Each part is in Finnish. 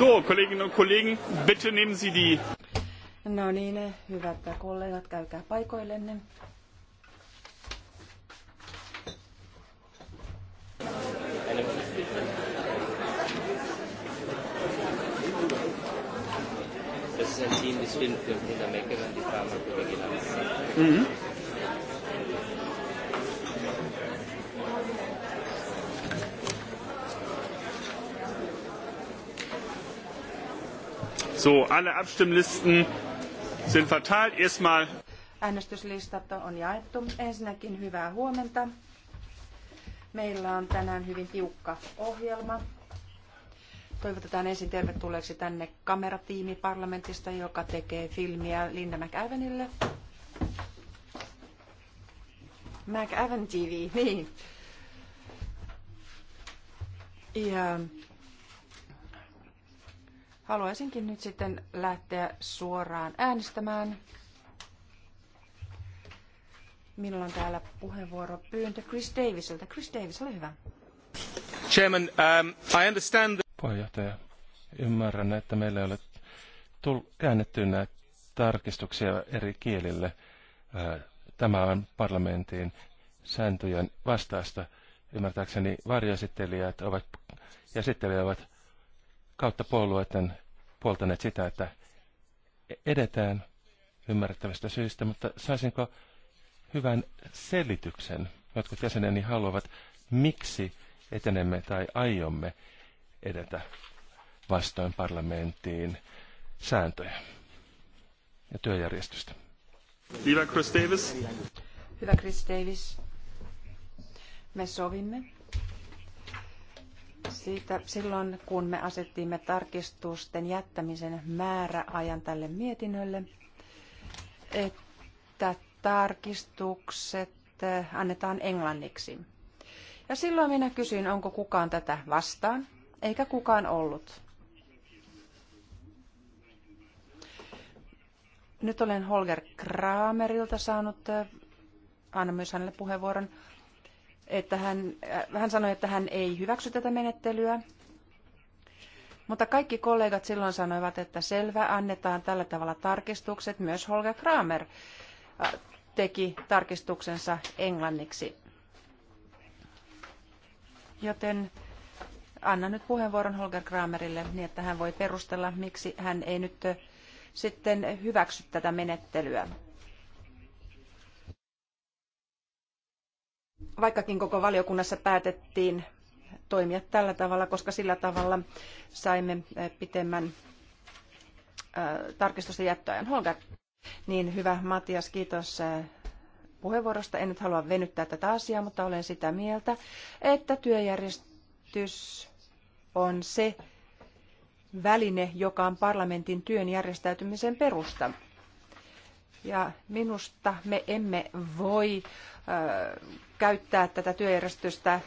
So, Kolleginnen und Kollegen, bitte nehmen Sie die... No niin, hyvät kollegat, käykää paikoillenne. Das ist ein Team, das wenn die So, alle Abstimmlisten sind verteilt. Erstmal. Äänestyslistat on jaettu. Ensinnäkin hyvää huomenta. Meillä on tänään hyvin tiukka ohjelma. Toivotetaan ensin tervetulleeksi tänne kameratiimi parlamentista, joka tekee filmiä Linda McAvenille. McAven TV, niin. Ja Haluaisinkin nyt sitten lähteä suoraan äänestämään. Minulla on täällä puheenvuoro pyyntö Chris Davisilta. Chris Davis, ole hyvä. Chairman, um, I understand the... Puheenjohtaja, ymmärrän, että meillä ei ole tull- käännetty näitä tarkistuksia eri kielille. Äh, tämä on parlamentin sääntöjen vastaista. Ymmärtääkseni varjoesittelijät ovat, ja ovat kautta puolueiden puoltaneet sitä, että edetään ymmärrettävästä syystä, mutta saisinko hyvän selityksen? Jotkut jäseneni haluavat, miksi etenemme tai aiomme edetä vastoin parlamenttiin sääntöjä ja työjärjestystä. Hyvä Chris Davis. Hyvä Chris Davis. Me sovimme siitä silloin, kun me asettimme tarkistusten jättämisen määräajan tälle mietinnölle, että tarkistukset eh, annetaan englanniksi. Ja silloin minä kysyin, onko kukaan tätä vastaan, eikä kukaan ollut. Nyt olen Holger Kramerilta saanut, eh, annan myös hänelle puheenvuoron että hän, äh, hän sanoi, että hän ei hyväksy tätä menettelyä. Mutta kaikki kollegat silloin sanoivat, että selvä, annetaan tällä tavalla tarkistukset. Myös Holger Kramer äh, teki tarkistuksensa englanniksi. Joten annan nyt puheenvuoron Holger Kramerille niin, että hän voi perustella, miksi hän ei nyt äh, sitten hyväksy tätä menettelyä. Vaikkakin koko valiokunnassa päätettiin toimia tällä tavalla, koska sillä tavalla saimme eh, pitemmän eh, tarkistusten jättöajan. Holger, niin hyvä Matias, kiitos eh, puheenvuorosta. En nyt halua venyttää tätä asiaa, mutta olen sitä mieltä, että työjärjestys on se väline, joka on parlamentin työn järjestäytymisen perusta. Ja minusta me emme voi käyttää tätä työjärjestystä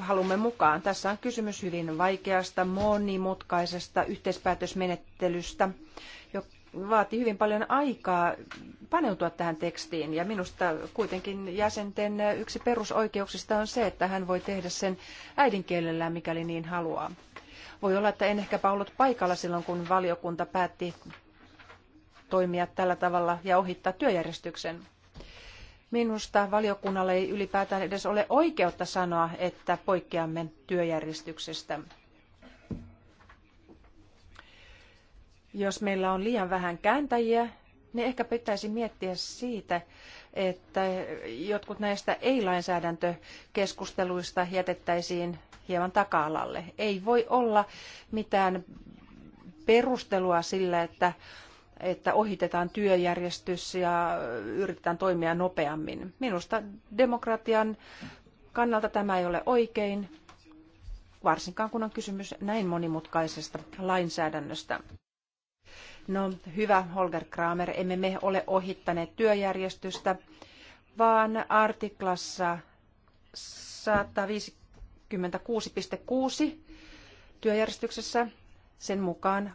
halumme mukaan. Tässä on kysymys hyvin vaikeasta, monimutkaisesta yhteispäätösmenettelystä, joka vaatii hyvin paljon aikaa paneutua tähän tekstiin. Ja minusta kuitenkin jäsenten yksi perusoikeuksista on se, että hän voi tehdä sen äidinkielellään, mikäli niin haluaa. Voi olla, että en ehkäpä ollut paikalla silloin, kun valiokunta päätti toimia tällä tavalla ja ohittaa työjärjestyksen. Minusta valiokunnalla ei ylipäätään edes ole oikeutta sanoa, että poikkeamme työjärjestyksestä. Jos meillä on liian vähän kääntäjiä, niin ehkä pitäisi miettiä siitä, että jotkut näistä ei-lainsäädäntökeskusteluista jätettäisiin hieman taka-alalle. Ei voi olla mitään perustelua sillä, että että ohitetaan työjärjestys ja yritetään toimia nopeammin. Minusta demokratian kannalta tämä ei ole oikein, varsinkaan kun on kysymys näin monimutkaisesta lainsäädännöstä. No hyvä Holger Kramer, emme me ole ohittaneet työjärjestystä, vaan artiklassa 156.6 työjärjestyksessä sen mukaan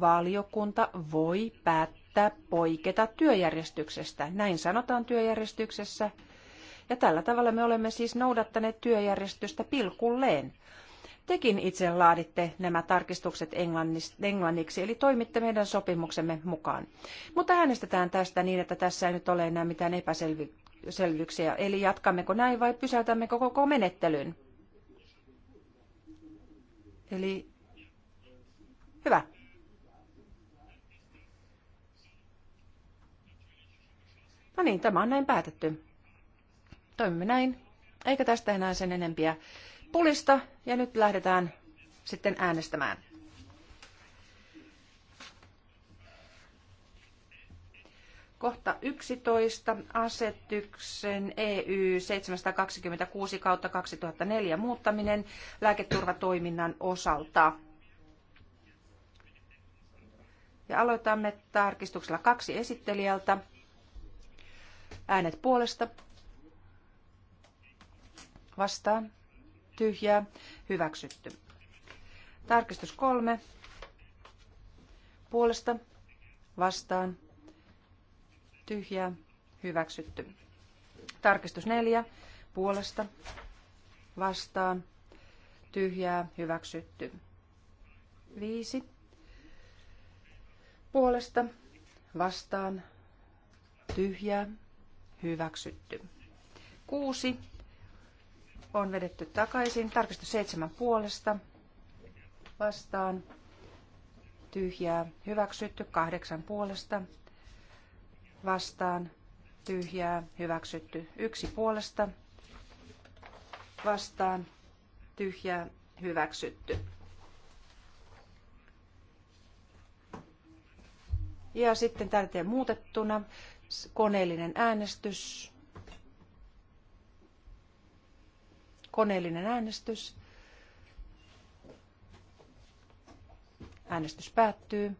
valiokunta voi päättää poiketa työjärjestyksestä. Näin sanotaan työjärjestyksessä. Ja tällä tavalla me olemme siis noudattaneet työjärjestystä pilkulleen. Tekin itse laaditte nämä tarkistukset englanniksi, eli toimitte meidän sopimuksemme mukaan. Mutta äänestetään tästä niin, että tässä ei nyt ole enää mitään epäselvyyksiä. Eli jatkammeko näin vai pysäytämmekö koko menettelyn? Eli hyvä. No niin, tämä on näin päätetty. Toimimme näin, eikä tästä enää sen enempiä pulista, ja nyt lähdetään sitten äänestämään. Kohta 11. Asetyksen EU 726 kautta 2004 muuttaminen lääketurvatoiminnan osalta. Ja aloitamme tarkistuksella kaksi esittelijältä Äänet puolesta. Vastaan. Tyhjää. Hyväksytty. Tarkistus kolme. Puolesta. Vastaan. Tyhjää. Hyväksytty. Tarkistus neljä. Puolesta. Vastaan. Tyhjää. Hyväksytty. Viisi. Puolesta. Vastaan. Tyhjää hyväksytty. Kuusi on vedetty takaisin. Tarkistus seitsemän puolesta vastaan. Tyhjää hyväksytty. Kahdeksan puolesta vastaan. Tyhjää hyväksytty. Yksi puolesta vastaan. Tyhjää hyväksytty. Ja sitten tärkeä muutettuna koneellinen äänestys. Koneellinen äänestys. Äänestys päättyy.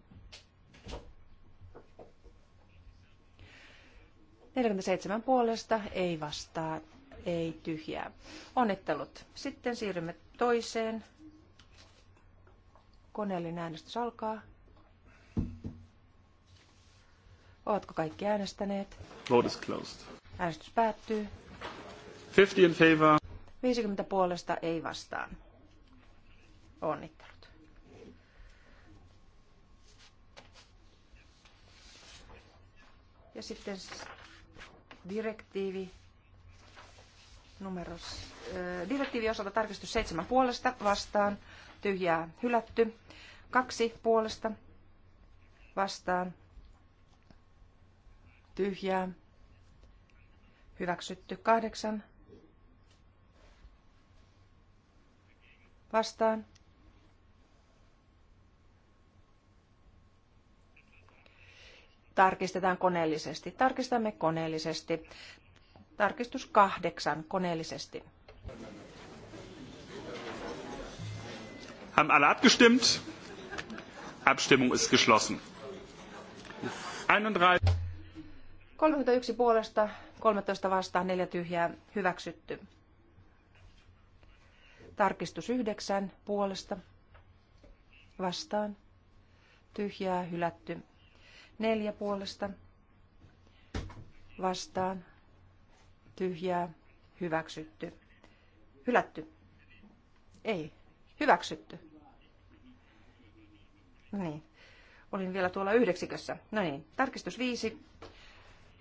47 puolesta, ei vastaa, ei tyhjää. Onnittelut. Sitten siirrymme toiseen. Koneellinen äänestys alkaa. Ovatko kaikki äänestäneet? Vote is closed. Äänestys päättyy. 50 in favor. 50 puolesta ei vastaan. Onnittelut. Ja sitten direktiivi numero, direktiivi osalta tarkistus 7 puolesta vastaan, tyhjää hylätty, kaksi puolesta vastaan, tyhjää, hyväksytty kahdeksan, vastaan, tarkistetaan koneellisesti. Tarkistamme koneellisesti. Tarkistus kahdeksan koneellisesti. Haben alle abgestimmt? Abstimmung ist geschlossen. 31. 31 puolesta, 13 vastaan, 4 tyhjää hyväksytty. Tarkistus 9 puolesta, vastaan, tyhjää hylätty. 4 puolesta, vastaan, tyhjää hyväksytty. Hylätty. Ei, hyväksytty. Niin, olin vielä tuolla yhdeksikössä. No niin, tarkistus 5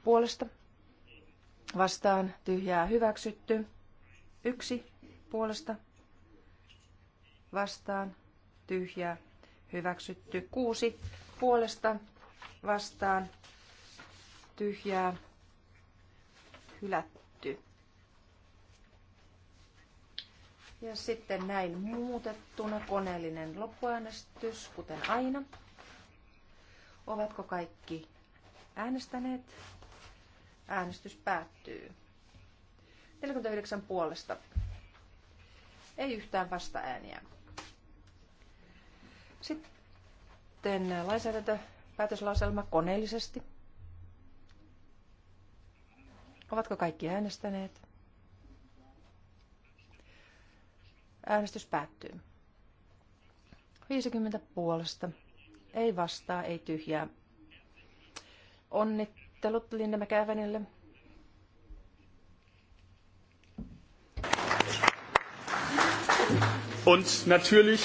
puolesta vastaan tyhjää hyväksytty. Yksi puolesta vastaan tyhjää hyväksytty. Kuusi puolesta vastaan tyhjää hylätty. Ja sitten näin muutettuna koneellinen loppuäänestys, kuten aina. Ovatko kaikki äänestäneet? Äänestys päättyy. 49 puolesta. Ei yhtään vastaääniä. Sitten lainsäädäntö, päätöslauselma koneellisesti. Ovatko kaikki äänestäneet? Äänestys päättyy. 50 puolesta. Ei vastaa, ei tyhjää. Onnittelut Onnittelut Linda McAvenille. Und natürlich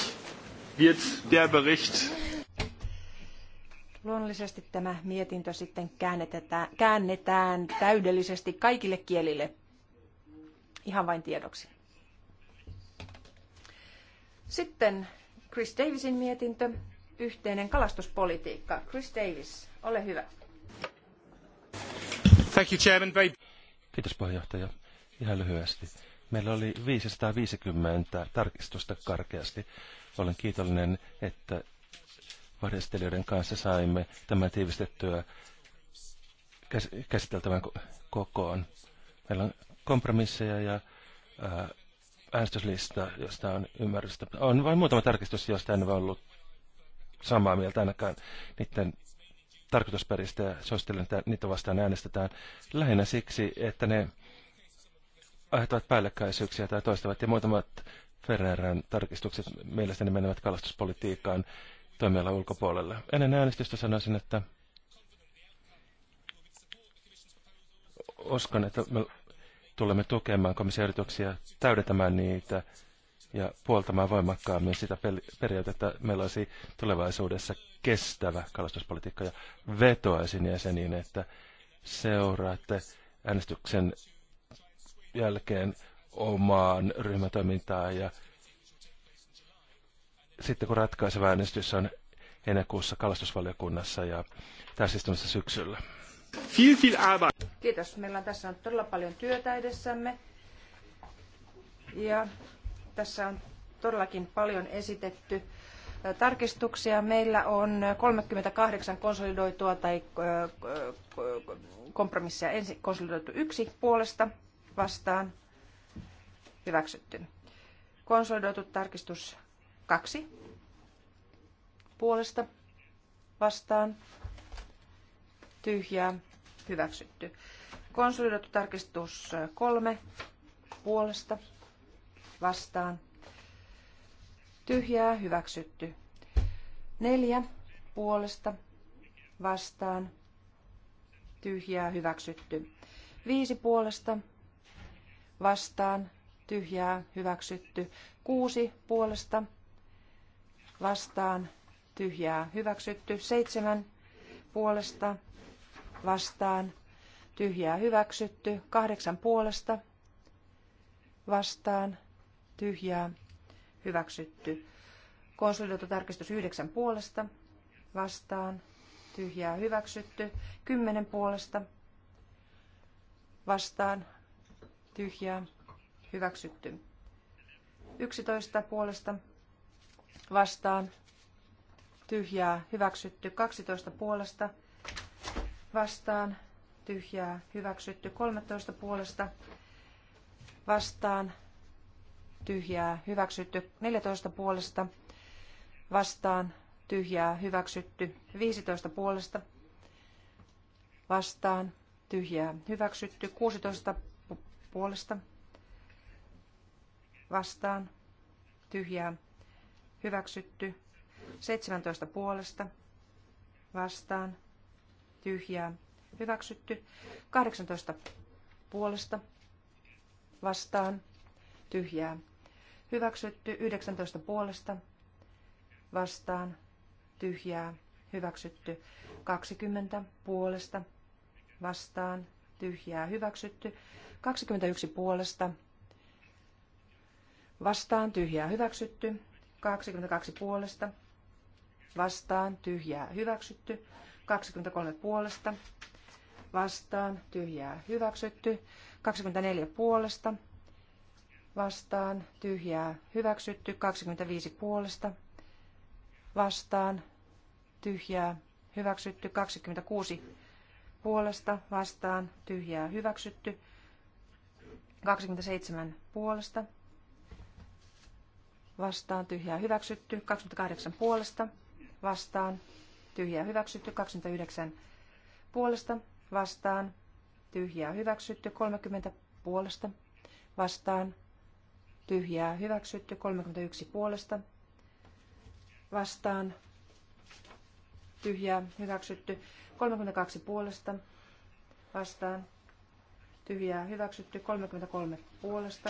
wird der Bericht Luonnollisesti tämä mietintö sitten käännetään, käännetään täydellisesti kaikille kielille. Ihan vain tiedoksi. Sitten Chris Davisin mietintö, yhteinen kalastuspolitiikka. Chris Davis, ole hyvä. Thank you, Chairman. Very... Kiitos puheenjohtaja. Ihan lyhyesti. Meillä oli 550 tarkistusta karkeasti. Olen kiitollinen, että varjastelijoiden kanssa saimme tämän tiivistettyä käsiteltävän kokoon. Meillä on kompromisseja ja äänestyslista, josta on ymmärrystä. On vain muutama tarkistus, josta en ole ollut samaa mieltä ainakaan niiden tarkoitusperistä ja suosittelen, että niitä vastaan äänestetään lähinnä siksi, että ne aiheuttavat päällekkäisyyksiä tai toistavat. Ja muutamat Ferrerän tarkistukset mielestäni menevät kalastuspolitiikkaan toimialan ulkopuolelle. Ennen äänestystä sanoisin, että uskon, että me tulemme tukemaan komission yrityksiä täydentämään niitä ja puoltamaan voimakkaammin sitä periaatetta, että meillä olisi tulevaisuudessa kestävä kalastuspolitiikka. Ja vetoaisin jäseniin, että seuraatte äänestyksen jälkeen omaan ryhmätoimintaan ja sitten kun ratkaiseva äänestys on heinäkuussa kalastusvaliokunnassa ja täysistunnossa syksyllä. Kiitos. Meillä on tässä on todella paljon työtä edessämme. Ja tässä on todellakin paljon esitetty tarkistuksia. Meillä on 38 konsolidoitua tai kompromissia ensin konsolidoitu yksi puolesta vastaan hyväksytty. Konsolidoitu tarkistus kaksi puolesta vastaan tyhjää hyväksytty. Konsolidoitu tarkistus kolme puolesta vastaan. Tyhjää hyväksytty. Neljä puolesta vastaan. Tyhjää hyväksytty. Viisi puolesta vastaan. Tyhjää hyväksytty. Kuusi puolesta vastaan. Tyhjää hyväksytty. Seitsemän puolesta vastaan. Tyhjää hyväksytty. Kahdeksan puolesta vastaan tyhjää, hyväksytty. Konsolidoitu tarkistus 9 puolesta, vastaan, tyhjää, hyväksytty. 10 puolesta, vastaan, tyhjää, hyväksytty. 11 puolesta, vastaan, tyhjää, hyväksytty. 12 puolesta, vastaan, tyhjää, hyväksytty. 13 puolesta, vastaan, tyhjää, hyväksytty. 14 puolesta vastaan, tyhjää, hyväksytty. 15 puolesta vastaan, tyhjää, hyväksytty. 16 puolesta vastaan, tyhjää, hyväksytty. 17 puolesta vastaan, tyhjää, hyväksytty. 18 puolesta vastaan, tyhjää, Hyväksytty 19 puolesta vastaan tyhjää. Hyväksytty 20 puolesta vastaan tyhjää. Hyväksytty 21 puolesta vastaan tyhjää. Hyväksytty 22 puolesta vastaan tyhjää. Hyväksytty 23 puolesta vastaan tyhjää. Hyväksytty 24 puolesta vastaan, tyhjää hyväksytty, 25 puolesta vastaan, tyhjää hyväksytty, 26 puolesta vastaan, tyhjää hyväksytty, 27 puolesta vastaan, tyhjää hyväksytty, 28 puolesta vastaan, tyhjää hyväksytty, 29 puolesta vastaan, tyhjää hyväksytty, 30 puolesta vastaan, tyhjää hyväksytty, 31 puolesta vastaan tyhjää hyväksytty, 32 puolesta vastaan tyhjää hyväksytty, 33 puolesta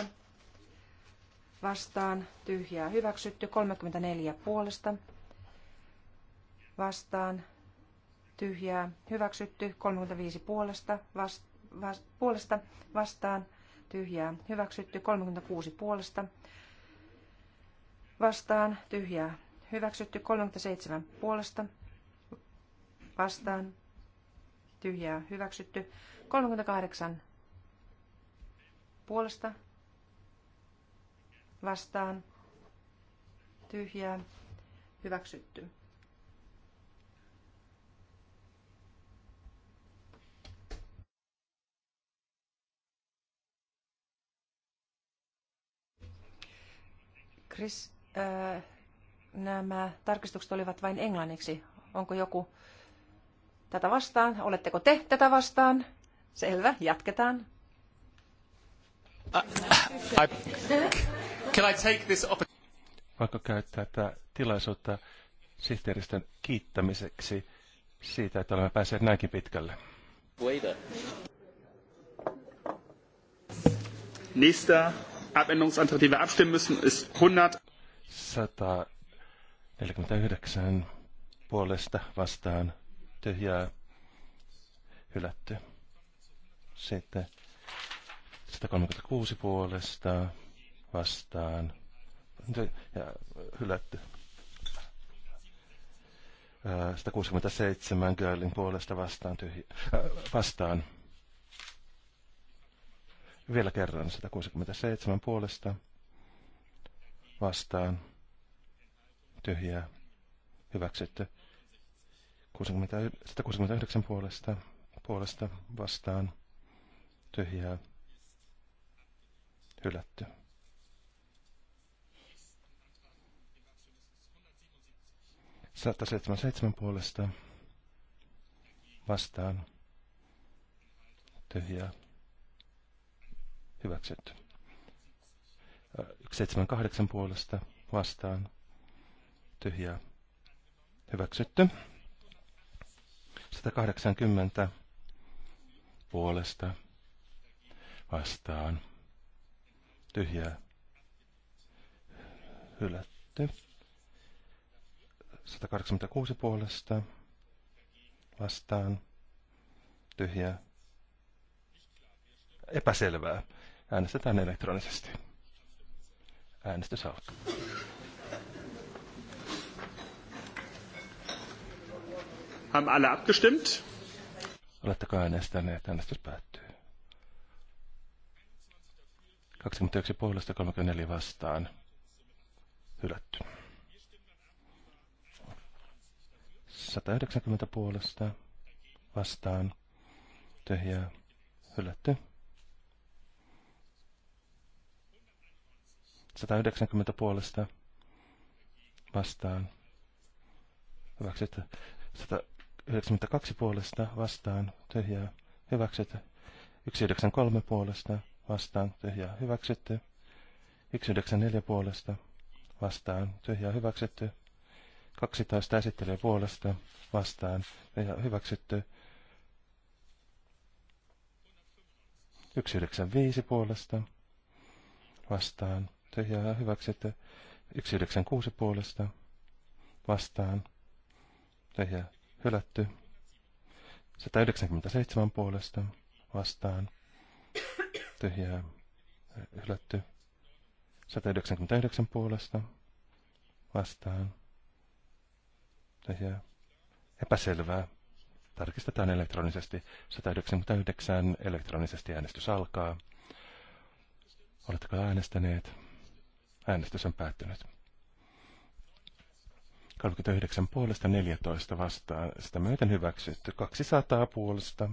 vastaan tyhjää hyväksytty, 34 puolesta vastaan tyhjää hyväksytty, 35 puolesta, vast puolesta vastaan tyhjää hyväksytty. 36 puolesta vastaan tyhjää hyväksytty. 37 puolesta vastaan tyhjää hyväksytty. 38 puolesta vastaan tyhjää hyväksytty. Chris, äh, nämä tarkistukset olivat vain englanniksi. Onko joku tätä vastaan? Oletteko te tätä vastaan? Selvä, jatketaan. Uh, I, can I take this Voinko käyttää tätä tilaisuutta sihteeristön kiittämiseksi siitä, että olemme päässeet näinkin pitkälle? Later. Nista Abänderungsantrag, den wir abstimmen müssen, ist 100. 149 puolesta vastaan tyhjää hylätty. Sitten 136 puolesta vastaan ja hylätty. 167 Görlin puolesta vastaan, tyhjä, äh, vastaan vielä kerran 167 puolesta vastaan tyhjää hyväksytty. 60, 169 puolesta, puolesta vastaan tyhjää hylätty. Sata seitsemän puolesta vastaan tyhjää hyväksytty. 178 puolesta vastaan tyhjää hyväksytty. 180 puolesta vastaan tyhjää hylätty. 186 puolesta vastaan tyhjää epäselvää. Äänestetään elektronisesti. Äänestys alkaa. Haben alle abgestimmt? Oletteko äänestäneet? Äänestys päättyy. 21 puolesta 34 vastaan. Hylätty. 190 puolesta vastaan. Tyhjää. Hylätty. 190 puolesta vastaan. Hyväksytty. 192 puolesta vastaan. Tyhjää. Hyväksytty. 193 puolesta vastaan. Tyhjää. Hyväksytty. 194 puolesta vastaan. Tyhjää. Hyväksytty. 12 esittelyä puolesta vastaan. Tyhjää. Hyväksytty. 195 puolesta vastaan hyväksi, että 196 puolesta vastaan se jää hylätty. 197 puolesta vastaan tyhjää hylätty. 199 puolesta vastaan tyhjää epäselvää. Tarkistetaan elektronisesti. 199 elektronisesti äänestys alkaa. Oletteko äänestäneet? Äänestys on päättynyt. 39 puolesta 14 vastaan. Sitä myöten hyväksytty. 200 puolesta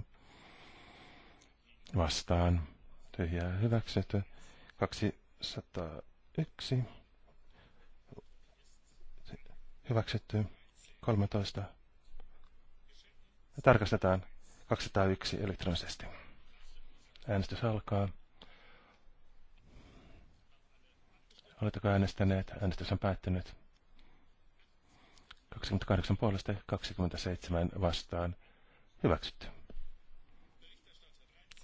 vastaan. Tyhjää hyväksytty. 201 hyväksytty. 13. Tarkastetaan 201 elektronisesti. Äänestys alkaa. Oletteko äänestäneet? Äänestys on päättynyt. 28 puolesta 27 vastaan. Hyväksytty.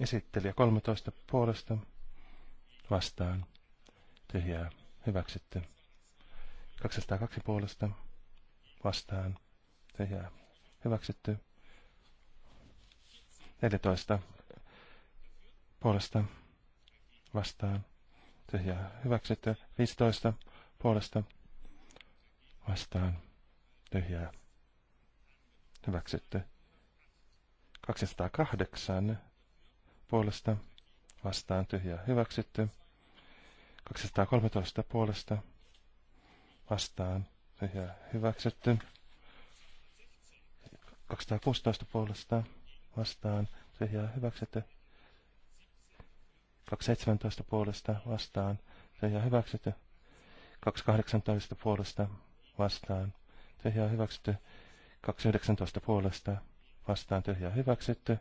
Esittelijä 13 puolesta vastaan. Tyhjää. Hyväksytty. 202 puolesta vastaan. Tyhjää. Hyväksytty. 14 puolesta vastaan tyhjää hyväksytty. 15 puolesta vastaan tyhjää hyväksytty. 208 puolesta vastaan tyhjää hyväksytty. 213 puolesta vastaan tyhjää hyväksytty. 216 puolesta vastaan tyhjää hyväksytty. 217 puolesta vastaan, tyhjää hyväksytty. 218 puolesta vastaan, tyhjää hyväksytty. 219 puolesta vastaan, tyhjää hyväksytty.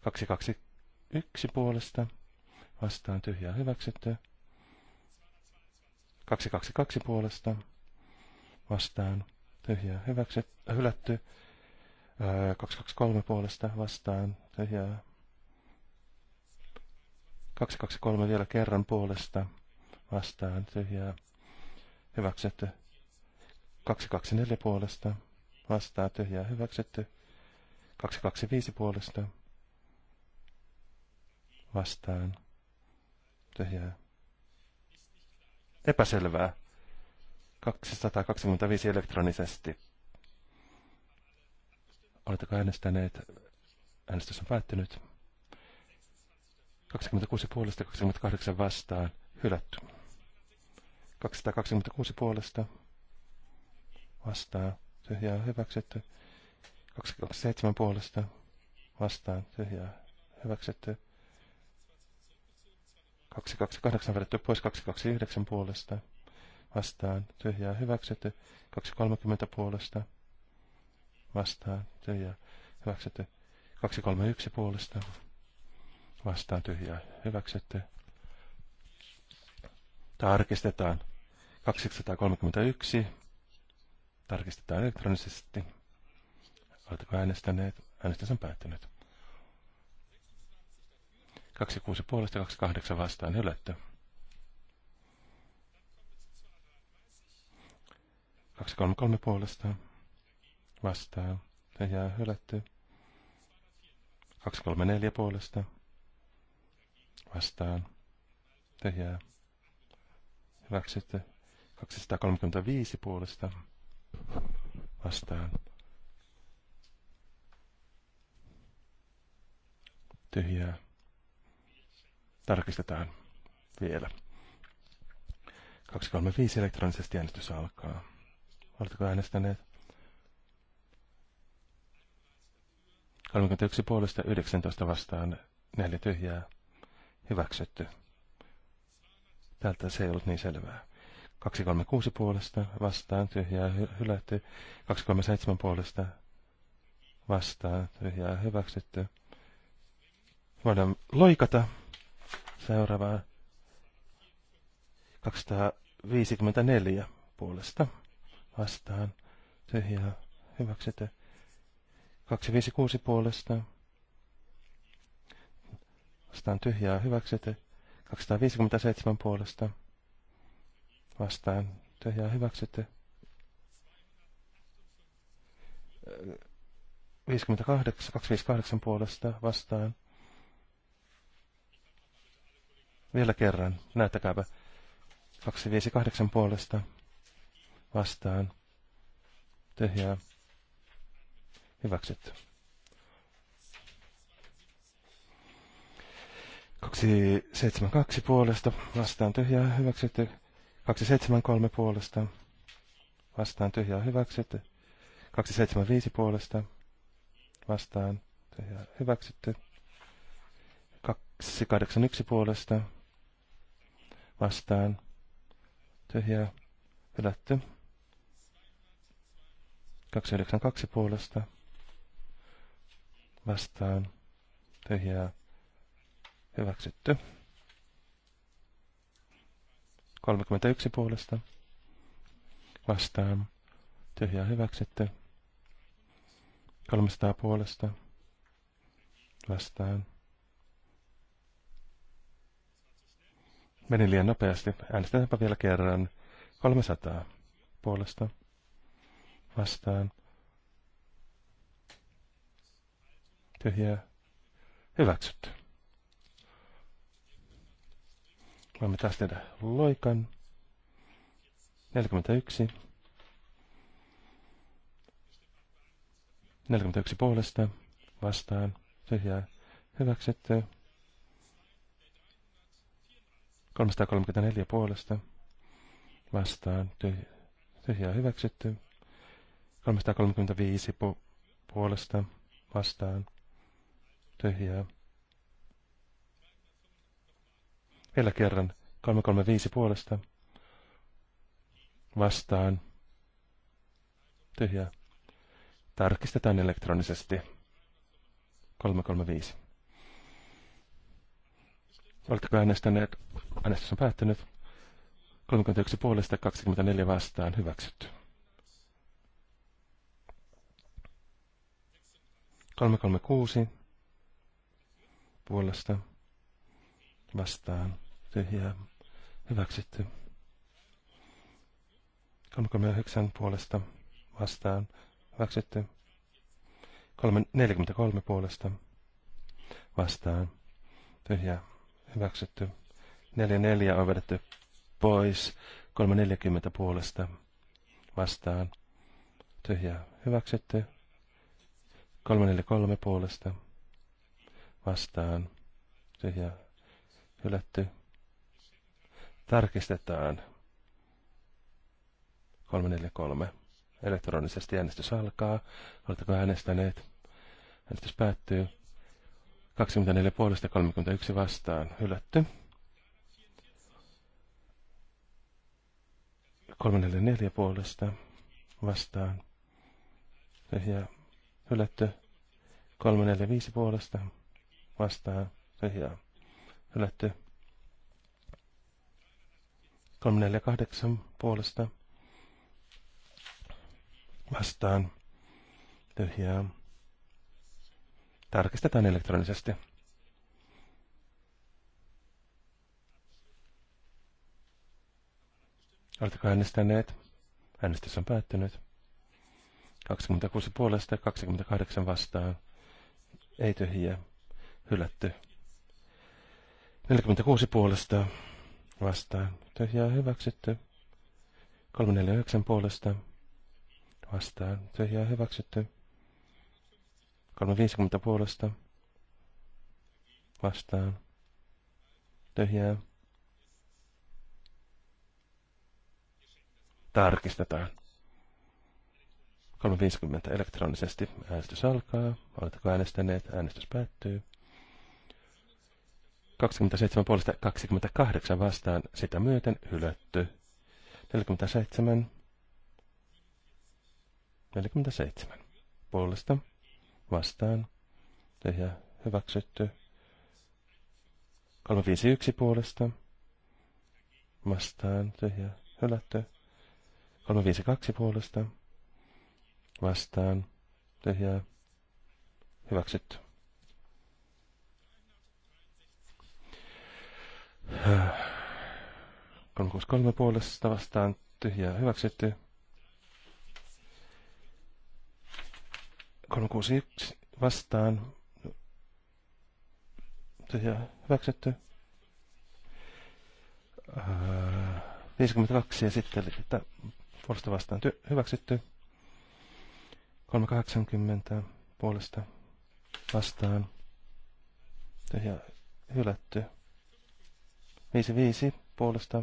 221 puolesta vastaan, tyhjää hyväksytty. 222 puolesta vastaan, tyhjää hyväksytty, hylätty. 223 puolesta vastaan Ja 223 vielä kerran puolesta vastaan tyhjää. Hyväksytty. 224 puolesta vastaan tyhjää. Hyväksytty. 225 puolesta vastaan tyhjää. Epäselvää. 225 elektronisesti. Oletteko äänestäneet? Äänestys on päättynyt. 26 puolesta, 28 vastaan. Hylätty. 226 puolesta. Vastaan. Tyhjää hyväksytty. 27 puolesta. Vastaan. Tyhjää hyväksytty. 228 vedetty pois 229 puolesta. Vastaan. Tyhjää hyväksytty. 230 puolesta Vastaa tyhjää hyväksytty. 231 puolesta vastaa tyhjää hyväksytty. Tarkistetaan 231. Tarkistetaan elektronisesti. Oletteko äänestäneet? Äänestys on päättynyt. 26 puolesta 28 vastaan hylätty. 233 puolestaan vastaan jää hylätty. 234 puolesta vastaan jää hyväksytty. 235 puolesta vastaan tyhjää. Tarkistetaan vielä. 235 elektronisesti äänestys alkaa. Oletko äänestäneet? 31 puolesta 19 vastaan, neljä tyhjää, hyväksytty. Tältä se ei ollut niin selvää. 236 puolesta vastaan, tyhjää, hy- hylätty. 237 puolesta vastaan, tyhjää, hyväksytty. Voidaan loikata seuraavaa 254 puolesta vastaan, tyhjää, hyväksytty. 256 puolesta. Vastaan tyhjää hyväksytty. 257 puolesta. Vastaan tyhjää hyväksytty. 58, 258 puolesta vastaan. Vielä kerran, näyttäkääpä. 258 puolesta vastaan. Tyhjää Hyväksytty. kaksi puolesta vastaan tyhjää hyväksytty. kolme puolesta vastaan tyhjää hyväksytty. viisi puolesta vastaan tyhjää hyväksytty. yksi puolesta vastaan tyhjää hylätty. kaksi puolesta vastaan tyhjää hyväksytty. 31 puolesta vastaan tyhjää hyväksytty. 300 puolesta vastaan. Meni liian nopeasti. Äänestetäänpä vielä kerran. 300 puolesta vastaan Tyhjää. Hyväksytty. Voimme taas tehdä loikan. 41. 41 puolesta vastaan. Tyhjää. Hyväksytty. 334 puolesta vastaan. Tyhjää. Hyväksytty. 335 pu- puolesta vastaan Tyhjää. Vielä kerran. 335 puolesta. Vastaan. Tyhjää. Tarkistetaan elektronisesti. 335. Oletteko äänestäneet? Äänestys on päättynyt. 31 puolesta 24 vastaan hyväksytty. 336 puolesta vastaan tyhjää hyväksytty. 39 puolesta vastaan hyväksytty. 43 puolesta vastaan tyhjää hyväksytty. 44 on vedetty pois. 340 puolesta vastaan tyhjää hyväksytty. 343 puolesta vastaan tyhjä hylätty. Tarkistetaan 343. Elektronisesti äänestys alkaa. Oletteko äänestäneet? Äänestys päättyy. 24 puolesta 31 vastaan. Hylätty. 344 puolesta vastaan. Ja hylätty. 345 puolesta vastaan tyhjää hylätty. 348 puolesta vastaan tyhjää. Tarkistetaan elektronisesti. Oletteko äänestäneet? Äänestys on päättynyt. 26 puolesta ja 28 vastaan. Ei tyhjää hylätty. 46 puolesta vastaan, tyhjää hyväksytty. 349 puolesta vastaan, tyhjää hyväksytty. 350 puolesta vastaan, tyhjää. Tarkistetaan. 3.50 elektronisesti äänestys alkaa. Oletko äänestäneet? Äänestys päättyy. 27 puolesta 28 vastaan, sitä myöten hylätty. 47. 47 puolesta vastaan ja hyväksytty. 351 puolesta vastaan tyhjä hylätty. 352 puolesta vastaan tyhjää hyväksytty. 363 puolesta vastaan tyhjää hyväksytty. 361 vastaan tyhjää hyväksytty. 52 ja sitten että puolesta vastaan ty- hyväksytty. 380 puolesta vastaan tyhjää hylätty. 55 viisi puolesta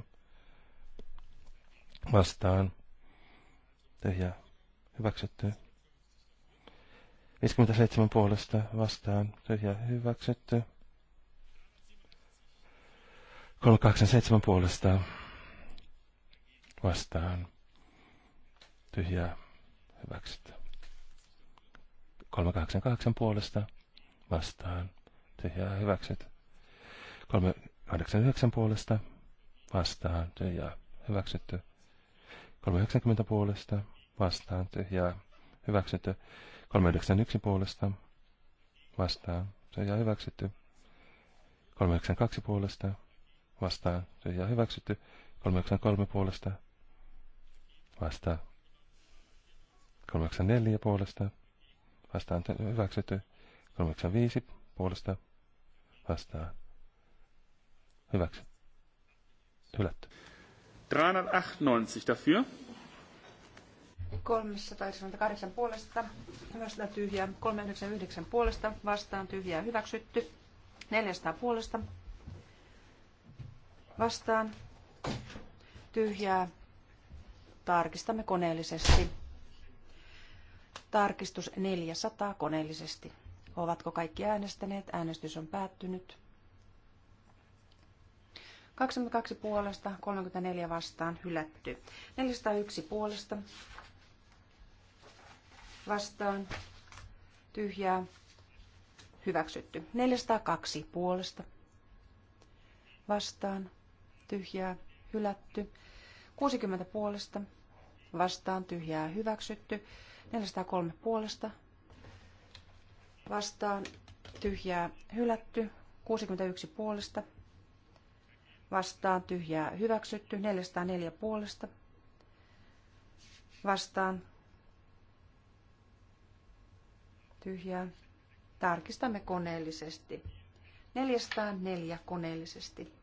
vastaan. tyhjä Hyväksytty. 57 puolesta vastaan. tyhjä Hyväksytty. 387 puolesta vastaan. tyhjä Hyväksytty. 388 puolesta vastaan. tyhjä Hyväksytty. 3 89 puolesta vastaan tyhjää hyväksytty. 390 puolesta vastaan tyhjää hyväksytty. 391 puolesta vastaan tyhjää hyväksytty. 392 puolesta vastaan tyhjää hyväksytty. 393 puolesta vastaan. 394 puolesta vastaan hyväksytty. 395 puolesta vastaan Hyväksy. Hylätty. 398 dafür. 398 puolesta, vastaan tyhjää, 399 puolesta, vastaan tyhjää, hyväksytty, 400 puolesta, vastaan tyhjää, tarkistamme koneellisesti. Tarkistus 400 koneellisesti. Ovatko kaikki äänestäneet? Äänestys on päättynyt. 22 puolesta, 34 vastaan, hylätty. 401 puolesta, vastaan, tyhjää, hyväksytty. 402 puolesta, vastaan, tyhjää, hylätty. 60 puolesta, vastaan, tyhjää, hyväksytty. 403 puolesta, vastaan, tyhjää, hylätty. 61 puolesta, vastaan tyhjää hyväksytty, 404 puolesta vastaan tyhjää. Tarkistamme koneellisesti. 404 koneellisesti.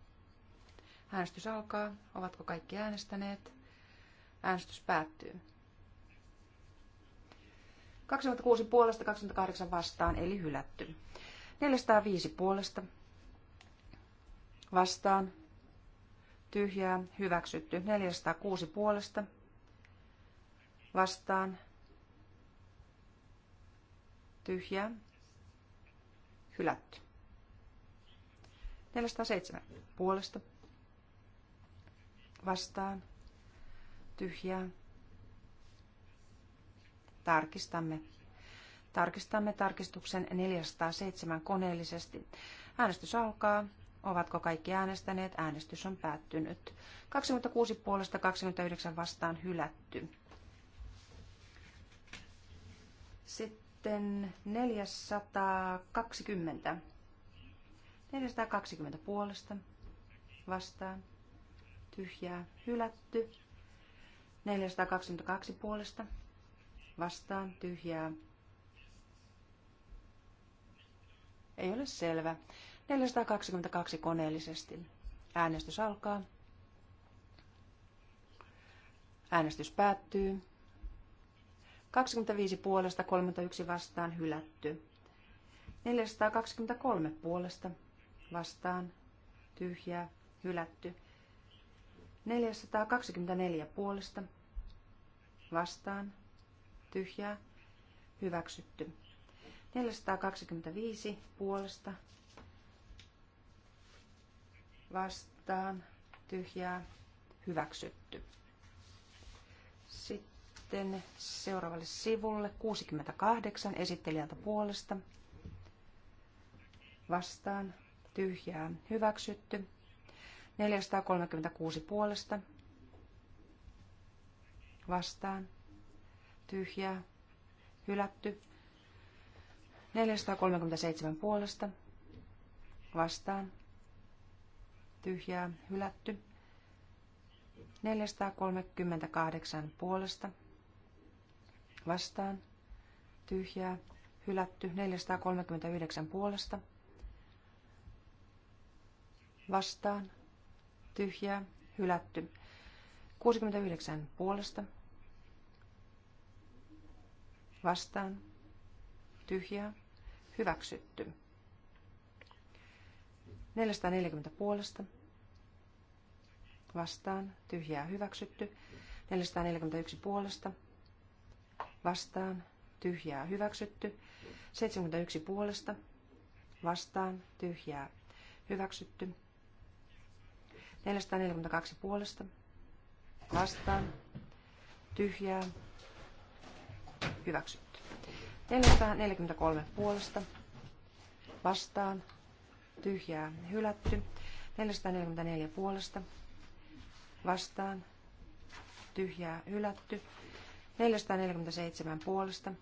Äänestys alkaa. Ovatko kaikki äänestäneet? Äänestys päättyy. 26 puolesta, 28 vastaan, eli hylätty. 405 puolesta vastaan, tyhjää, hyväksytty. 406 puolesta vastaan, tyhjää, hylätty. 407 puolesta vastaan, tyhjää. Tarkistamme. Tarkistamme tarkistuksen 407 koneellisesti. Äänestys alkaa. Ovatko kaikki äänestäneet? Äänestys on päättynyt. 26 puolesta 29 vastaan hylätty. Sitten 420. 420 puolesta vastaan. Tyhjää hylätty. 422 puolesta vastaan. Tyhjää. Ei ole selvä. 422 koneellisesti. Äänestys alkaa. Äänestys päättyy. 25 puolesta, 31 vastaan, hylätty. 423 puolesta, vastaan, tyhjää, hylätty. 424 puolesta, vastaan, tyhjää, hyväksytty. 425 puolesta, vastaan tyhjää hyväksytty. Sitten seuraavalle sivulle 68 esittelijältä puolesta vastaan tyhjää hyväksytty. 436 puolesta vastaan tyhjää hylätty. 437 puolesta vastaan tyhjää, hylätty. 438 puolesta, vastaan, tyhjää, hylätty. 439 puolesta, vastaan, tyhjää, hylätty. 69 puolesta, vastaan, tyhjää, hyväksytty. 440 puolesta, vastaan, tyhjää hyväksytty. 441 puolesta vastaan, tyhjää hyväksytty. 71 puolesta vastaan, tyhjää hyväksytty. 442 puolesta vastaan, tyhjää hyväksytty. 443 puolesta vastaan, tyhjää hylätty. 444 puolesta vastaan, tyhjää hylätty. 447 puolesta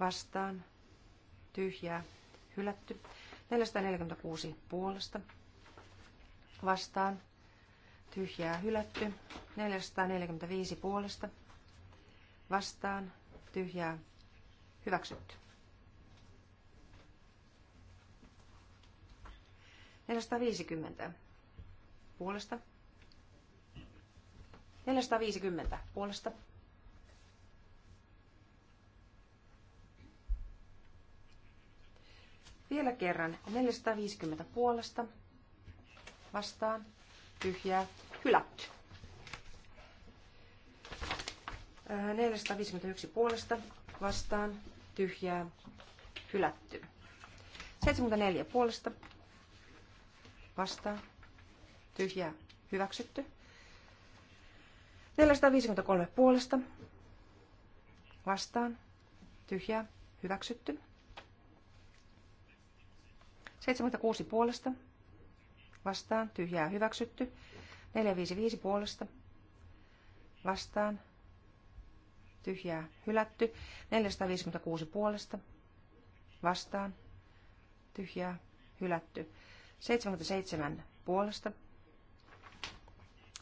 vastaan, tyhjää hylätty. 446 puolesta vastaan, tyhjää hylätty. 445 puolesta vastaan, tyhjää hyväksytty. 450 puolesta 450 puolesta. Vielä kerran 450 puolesta vastaan tyhjää hylätty. 451 äh, puolesta vastaan tyhjää hylätty. 74 puolesta vastaan tyhjää hyväksytty. 453 puolesta. Vastaan. tyhjä Hyväksytty. 76 puolesta. Vastaan. Tyhjää. Hyväksytty. 455 puolesta. Vastaan. Tyhjää. Hylätty. 456 puolesta. Vastaan. Tyhjää. Hylätty. 77 puolesta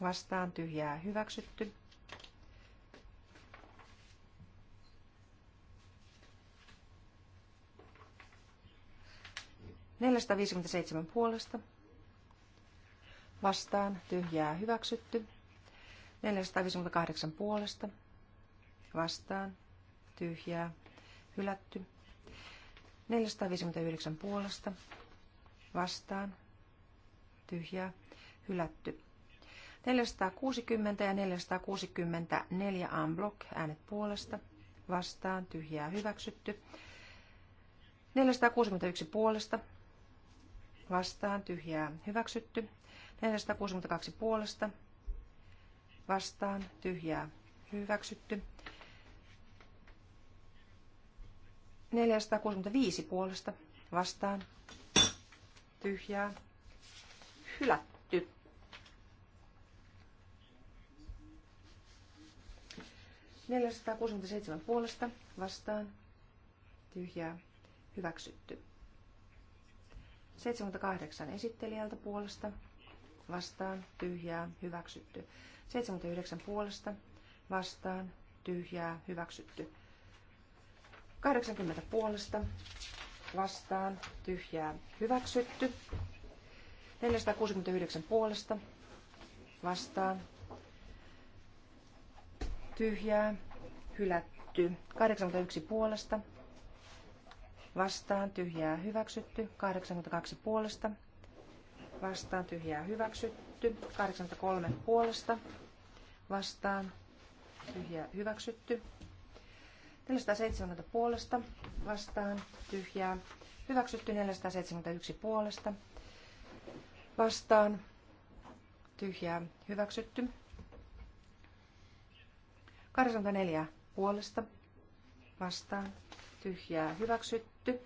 vastaan tyhjää hyväksytty. Neljästä puolesta vastaan tyhjää hyväksytty. 458 puolesta vastaan tyhjää hylätty. 459 puolesta vastaan tyhjää hylätty. 460 ja 464 unblock äänet puolesta, vastaan, tyhjää hyväksytty. 461 puolesta, vastaan, tyhjää hyväksytty. 462 puolesta, vastaan, tyhjää hyväksytty. 465 puolesta, vastaan, tyhjää, hylätty. 467 puolesta vastaan tyhjää hyväksytty. 78 esittelijältä puolesta vastaan tyhjää hyväksytty. 79 puolesta vastaan tyhjää hyväksytty. 80 puolesta vastaan tyhjää hyväksytty. 469 puolesta vastaan tyhjää, hylätty. 81 puolesta, vastaan tyhjää hyväksytty. 82 puolesta, vastaan tyhjää hyväksytty. 83 puolesta, vastaan tyhjää hyväksytty. 470 puolesta, vastaan tyhjää hyväksytty. 471 puolesta, vastaan tyhjää hyväksytty neljä puolesta vastaan tyhjää hyväksytty.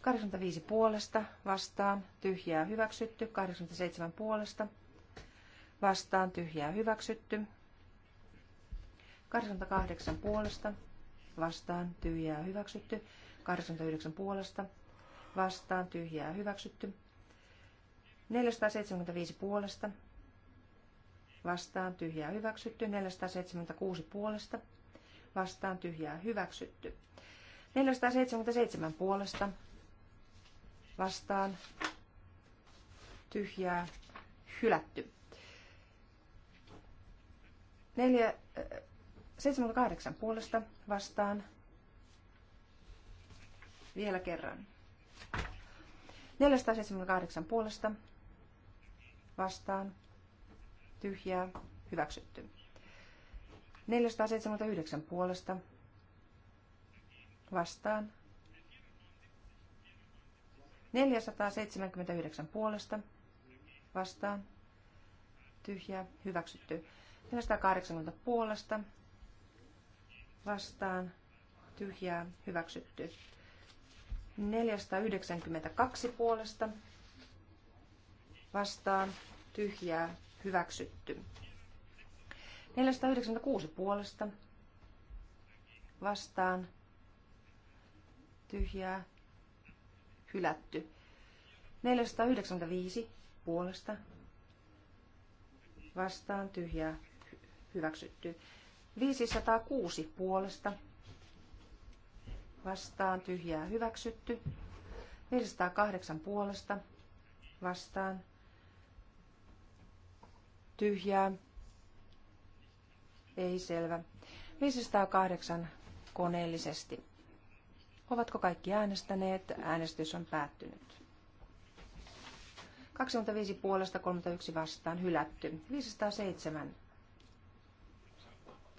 85 puolesta vastaan tyhjää hyväksytty. 87 puolesta vastaan tyhjää hyväksytty. 88 puolesta vastaan tyhjää hyväksytty. 89 puolesta vastaan tyhjää hyväksytty. 475 puolesta vastaan tyhjää hyväksytty, 476 puolesta vastaan tyhjää hyväksytty. 477 puolesta vastaan tyhjää hylätty. 4, 78 äh, puolesta vastaan vielä kerran. 478 puolesta vastaan tyhjää, hyväksytty. 479 puolesta vastaan. 479 puolesta vastaan. Tyhjää, hyväksytty. 480 puolesta vastaan. Tyhjää, hyväksytty. 492 puolesta vastaan. Tyhjää, hyväksytty. 496 puolesta vastaan tyhjää hylätty. 495 puolesta vastaan tyhjää hyväksytty. 506 puolesta vastaan tyhjää hyväksytty. 408 puolesta vastaan Tyhjää. Ei selvä. 508 koneellisesti. Ovatko kaikki äänestäneet? Äänestys on päättynyt. 25 puolesta 31 vastaan hylätty. 507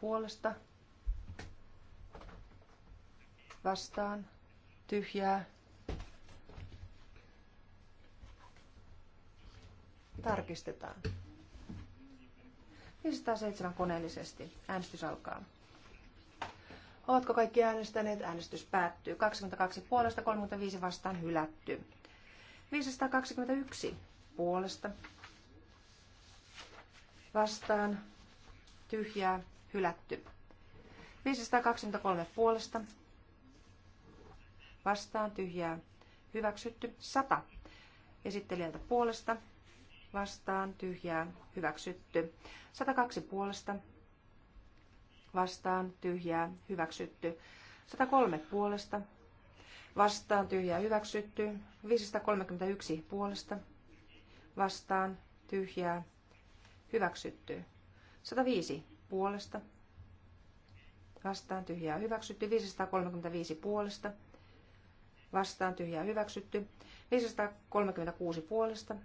puolesta vastaan tyhjää. Tarkistetaan. 507 koneellisesti. Äänestys alkaa. Ovatko kaikki äänestäneet? Äänestys päättyy. 22 puolesta, 35 vastaan hylätty. 521 puolesta vastaan tyhjää hylätty. 523 puolesta vastaan tyhjää hyväksytty. 100 esittelijältä puolesta vastaan tyhjää hyväksytty. 102 puolesta vastaan tyhjää hyväksytty. 103 puolesta vastaan tyhjää hyväksytty. 531 puolesta vastaan tyhjää hyväksytty. 105 puolesta vastaan tyhjää hyväksytty. 535 puolesta vastaan tyhjää hyväksytty. 536 puolesta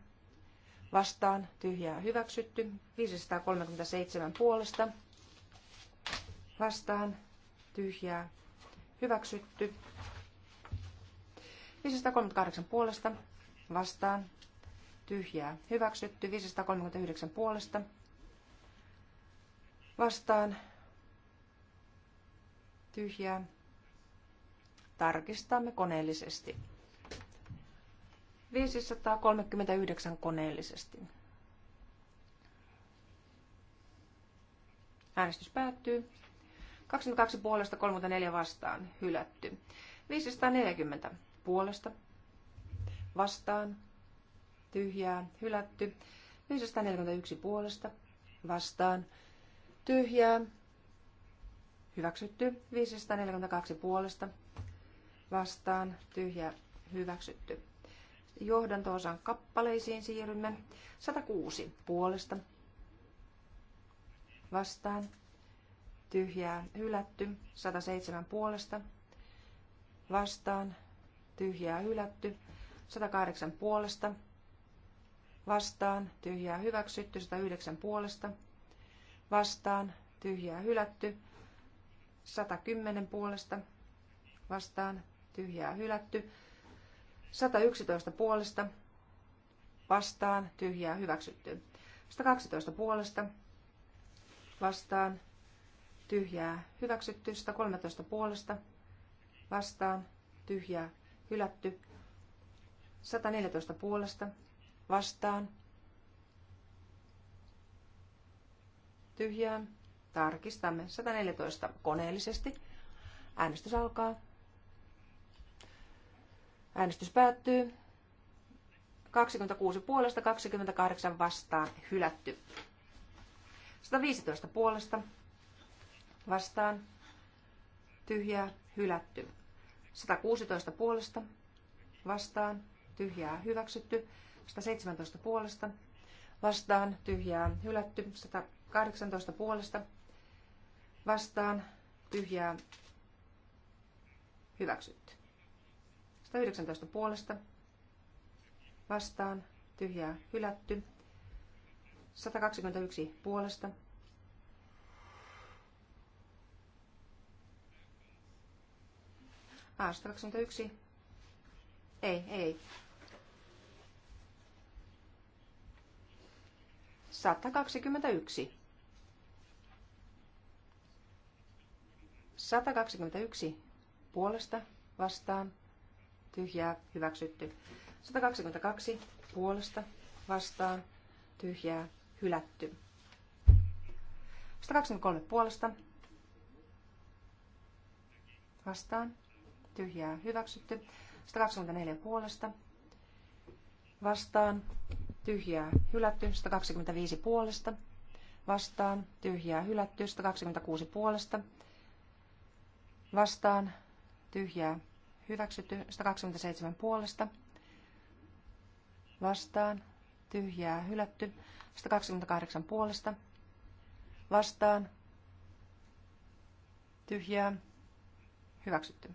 vastaan, tyhjää hyväksytty. 537 puolesta vastaan, tyhjää hyväksytty. 538 puolesta vastaan, tyhjää hyväksytty. 539 puolesta vastaan, tyhjää. Tarkistamme koneellisesti. 539 koneellisesti. Äänestys päättyy. 22 puolesta 34 vastaan. Hylätty. 540 puolesta. Vastaan. Tyhjää. Hylätty. 541 puolesta. Vastaan. Tyhjää. Hyväksytty. 542 puolesta. Vastaan. Tyhjää. Hyväksytty. Johdantoosan kappaleisiin siirrymme. 106 puolesta. Vastaan. Tyhjää hylätty. 107 puolesta. Vastaan. Tyhjää hylätty. 108 puolesta. Vastaan. Tyhjää hyväksytty. 109 puolesta. Vastaan. Tyhjää hylätty. 110 puolesta. Vastaan. Tyhjää hylätty. 111 puolesta vastaan tyhjää hyväksytty. 112 puolesta vastaan tyhjää hyväksytty. 113 puolesta vastaan tyhjää hylätty. 114 puolesta vastaan tyhjään. Tarkistamme 114 koneellisesti. Äänestys alkaa. Äänestys päättyy. 26 puolesta, 28 vastaan, hylätty. 115 puolesta, vastaan, tyhjää, hylätty. 116 puolesta, vastaan, tyhjää, hyväksytty. 117 puolesta, vastaan, tyhjää, hylätty. 118 puolesta, vastaan, tyhjää, hyväksytty. 119 puolesta vastaan tyhjää hylätty. 121 puolesta A, 121. Ei, ei. 121. 121 puolesta vastaan tyhjää, hyväksytty. 122 puolesta vastaan, tyhjää, hylätty. 123 puolesta vastaan, tyhjää, hyväksytty. 124 puolesta vastaan, tyhjää, hylätty. 125 puolesta vastaan, tyhjää, hylätty. 126 puolesta vastaan, tyhjää, hyväksytty 127 puolesta vastaan, tyhjää hylätty 128 puolesta vastaan, tyhjää hyväksytty.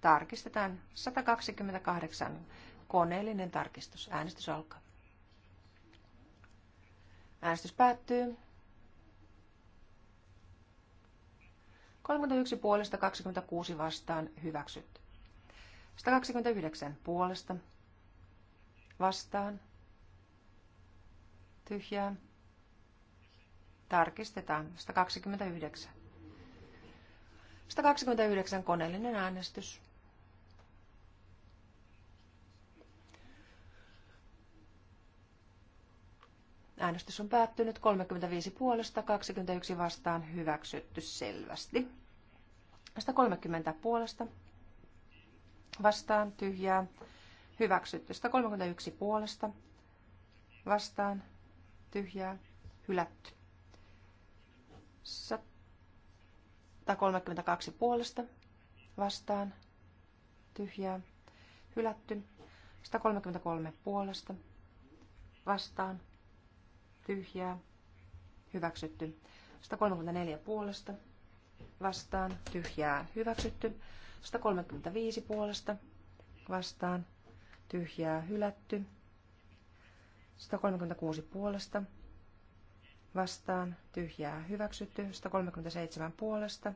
Tarkistetaan 128 koneellinen tarkistus. Äänestys alkaa. Äänestys päättyy. 31 puolesta 26 vastaan hyväksytty. 129 puolesta. Vastaan. Tyhjää. Tarkistetaan. 129. 129 koneellinen äänestys. Äänestys on päättynyt 35 puolesta, 21 vastaan hyväksytty selvästi. 130 puolesta vastaan tyhjää hyväksytty. 131 puolesta vastaan tyhjää hylätty. 132 puolesta vastaan tyhjää hylätty. 133 puolesta vastaan tyhjää hyväksytty. 134 puolesta vastaan tyhjää hyväksytty. 135 puolesta vastaan tyhjää hylätty. 136 puolesta vastaan tyhjää hyväksytty. 137 puolesta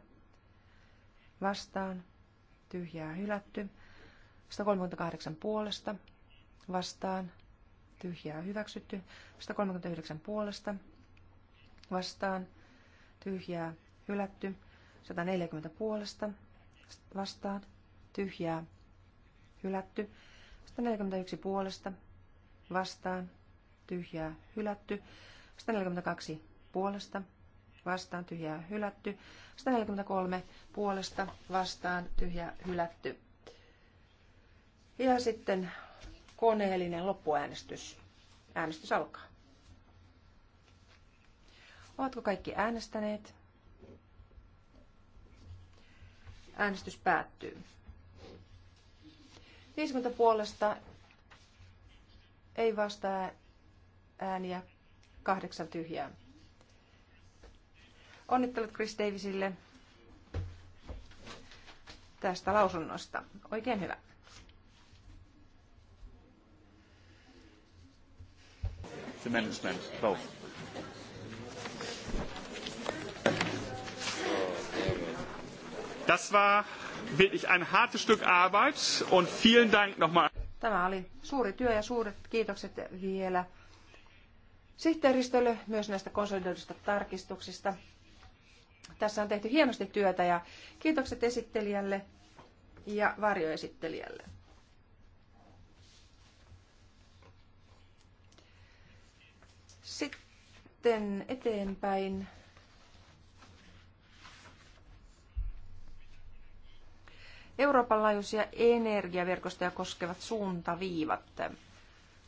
vastaan tyhjää hylätty. 138 puolesta vastaan tyhjää hyväksytty. 139 puolesta vastaan tyhjää hylätty. 140 puolesta vastaan, tyhjää, hylätty. 141 puolesta, vastaan, tyhjää, hylätty. 142 puolesta, vastaan, tyhjää, hylätty. 143 puolesta, vastaan, tyhjää, hylätty. Ja sitten koneellinen loppuäänestys. Äänestys alkaa. Ovatko kaikki äänestäneet? Äänestys päättyy. 50 puolesta ei vastaa ääniä, kahdeksan tyhjää. Onnittelut Chris Davisille tästä lausunnosta. Oikein hyvä. It's amendments, both. Das war wirklich ein hartes Stück Arbeit und vielen Dank nochmal. Tämä oli suuri työ ja suuret kiitokset vielä sihteeristölle myös näistä konsolidoidusta tarkistuksista. Tässä on tehty hienosti työtä ja kiitokset esittelijälle ja varjoesittelijälle. Sitten eteenpäin Euroopan laajuisia energiaverkostoja koskevat suuntaviivat.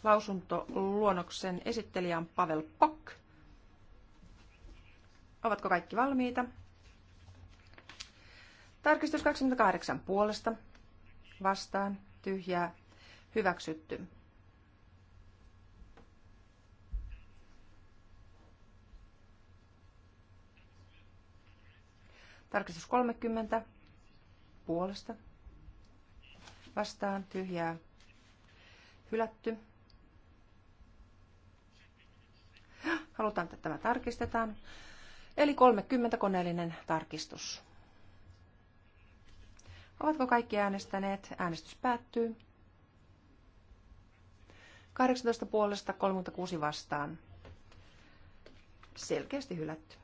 Lausuntoluonnoksen esittelijä on Pavel Pok. Ovatko kaikki valmiita? Tarkistus 28 puolesta. Vastaan. Tyhjää. Hyväksytty. Tarkistus 30 puolesta. Vastaan tyhjää hylätty. Halutaan, että tämä tarkistetaan. Eli 30 koneellinen tarkistus. Ovatko kaikki äänestäneet? Äänestys päättyy. 18 puolesta 36 vastaan. Selkeästi hylätty.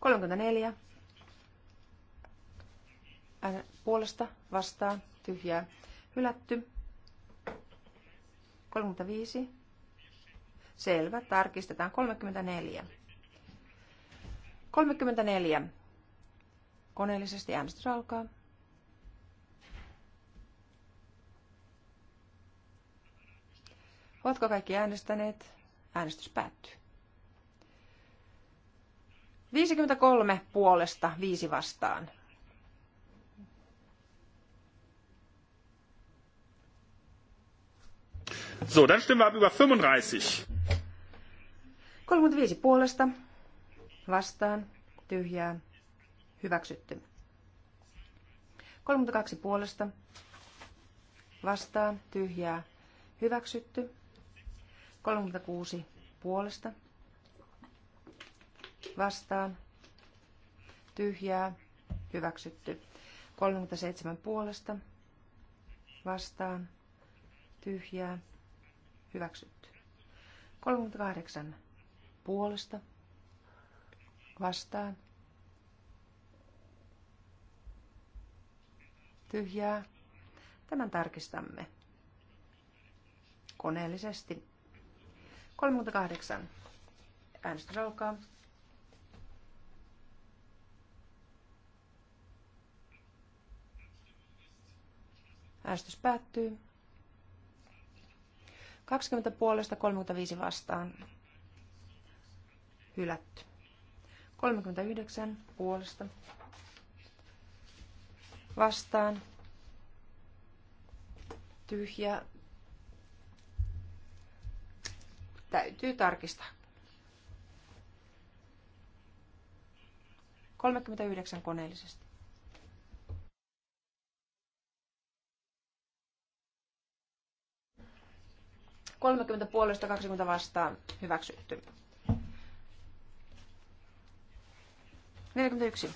34. Äänen puolesta vastaan tyhjää hylätty. 35. Selvä. Tarkistetaan 34. 34. Koneellisesti äänestys alkaa. Oletko kaikki äänestäneet? Äänestys päättyy. 53 puolesta, 5 vastaan. So, dann stimmen wir ab über 35. 35 puolesta, vastaan, tyhjää, hyväksytty. 32 puolesta, vastaan, tyhjää, hyväksytty. 36 puolesta, vastaan, tyhjää, hyväksytty. 37 puolesta, vastaan, tyhjää, hyväksytty. 38 puolesta, vastaan, tyhjää. Tämän tarkistamme koneellisesti. 38. Äänestys alkaa. Äänestys päättyy. 20 puolesta 35 vastaan. Hylätty. 39 puolesta vastaan. Tyhjä. Täytyy tarkistaa. 39 koneellisesti. 30 puolesta 20 vastaan hyväksytty. 41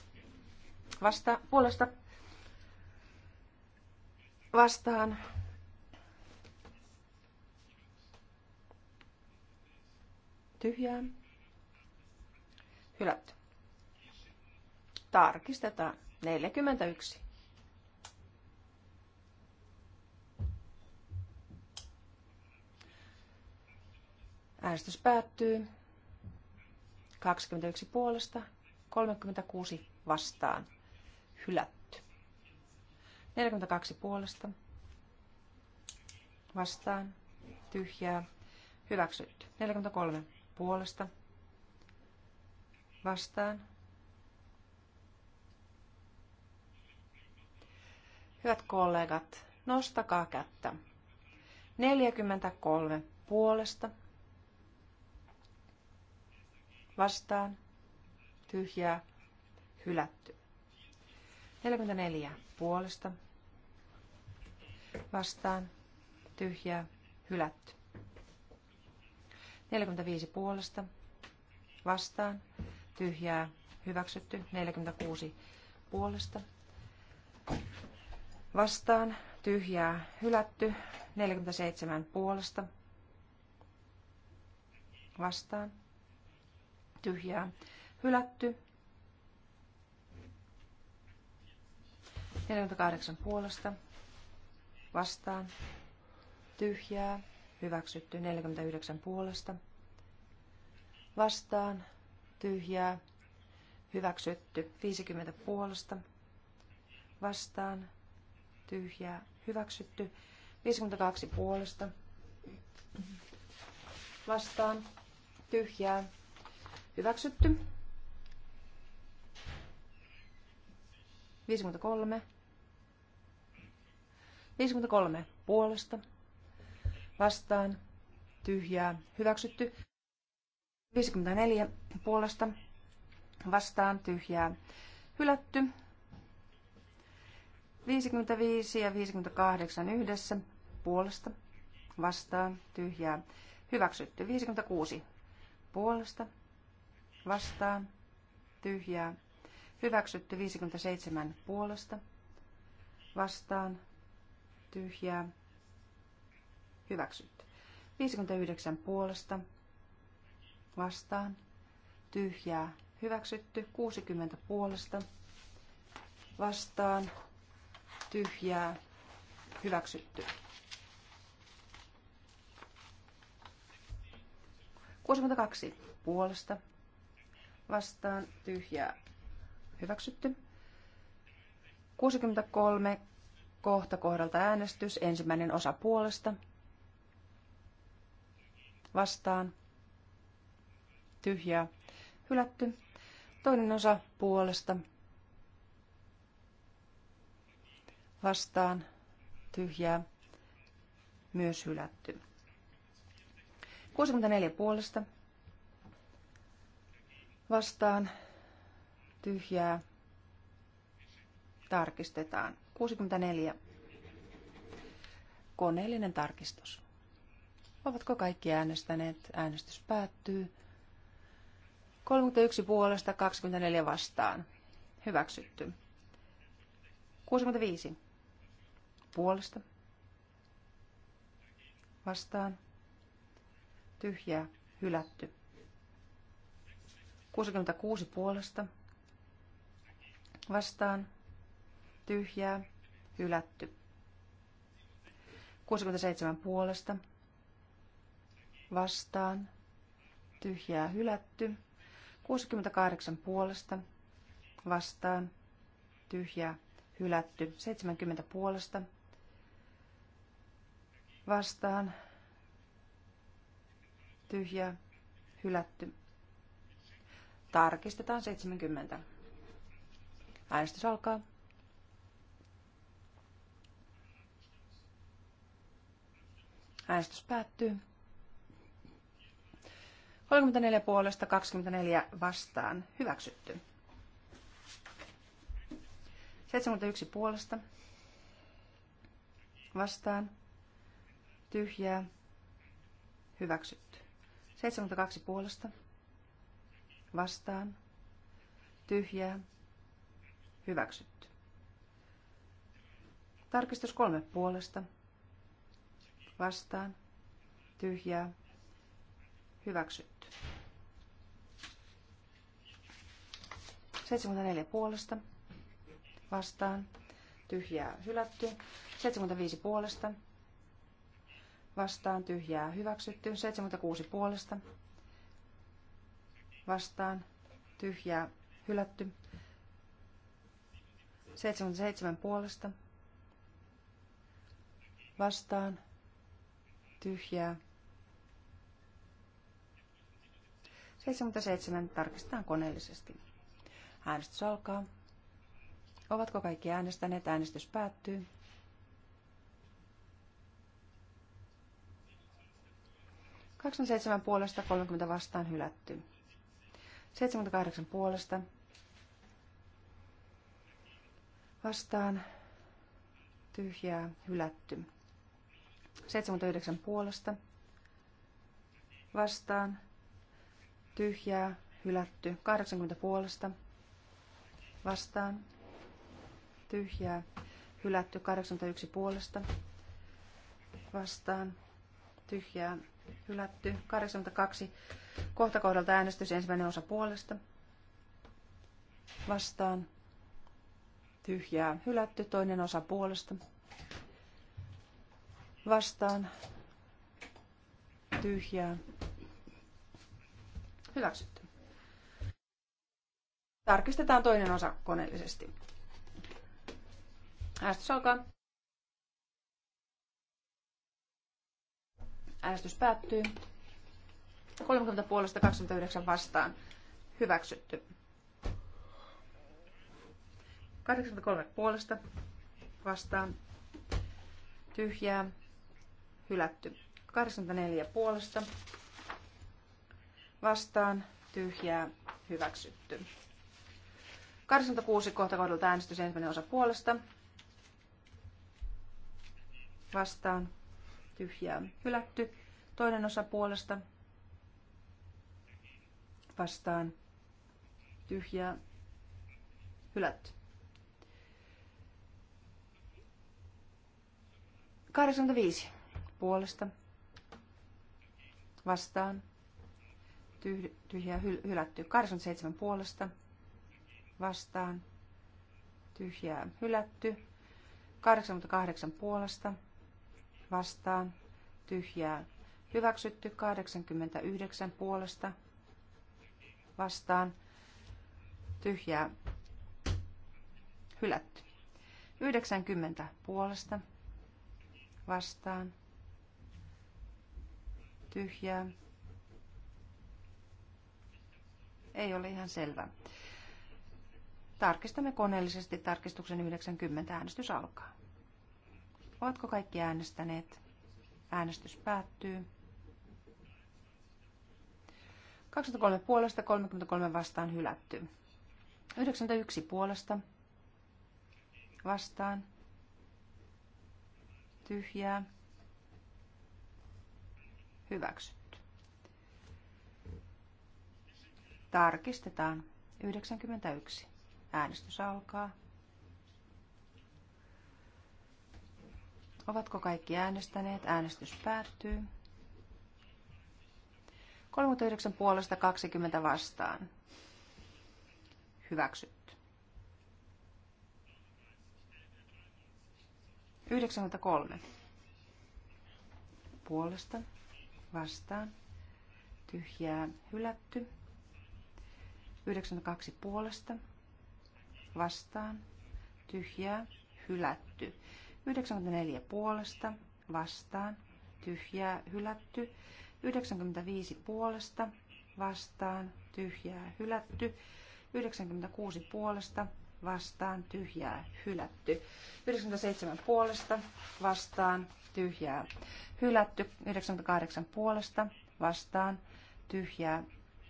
vasta, puolesta vastaan tyhjää hylätty. Tarkistetaan 41. Äänestys päättyy. 21 puolesta, 36 vastaan. Hylätty. 42 puolesta. Vastaan. Tyhjää. Hyväksytty. 43 puolesta. Vastaan. Hyvät kollegat, nostakaa kättä. 43 puolesta vastaan, tyhjää, hylätty. 44 puolesta, vastaan, tyhjää, hylätty. 45 puolesta, vastaan, tyhjää, hyväksytty. 46 puolesta, vastaan, tyhjää, hylätty. 47 puolesta, vastaan, tyhjää hylätty. 48 puolesta vastaan tyhjää hyväksytty. 49 puolesta vastaan tyhjää hyväksytty. 50 puolesta vastaan tyhjää hyväksytty. 52 puolesta vastaan tyhjää Hyväksytty. 53. 53 puolesta. Vastaan. Tyhjää. Hyväksytty. 54 puolesta. Vastaan. Tyhjää. Hylätty. 55 ja 58 yhdessä. Puolesta. Vastaan. Tyhjää. Hyväksytty. 56 puolesta vastaan, tyhjää, hyväksytty 57 puolesta, vastaan, tyhjää, hyväksytty. 59 puolesta, vastaan, tyhjää, hyväksytty. 60 puolesta, vastaan, tyhjää, hyväksytty. 62 puolesta, vastaan tyhjää hyväksytty. 63 kohta kohdalta äänestys, ensimmäinen osa puolesta. Vastaan. Tyhjää. Hylätty. Toinen osa puolesta. Vastaan. Tyhjää. Myös hylätty. 64 puolesta vastaan tyhjää tarkistetaan. 64. Koneellinen tarkistus. Ovatko kaikki äänestäneet? Äänestys päättyy. 31 puolesta 24 vastaan. Hyväksytty. 65 puolesta vastaan. Tyhjää hylätty. 66 puolesta vastaan tyhjää hylätty. 67 puolesta vastaan tyhjää hylätty. 68 puolesta vastaan tyhjää hylätty. 70 puolesta vastaan tyhjää hylätty. Tarkistetaan 70. Äänestys alkaa. Äänestys päättyy. 34 puolesta 24 vastaan. Hyväksytty. 71 puolesta. Vastaan. Tyhjää. Hyväksytty. 72 puolesta vastaan, tyhjää, hyväksytty. Tarkistus kolme puolesta, vastaan, tyhjää, hyväksytty. 74 puolesta, vastaan, tyhjää, hylätty. 75 puolesta, vastaan, tyhjää, hyväksytty. 76 puolesta, vastaan, tyhjää, hylätty. 77 puolesta, vastaan, tyhjää. 77 tarkistetaan koneellisesti. Äänestys alkaa. Ovatko kaikki äänestäneet? Äänestys päättyy. seitsemän puolesta 30 vastaan hylätty. 78 puolesta. Vastaan. Tyhjää. Hylätty. 79 puolesta. Vastaan. Tyhjää. Hylätty. 80 puolesta. Vastaan. Tyhjää. Hylätty. 81 puolesta. Vastaan. Tyhjää hylätty. 82 kohta kohdalta äänestys ensimmäinen osa puolesta. Vastaan tyhjää hylätty. Toinen osa puolesta. Vastaan tyhjää hyväksytty. Tarkistetaan toinen osa koneellisesti. Äänestys alkaa. Äänestys päättyy. 30 puolesta 29 vastaan. Hyväksytty. 83 puolesta vastaan. Tyhjää. Hylätty. 84 puolesta vastaan. Tyhjää. Hyväksytty. 86 kohta kohdalta äänestys ensimmäinen osa puolesta. Vastaan tyhjää hylätty. Toinen osa puolesta vastaan tyhjää hylätty. 85 puolesta vastaan tyh- tyhjää hyl- hylätty. 87 puolesta vastaan tyhjää hylätty. 88 puolesta vastaan, tyhjää, hyväksytty 89 puolesta, vastaan, tyhjää, hylätty. 90 puolesta, vastaan, tyhjää, ei ole ihan selvä. Tarkistamme koneellisesti tarkistuksen 90 äänestys alkaa. Ovatko kaikki äänestäneet? Äänestys päättyy. 23 puolesta, 33 vastaan hylätty. 91 puolesta vastaan. Tyhjää. Hyväksytty. Tarkistetaan. 91. Äänestys alkaa. Ovatko kaikki äänestäneet? Äänestys päättyy. 39 puolesta 20 vastaan. Hyväksytty. 93 puolesta vastaan. Tyhjää hylätty. 92 puolesta vastaan. Tyhjää hylätty. 94 puolesta, vastaan, tyhjää, hylätty. 95 puolesta, vastaan, tyhjää, hylätty. 96 puolesta, vastaan, tyhjää, hylätty. 97 puolesta, vastaan, tyhjää, hylätty. 98 puolesta, vastaan, tyhjää,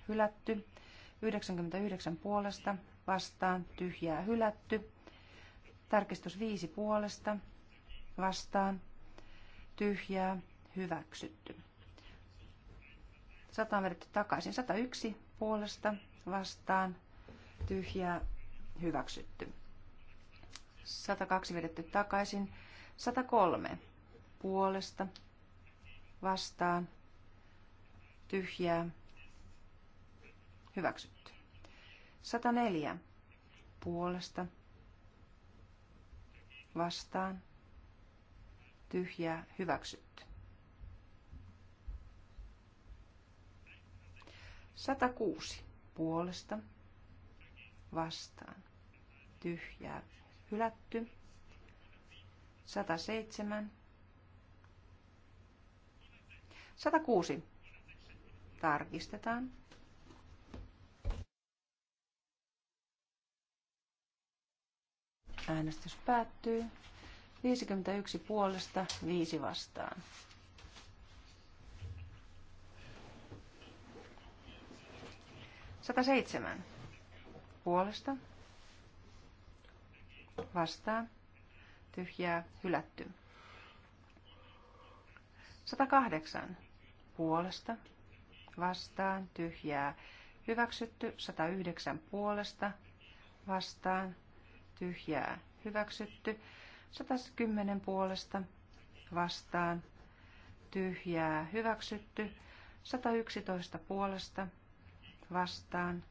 hylätty. 99 puolesta, vastaan, tyhjää, hylätty. Tarkistus 5 puolesta, vastaan, tyhjää, hyväksytty. 100 on vedetty takaisin, 101 puolesta, vastaan, tyhjää, hyväksytty. 102 vedetty takaisin, 103 puolesta, vastaan, tyhjää, hyväksytty. 104 puolesta, vastaan, tyhjää hyväksytty. 106 puolesta vastaan tyhjää hylätty. 107 106 tarkistetaan. Äänestys päättyy. 51 puolesta, 5 vastaan. Sata puolesta vastaan tyhjää hylätty. 108 puolesta vastaan tyhjää hyväksytty. 109 puolesta vastaan tyhjää hyväksytty. 110 puolesta vastaan tyhjää hyväksytty. 111 puolesta vastaan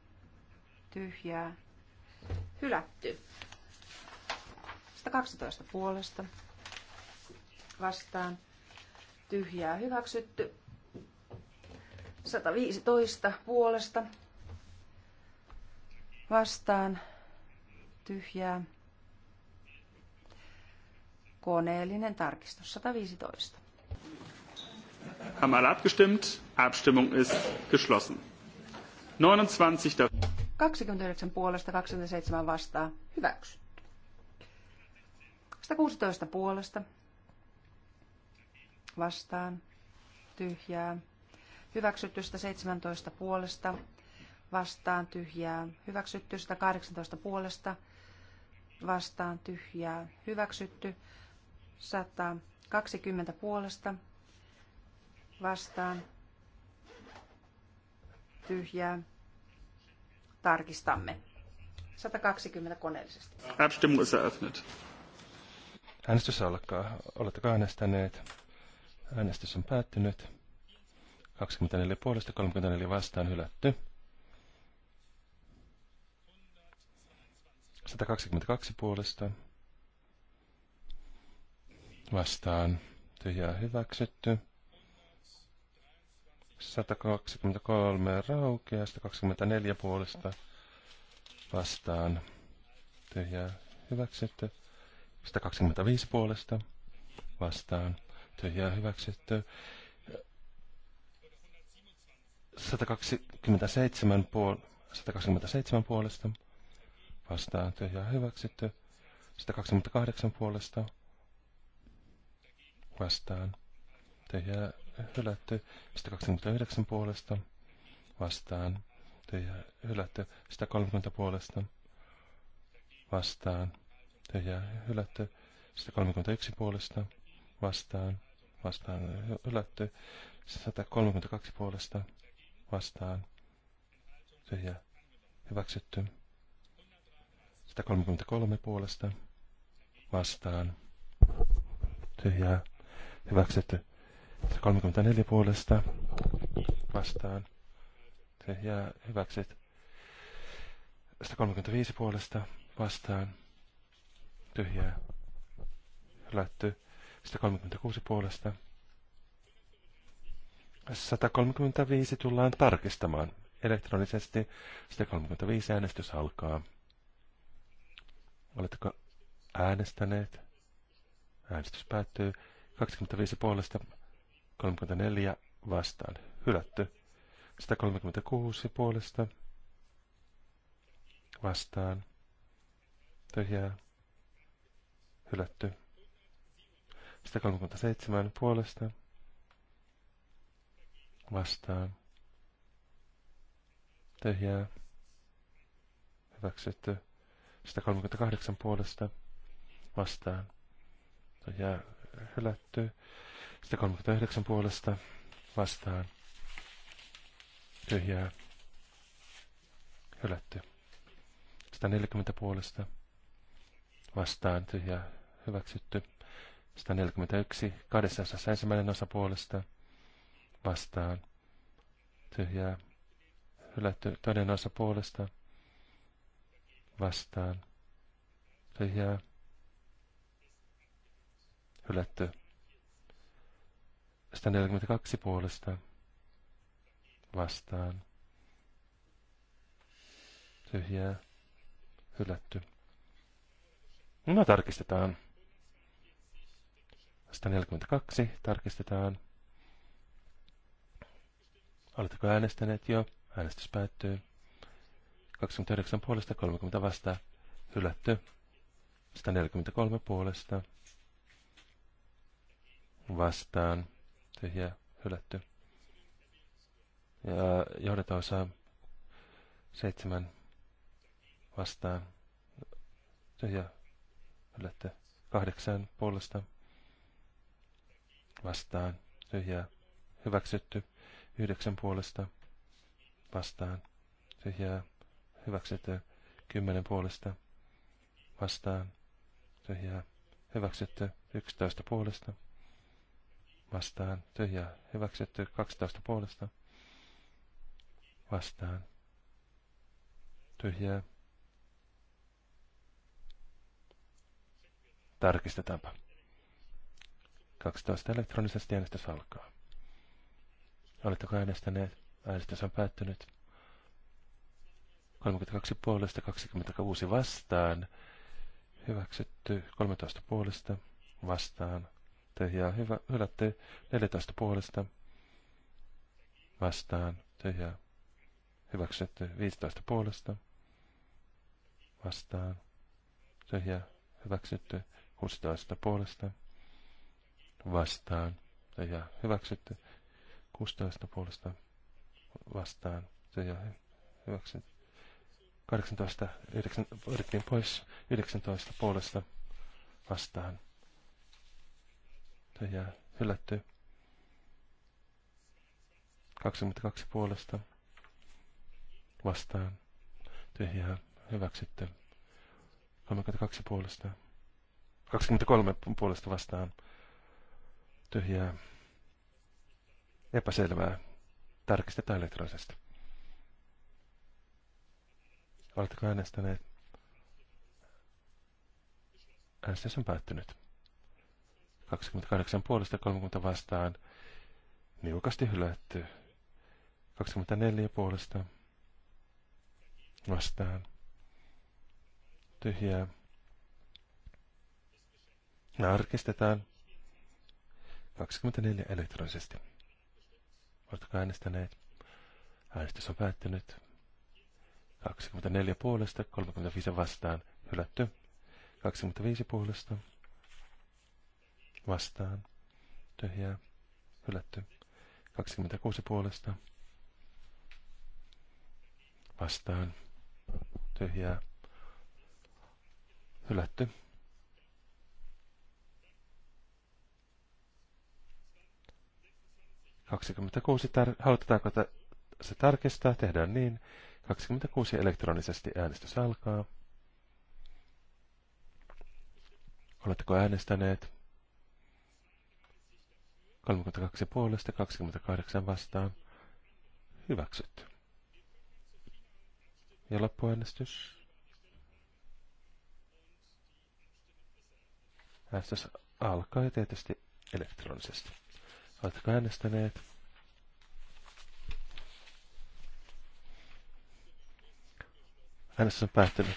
tyhjää hylätty. 112 puolesta vastaan tyhjää hyväksytty. 115 puolesta vastaan tyhjää Koneellinen tarkistus 115. Haben alle abgestimmt? Abstimmung ist geschlossen. 29 29 puolesta, 27 vastaa. Hyväksy. 116 puolesta. Vastaan. Tyhjää. Hyväksyttystä 17 puolesta. Vastaan tyhjää. Hyväksyttystä 18 puolesta. Vastaan tyhjää. Hyväksytty 120 puolesta vastaan tyhjää. Tarkistamme. 120 koneellisesti. Abstimmung ist Äänestys alkaa. Oletteko äänestäneet? Äänestys on päättynyt. 24 puolesta 34 vastaan hylätty. 122 puolesta vastaan tyhjää hyväksytty. 123 raukeaa, 124 puolesta vastaan tyhjää hyväksytty. 125 puolesta vastaan tyhjää hyväksytty. 127, puol- 127 puolesta vastaan tyhjää hyväksytty. 128 puolesta vastaan. Tyhjää hylätty 129 puolesta vastaan. Tyhjää hylätty 130 puolesta vastaan. Tyhjää hylätty 131 puolesta vastaan. Vastaan hylätty 132 puolesta vastaan. Tyhjää hyväksytty 133 puolesta vastaan tyhjää hyväksytty. 34 puolesta vastaan. Se jää hyväksyt. 135 puolesta vastaan. Tyhjää. Hylätty. 136 puolesta. 135 tullaan tarkistamaan. Elektronisesti 135 äänestys alkaa. Oletteko äänestäneet? Äänestys päättyy. 25 puolesta 34 vastaan. Hylätty. 136 puolesta vastaan. Tyhjää. Hylätty. 137 puolesta vastaan. Tyhjää. Hyväksytty. 138 puolesta vastaan. Tyhjää hylätty. 39 puolesta vastaan tyhjää hylätty. 140 puolesta vastaan tyhjää hyväksytty. 141 kahdessa osassa ensimmäinen osa puolesta vastaan tyhjää hylätty. Toinen osa puolesta vastaan tyhjää hylätty. 142 puolesta vastaan. Tyhjää. Hylätty. No tarkistetaan. 142 tarkistetaan. Oletteko äänestäneet jo? Äänestys päättyy. 29 puolesta 30 vastaan. Hylätty. 143 puolesta vastaan tyhjä hylätty. Ja johdetaan osaa seitsemän vastaan tyhjä hylätty. Kahdeksan puolesta vastaan tyhjä hyväksytty. Yhdeksän puolesta vastaan tyhjä hyväksytty. Kymmenen puolesta vastaan tyhjä hyväksytty. Yksitoista puolesta vastaan, vastaan, tyhjää hyväksytty 12 puolesta vastaan, tyhjää. Tarkistetaanpa. 12 elektronisesti äänestys alkaa. Oletteko äänestäneet? Äänestys on päättynyt. 32 puolesta, 26 vastaan. Hyväksytty 13 puolesta vastaan, tyhjää hyvä, hylätte 14 puolesta vastaan te ja hyväksytte 15 puolesta vastaan te ja hyväksytte 16 puolesta vastaan te ja hyväksytte 16 puolesta vastaan te ja hyväksytte 18, 19, pois, 19 puolesta vastaan ja hylätty. 22 puolesta vastaan tyhjää hyväksytty. 32 puolesta. 23 puolesta vastaan tyhjää epäselvää. Tarkistetaan elektronisesti. Oletteko äänestäneet? Äänestys on päättynyt. 28 puolesta 30 vastaan. Niukasti hylätty. 24 puolesta vastaan. Tyhjää. Tarkistetaan. 24 elektronisesti. Oletko äänestäneet? Äänestys on päättynyt. 24 puolesta, 35 vastaan, hylätty. 25 puolesta, vastaan, tyhjää, hylätty. 26 puolesta vastaan, tyhjää, hylätty. Kaksikymmentäkuusi, tar- halutetaanko se tarkistaa? Tehdään niin. 26 elektronisesti äänestys alkaa. Oletteko äänestäneet? 32 puolesta, 28 vastaan. Hyväksytty. Ja loppuäänestys. Äänestys alkaa ja tietysti elektronisesti. Oletko äänestäneet? Äänestys on päättynyt.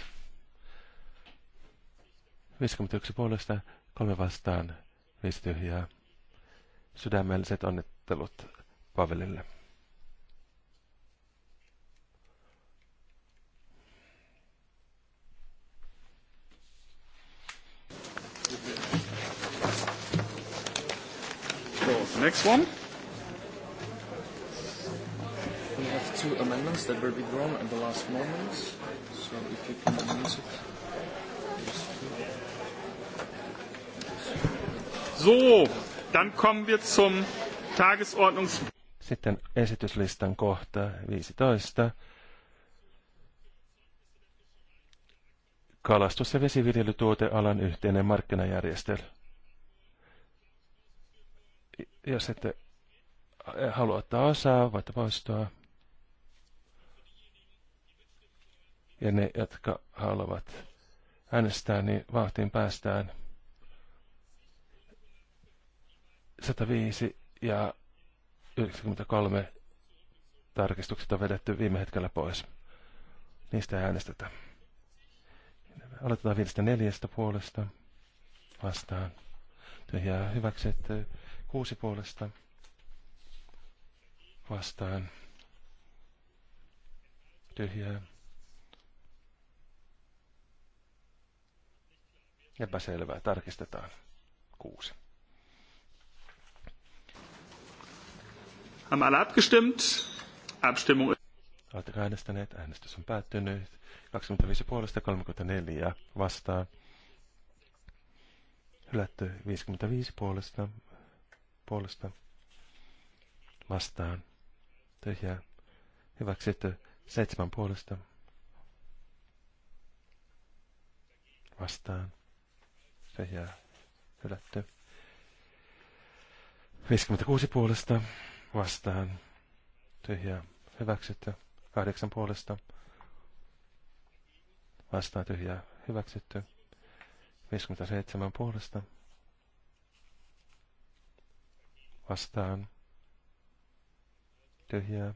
51 puolesta, 3 vastaan, 5 tyhjää. Sydämelliset onnittelut Pavelille. next one. We have two amendments that were withdrawn at the last moment, so if you can use it. So, Dann kommen wir zum Tagesordnungs... Sitten esityslistan kohta 15. Kalastus- ja vesiviljelytuotealan yhteinen markkinajärjestely. Jos ette halua ottaa osaa, voitte poistua. Ja ne, jotka haluavat äänestää, niin vahtiin päästään. 105 ja 93 tarkistukset on vedetty viime hetkellä pois. Niistä ei äänestetä. Aloitetaan 54 puolesta vastaan. Tyhjää hyväksytty. 6 puolesta vastaan. Tyhjää. Epäselvää. Tarkistetaan. Kuusi. Haben alle abgestimmt? Abstimmung. Oletteko äänestäneet? Äänestys on päättynyt. 25 puolesta 34 vastaan. Hylätty 55 puolesta, puolesta vastaan. Tyhjää. Hyväksytty 7 puolesta vastaan. Tyhjää. Hylätty. 56 puolesta vastaan tyhjää hyväksytty. Kahdeksan puolesta vastaan tyhjää hyväksytty. 57 puolesta vastaan tyhjää.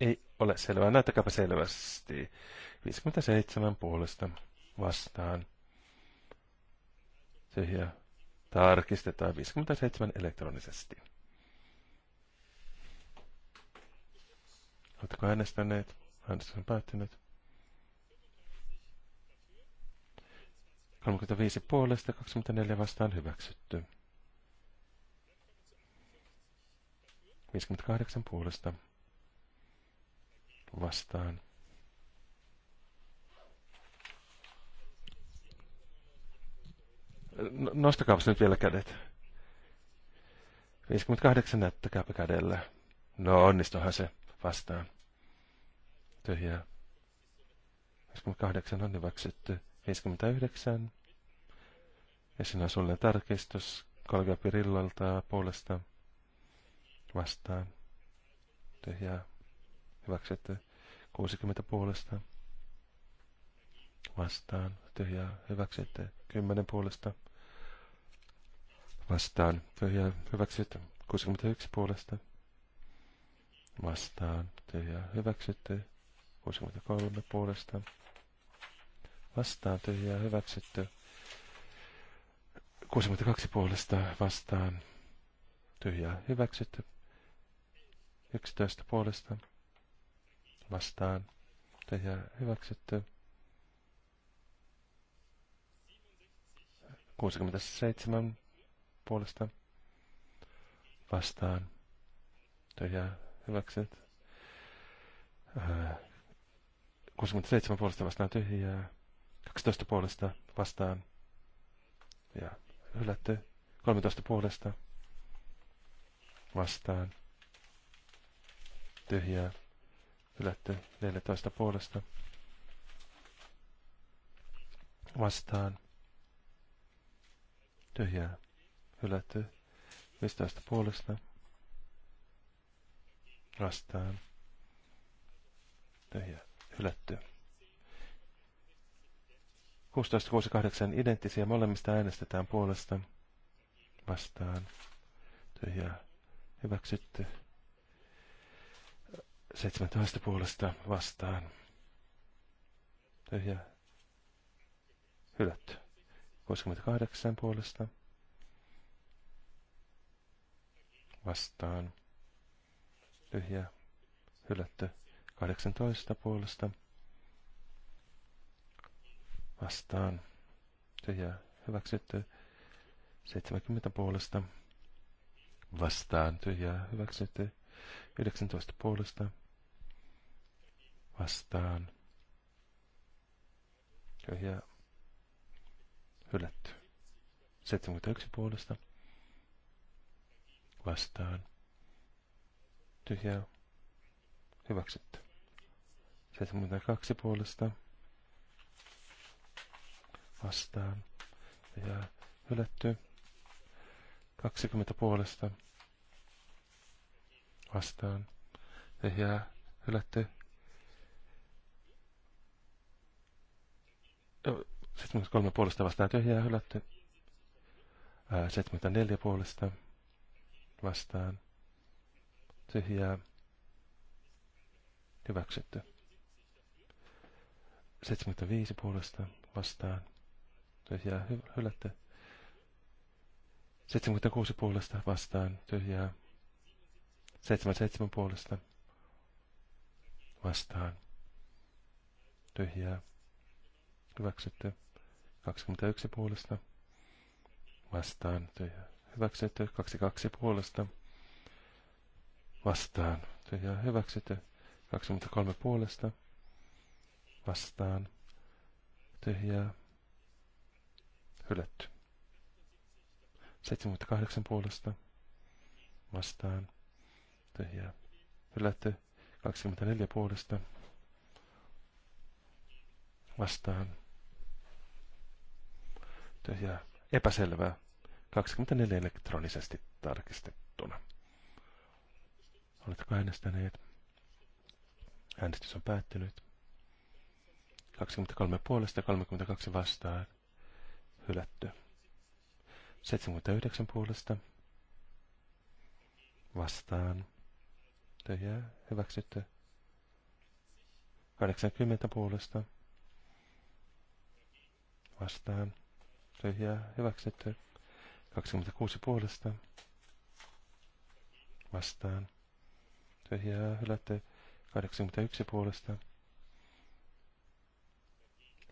Ei ole selvää. Näyttäkääpä selvästi. 57 puolesta vastaan tyhjää Tarkistetaan 57 elektronisesti. Oletteko äänestäneet? Äänestys on päättynyt. 35 puolesta, 24 vastaan hyväksytty. 58 puolesta vastaan No, nostakaa nyt vielä kädet. 58 näyttäkääpä kädellä. No onnistuhan se vastaan. Tyhjää. 58 on hyväksytty. 59. Ja sinä sulle tarkistus kollega Pirillalta puolesta vastaan. Tyhjää. Hyväksytty. 60 puolesta vastaan. Tyhjää. Hyväksytty. 10 puolesta vastaan tyhjää hyväksytty. 61 puolesta vastaan tyhjää hyväksytty. 63 puolesta vastaan tyhjää hyväksytty. 62 puolesta vastaan tyhjää hyväksytty. 11 puolesta vastaan tyhjää hyväksytty. 67 puolesta vastaan. Ja hyväksyt. 67 puolesta vastaan tyhjää. 12 äh, puolesta vastaan. Ja hylätty. 13 puolesta vastaan. Tyhjää. Hylätty. 14 puolesta vastaan. Tyhjää hylätty 15 puolesta vastaan tyhjä hylätty. 1668 identtisiä molemmista äänestetään puolesta vastaan Tyhjä hyväksytty. 17 puolesta vastaan Tyhjä hylätty. 68 puolesta vastaan. Tyhjä. Hylätty. 18 puolesta vastaan. Tyhjä. Hyväksytty. 70 puolesta vastaan. Tyhjä. Hyväksytty. 19 puolesta vastaan. Tyhjä. Hylätty. 71 puolesta vastaan. Tyhjää. Hyväksytty. 72 puolesta vastaan. Ja hylätty. 20 puolesta vastaan. Tyhjää. hylätty. 73 puolesta vastaan tyhjää hylätty. 74 puolesta vastaan tyhjää hyväksytty. 75 puolesta vastaan tyhjää hy- hylätty. 76 puolesta vastaan tyhjää. 77 puolesta vastaan tyhjää. Hyväksytty. 21 puolesta vastaan tyhjää hyväksytty. kaksi puolesta vastaan. Tyhjää hyväksytty. kolme puolesta vastaan. Tyhjää hylätty. 78 puolesta vastaan. Tyhjää hylätty. 24 puolesta vastaan. Tyhjää epäselvää. 24 elektronisesti tarkistettuna. Oletteko äänestäneet? Äänestys on päättynyt. 23 puolesta 32 vastaan. Hylätty. 79 puolesta vastaan. Tyhjää. Hyväksytty. 80 puolesta vastaan. Tyhjää. Hyväksytty. 26 puolesta vastaan. Tyhjää hylätty 81 puolesta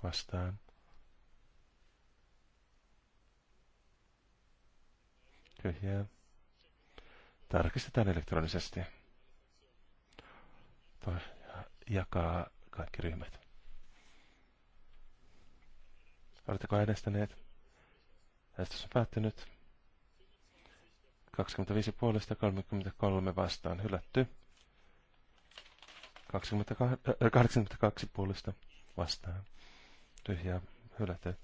vastaan. Tyhjää. Tarkistetaan elektronisesti. Toi jakaa kaikki ryhmät. Oletteko äänestäneet? Äänestys on päättynyt. 25 puolesta 33 vastaan hylätty. 82 äh, puolesta vastaan. Tyhjää hylätty.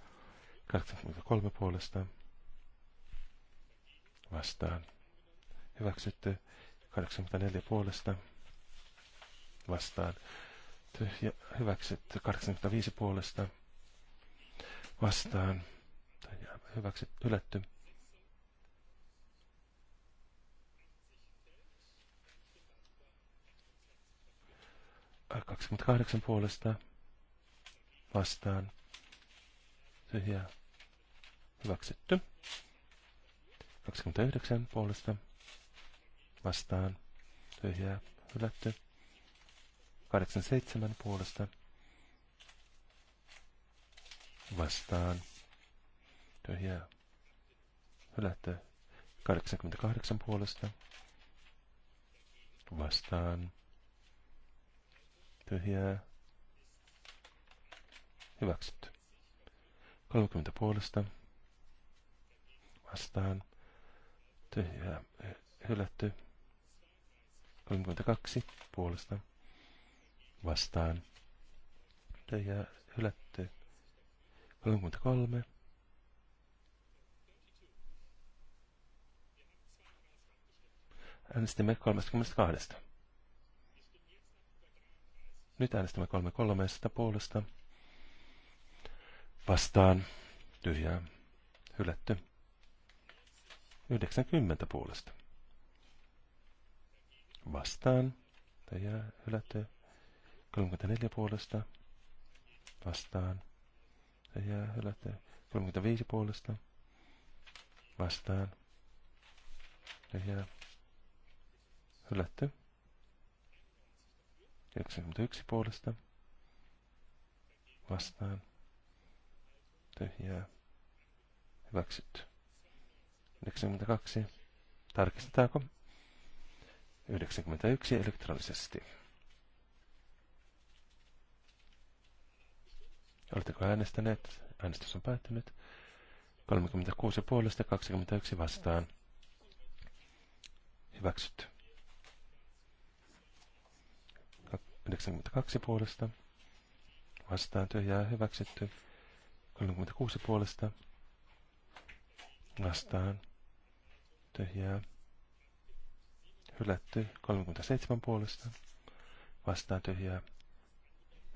83 puolesta vastaan. Hyväksytty. 84 puolesta vastaan. Tyhjä, hyväksytty. 85 puolesta vastaan. Tyhjää hyväksytty. Hylätty. 28 puolesta vastaan Tyhjä. hyväksytty. 29 puolesta vastaan Tyhjä. hylätty. 87 puolesta vastaan Tyhjä. hylätty. 88 puolesta vastaan tyhjää. Hyväksytty. 30 puolesta vastaan tyhjää. Hylätty. 32 puolesta vastaan tyhjää. Hylätty. 33 äänestimme 32. Nyt äänestämme kolme kolmesta puolesta. Vastaan. Tyhjää. Hylätty. 90 puolesta. Vastaan. Tyhjää. Hylätty. 34 puolesta. Vastaan. Tyhjää. Hylätty. 35 puolesta. Vastaan. Tyhjää. Hylätty. 91 puolesta vastaan tyhjää hyväksytty. 92 tarkistetaanko? 91 elektronisesti. Oletteko äänestäneet? Äänestys on päättynyt. 36 puolesta 21 vastaan. Hyväksytty. 92 puolesta. Vastaan tyhjää hyväksytty. 36 puolesta. Vastaan tyhjää hylätty. 37 puolesta. Vastaan tyhjää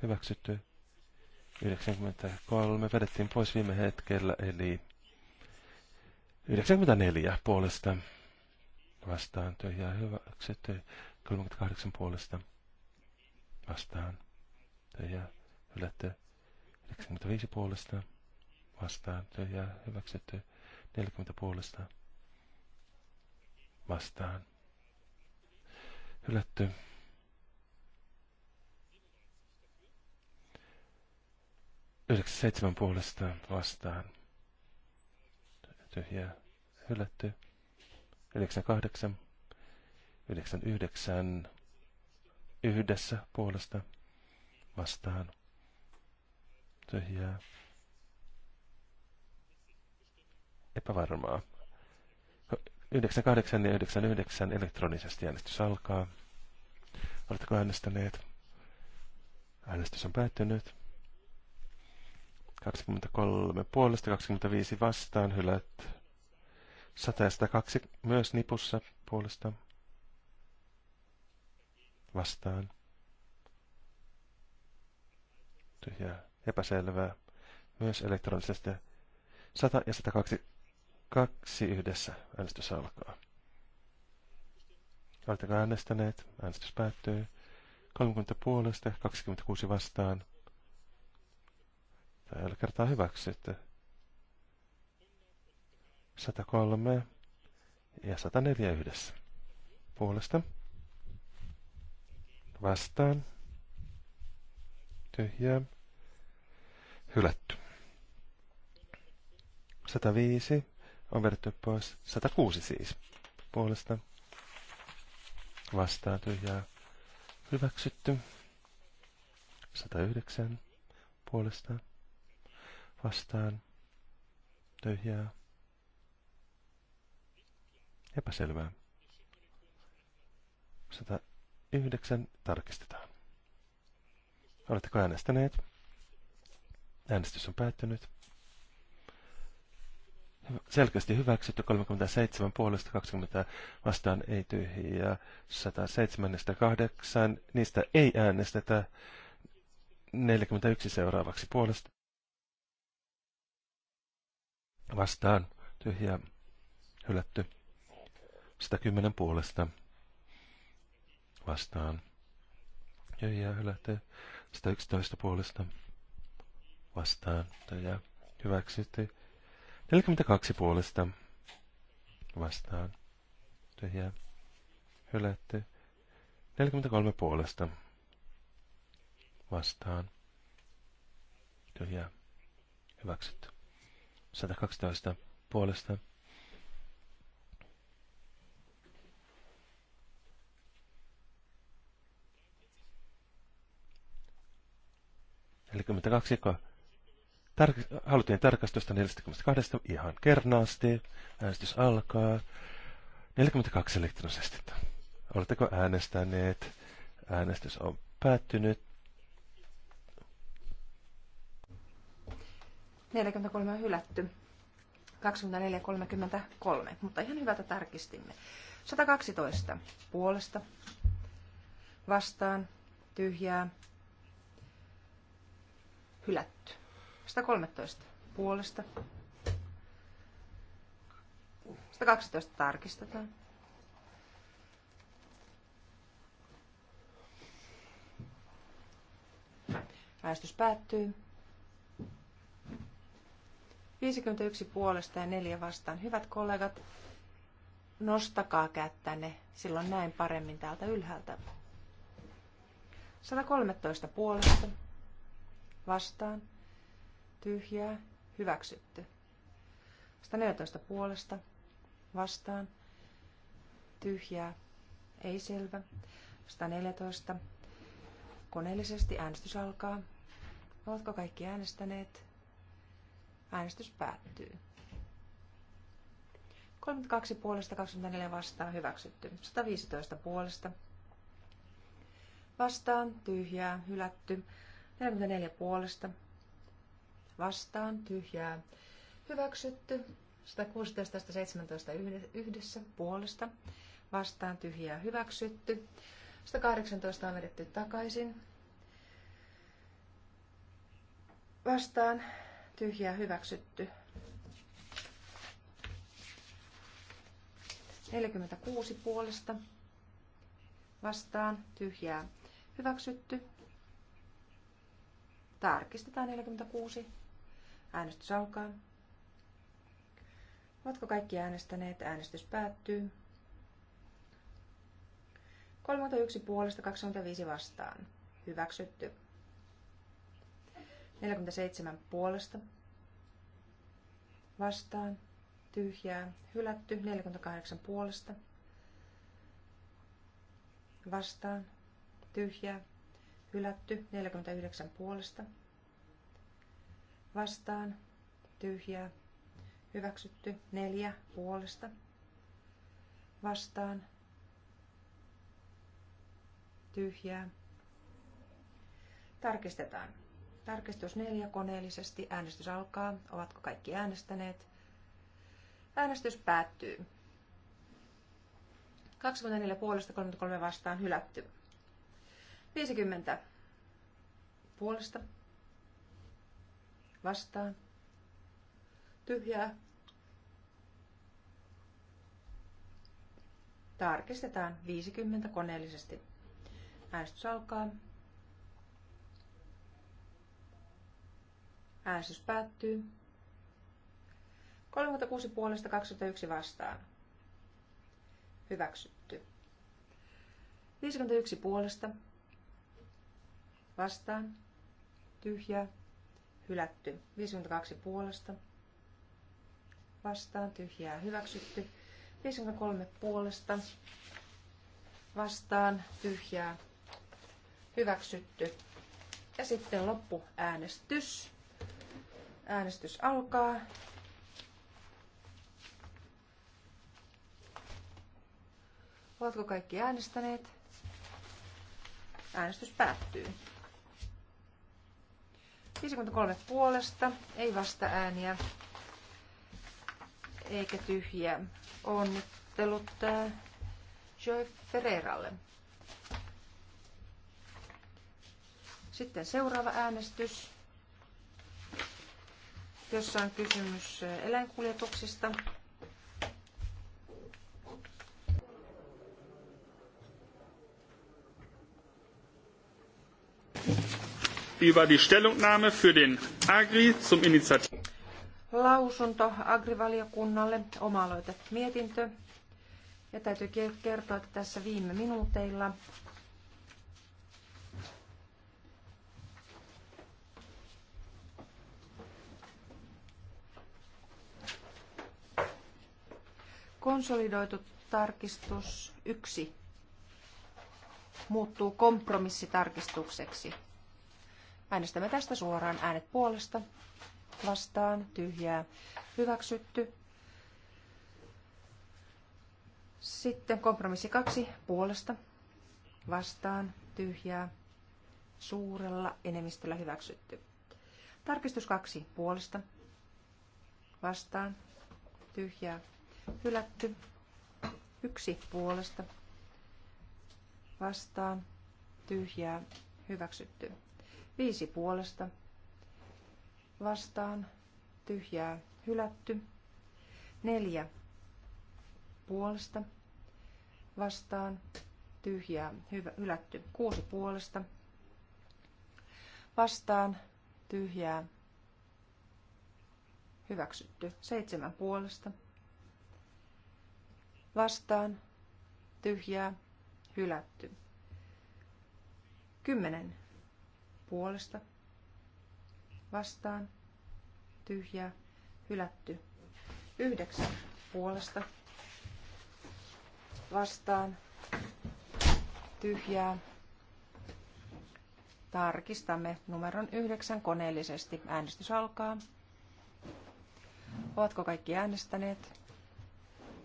hyväksytty. 93 vedettiin pois viime hetkellä, eli 94 puolesta vastaan tyhjää hyväksytty, 38 puolesta vastaan. Tyhjää hylätty. 95 puolesta vastaan. Tyhjää hyväksytty. 40 puolesta vastaan. Hylätty. seitsemän puolesta vastaan. Tyhjää hylätty. 98. 99. Yhdessä puolesta vastaan. Tyhjää. Epävarmaa. 98 ja 99 elektronisesti äänestys alkaa. Oletteko äänestäneet? Äänestys on päättynyt. 23 puolesta, 25 vastaan, hylät. 100 ja 102 myös nipussa puolesta vastaan. Tyhjää. Epäselvää. Myös elektronisesti. 100 ja 102. Kaksi yhdessä. Äänestys alkaa. Oletteko äänestäneet? Äänestys päättyy. 30 puolesta, 26 vastaan. Tällä kertaa hyväksytty. 103 ja 104 yhdessä. Puolesta vastaan. Tyhjää. Hylätty. 105 on vedetty pois. 106 siis. Puolesta vastaan tyhjää. Hyväksytty. 109 puolesta vastaan tyhjää. Epäselvää. 100 yhdeksän tarkistetaan. Oletteko äänestäneet? Äänestys on päättynyt. Selkeästi hyväksytty 37 puolesta 20 vastaan ei tyhjiä. 178 niistä ei äänestetä. 41 seuraavaksi puolesta. Vastaan tyhjä hylätty. 110 puolesta vastaan. Ja Tyhjää hylätty. 111 puolesta vastaan. Tyhjää hyväksytty. 42 puolesta vastaan. Tyhjää hylätty. 43 puolesta vastaan. Tyhjää hyväksytty. 112 puolesta vastaan 42. Tar- haluttiin tarkastusta 42. Ihan kernaasti. Äänestys alkaa. 42 elektronisesti. Oletteko äänestäneet? Äänestys on päättynyt. 43 on hylätty. 33. mutta ihan hyvältä tarkistimme. 112 puolesta vastaan tyhjää hylätty. 113 puolesta. 112 tarkistetaan. Äänestys päättyy. 51 puolesta ja 4 vastaan. Hyvät kollegat, nostakaa kättänne, silloin näin paremmin täältä ylhäältä. 113 puolesta vastaan, tyhjää, hyväksytty. 114 puolesta, vastaan, tyhjää, ei selvä. 114. Koneellisesti äänestys alkaa. Oletko kaikki äänestäneet? Äänestys päättyy. 32 puolesta, 24 vastaan, hyväksytty. 115 puolesta, vastaan, tyhjää, hylätty. 44 puolesta. Vastaan tyhjää. Hyväksytty. 116 17 yhdessä puolesta. Vastaan tyhjää hyväksytty. 118 on vedetty takaisin. Vastaan tyhjää hyväksytty. 46 puolesta vastaan tyhjää hyväksytty. Tarkistetaan 46. Äänestys alkaa. Ovatko kaikki äänestäneet? Äänestys päättyy. 31 puolesta 25 vastaan. Hyväksytty. 47 puolesta vastaan. Tyhjää. Hylätty. 48 puolesta vastaan. Tyhjää. Hylätty 49 puolesta. Vastaan. Tyhjää. Hyväksytty 4 puolesta. Vastaan. Tyhjää. Tarkistetaan. Tarkistus 4 koneellisesti. Äänestys alkaa. Ovatko kaikki äänestäneet? Äänestys päättyy. 24 puolesta 33 vastaan hylätty. 50 puolesta vastaan tyhjää. Tarkistetaan 50 koneellisesti. Äänestys alkaa. Äänestys päättyy. 36 puolesta 21 vastaan. Hyväksytty. 51 puolesta vastaan, tyhjä, hylätty. 52 puolesta, vastaan, tyhjää, hyväksytty. 53 puolesta, vastaan, tyhjää, hyväksytty. Ja sitten loppu Äänestys alkaa. Ovatko kaikki äänestäneet? Äänestys päättyy. 53 puolesta, ei vasta ääniä eikä tyhjiä. Onnittelut äh, Joy Ferreralle. Sitten seuraava äänestys, jossa on kysymys äh, eläinkuljetuksista. über die Stellungnahme für den Agri zum Initiativ. Lausunto agrivaliokunnalle, oma mietintö. Ja täytyy kertoa, että tässä viime minuuteilla konsolidoitu tarkistus yksi muuttuu kompromissitarkistukseksi. Äänestämme tästä suoraan. Äänet puolesta, vastaan, tyhjää, hyväksytty. Sitten kompromissi kaksi puolesta, vastaan, tyhjää, suurella enemmistöllä hyväksytty. Tarkistus kaksi puolesta, vastaan, tyhjää, hylätty. Yksi puolesta, vastaan, tyhjää, hyväksytty. Viisi puolesta vastaan tyhjää hylätty. Neljä puolesta vastaan tyhjää hyvä, hylätty. Kuusi puolesta vastaan tyhjää hyväksytty. Seitsemän puolesta vastaan tyhjää hylätty. Kymmenen puolesta vastaan tyhjää hylätty. Yhdeksän puolesta vastaan tyhjää. Tarkistamme numeron yhdeksän koneellisesti. Äänestys alkaa. Ovatko kaikki äänestäneet?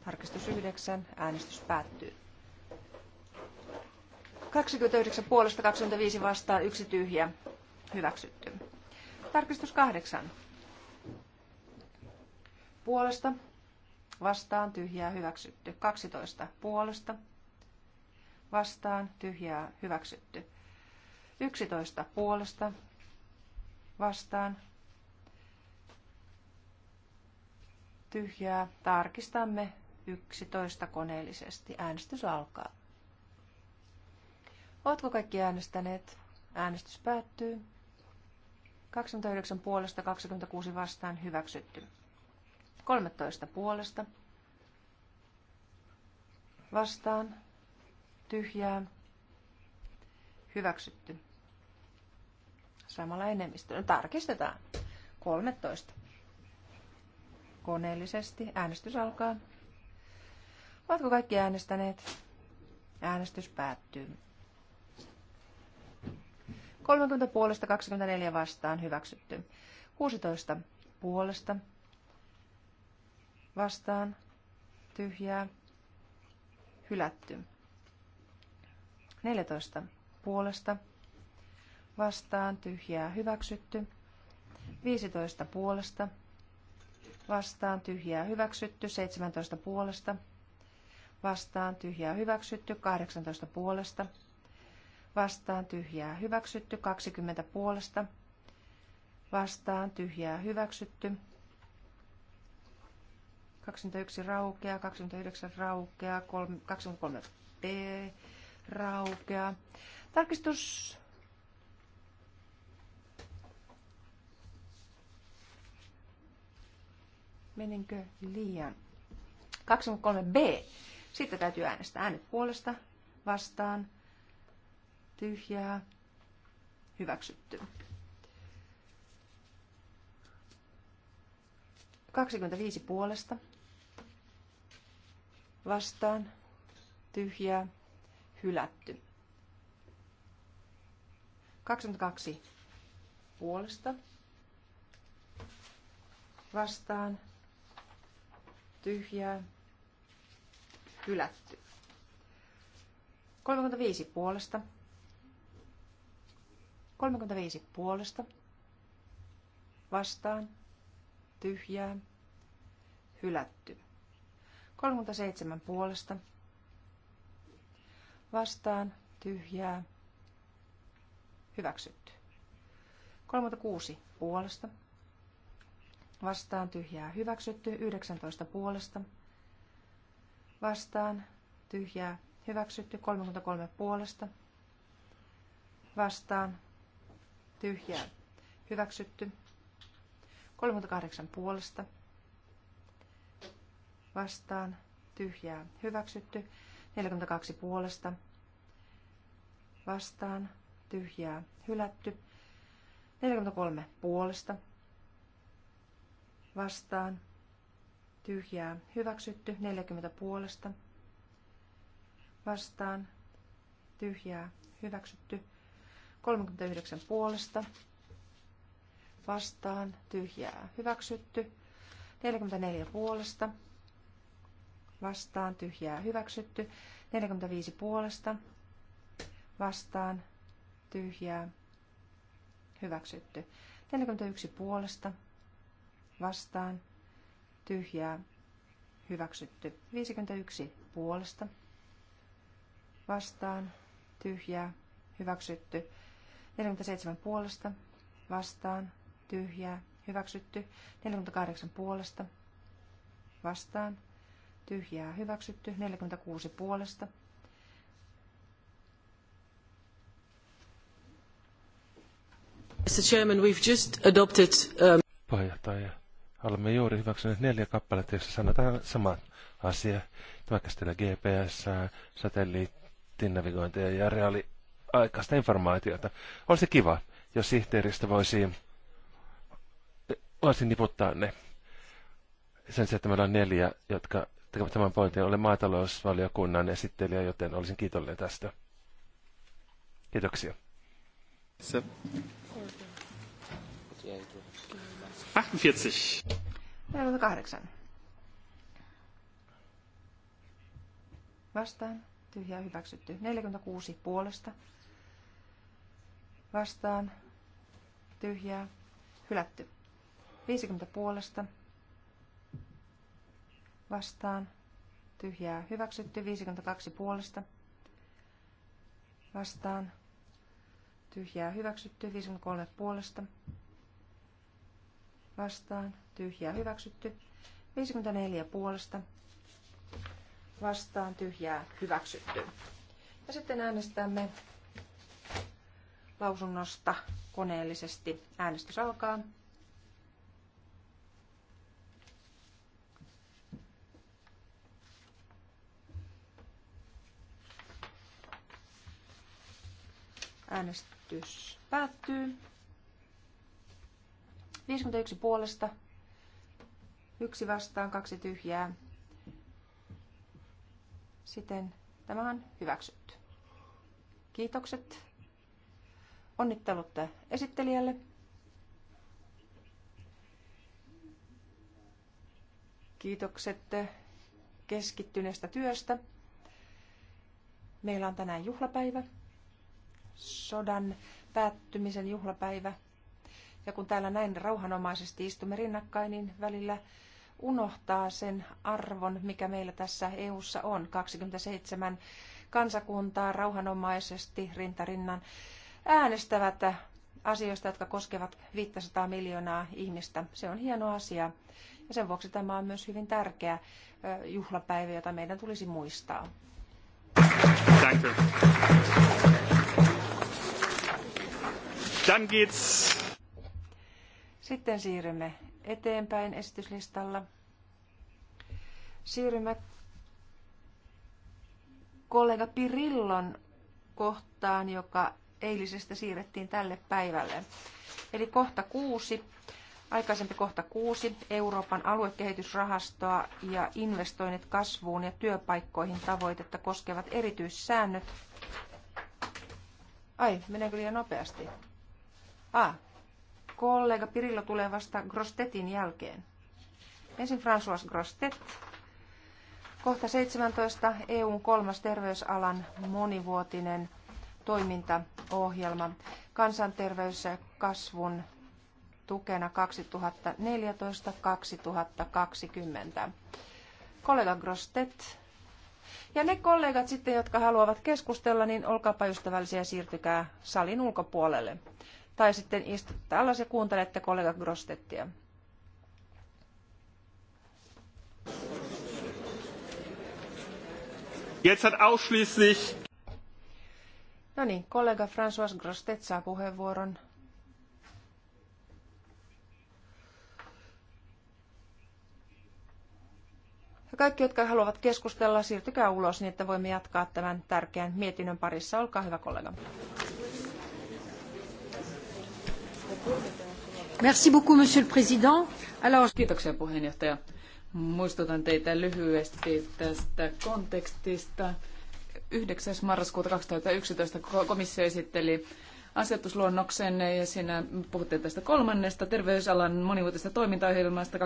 Tarkistus yhdeksän. Äänestys päättyy. 29 puolesta 25 vastaan, yksi tyhjä. Hyväksytty. Tarkistus kahdeksan Puolesta vastaan tyhjää hyväksytty. 12 puolesta vastaan tyhjää hyväksytty. 11 puolesta vastaan tyhjää. Tarkistamme 11 koneellisesti. Äänestys alkaa. Ovatko kaikki äänestäneet? Äänestys päättyy. 29 puolesta, 26 vastaan, hyväksytty. 13 puolesta, vastaan, tyhjää, hyväksytty. Samalla enemmistö. No, tarkistetaan. 13. Koneellisesti äänestys alkaa. Ovatko kaikki äänestäneet? Äänestys päättyy. 30 puolesta 24 vastaan hyväksytty. 16 puolesta vastaan tyhjää hylätty. 14 puolesta vastaan tyhjää hyväksytty. 15 puolesta vastaan tyhjää hyväksytty. 17 puolesta vastaan tyhjää hyväksytty. 18 puolesta vastaan, vastaan tyhjää hyväksytty, 20 puolesta vastaan tyhjää hyväksytty, 21 raukeaa, 29 raukeaa, 23 B raukeaa. Tarkistus Meninkö liian? 23b. Sitten täytyy äänestää äänet puolesta, vastaan, tyhjää, hyväksytty. 25 puolesta, vastaan, tyhjää, hylätty. 22 puolesta, vastaan, tyhjää, hylätty. 35 puolesta, 35 puolesta. Vastaan. Tyhjää. Hylätty. 37 puolesta. Vastaan. Tyhjää. Hyväksytty. 36 puolesta. Vastaan tyhjää hyväksytty. 19 puolesta. Vastaan tyhjää hyväksytty. 33 puolesta. Vastaan tyhjää hyväksytty. 38 puolesta vastaan tyhjää hyväksytty. 42 puolesta vastaan tyhjää hylätty. 43 puolesta vastaan tyhjää hyväksytty. 40 puolesta vastaan tyhjää hyväksytty. 39 puolesta vastaan tyhjää hyväksytty. 44 puolesta vastaan tyhjää hyväksytty. 45 puolesta vastaan tyhjää hyväksytty. 41 puolesta vastaan tyhjää hyväksytty. 51 puolesta vastaan tyhjää hyväksytty. 47 puolesta, vastaan, tyhjää, hyväksytty. 48 puolesta, vastaan, tyhjää, hyväksytty. 46 puolesta, Mr. Chairman, we've just adopted... Um... Puheenjohtaja, olemme juuri hyväksyneet neljä kappaletta, joissa sanotaan sama asia. Tämä käsittelee GPS, satelliittinavigointia ja reaali aikaista informaatiota. Olisi kiva, jos sihteeristä voisi, voisi niputtaa ne. Sen sijaan, että meillä on neljä, jotka tekevät tämän pointin. Olen maatalousvaliokunnan esittelijä, joten olisin kiitollinen tästä. Kiitoksia. Se. 48. Vastaan. Tyhjä hyväksytty. 46 puolesta vastaan, tyhjää, hylätty. 50 puolesta, vastaan, tyhjää, hyväksytty. 52 puolesta, vastaan, tyhjää, hyväksytty. 53 puolesta, vastaan, tyhjää, hyväksytty. 54 puolesta, vastaan, tyhjää, hyväksytty. Ja sitten äänestämme lausunnosta koneellisesti. Äänestys alkaa. Äänestys päättyy. 51 puolesta, yksi vastaan, kaksi tyhjää. Siten tämä on hyväksytty. Kiitokset Onnittelut esittelijälle. Kiitokset keskittyneestä työstä. Meillä on tänään juhlapäivä, sodan päättymisen juhlapäivä. Ja kun täällä näin rauhanomaisesti istumme rinnakkain, niin välillä unohtaa sen arvon, mikä meillä tässä EU:ssa on. 27 kansakuntaa rauhanomaisesti rintarinnan äänestävät asioista, jotka koskevat 500 miljoonaa ihmistä. Se on hieno asia ja sen vuoksi tämä on myös hyvin tärkeä juhlapäivä, jota meidän tulisi muistaa. Thank you. Dann geht's. Sitten siirrymme eteenpäin esityslistalla. Siirrymme kollega Pirillon kohtaan, joka eilisestä siirrettiin tälle päivälle. Eli kohta kuusi, aikaisempi kohta kuusi, Euroopan aluekehitysrahastoa ja investoinnit kasvuun ja työpaikkoihin tavoitetta koskevat erityissäännöt. Ai, meneekö liian nopeasti? Ah, kollega Pirillo tulee vasta Grostetin jälkeen. Ensin François Grostet. Kohta 17 EUn kolmas terveysalan monivuotinen toimintaohjelma kansanterveys ja kasvun tukena 2014-2020. Kollega Grostet. Ja ne kollegat sitten, jotka haluavat keskustella, niin olkaapa ystävällisiä ja siirtykää salin ulkopuolelle. Tai sitten istutte alas ja kuuntelette kollega Grostettia. Jetzt hat ausschließlich No niin, kollega François Grostet saa puheenvuoron. Ja kaikki, jotka haluavat keskustella, siirtykää ulos niin, että voimme jatkaa tämän tärkeän mietinnön parissa. Olkaa hyvä kollega. Merci beaucoup, monsieur le président. Alors... Kiitoksia puheenjohtaja. Muistutan teitä lyhyesti tästä kontekstista. 9. marraskuuta 2011 komissio esitteli asetusluonnoksen ja siinä puhuttiin tästä kolmannesta terveysalan monivuotisesta toimintaohjelmasta 2014-2020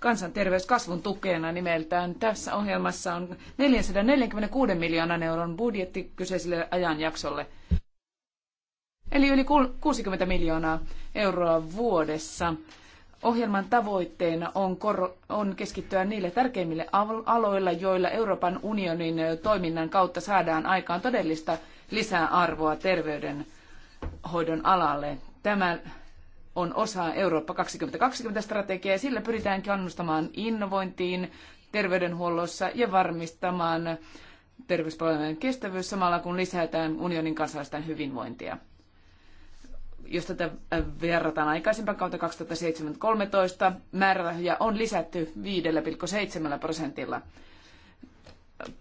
kansanterveyskasvun tukena nimeltään. Tässä ohjelmassa on 446 miljoonan euron budjetti kyseiselle ajanjaksolle. Eli yli 60 miljoonaa euroa vuodessa Ohjelman tavoitteena on, on keskittyä niille tärkeimmille aloilla, joilla Euroopan unionin toiminnan kautta saadaan aikaan todellista lisäarvoa terveydenhoidon alalle. Tämä on osa Eurooppa 2020-strategiaa ja sillä pyritään kannustamaan innovointiin terveydenhuollossa ja varmistamaan terveyspalvelujen kestävyys samalla kun lisätään unionin kansalaisten hyvinvointia jos tätä äh, verrataan aikaisempaan kautta 2007-2013, määrärahoja on lisätty 5,7 prosentilla.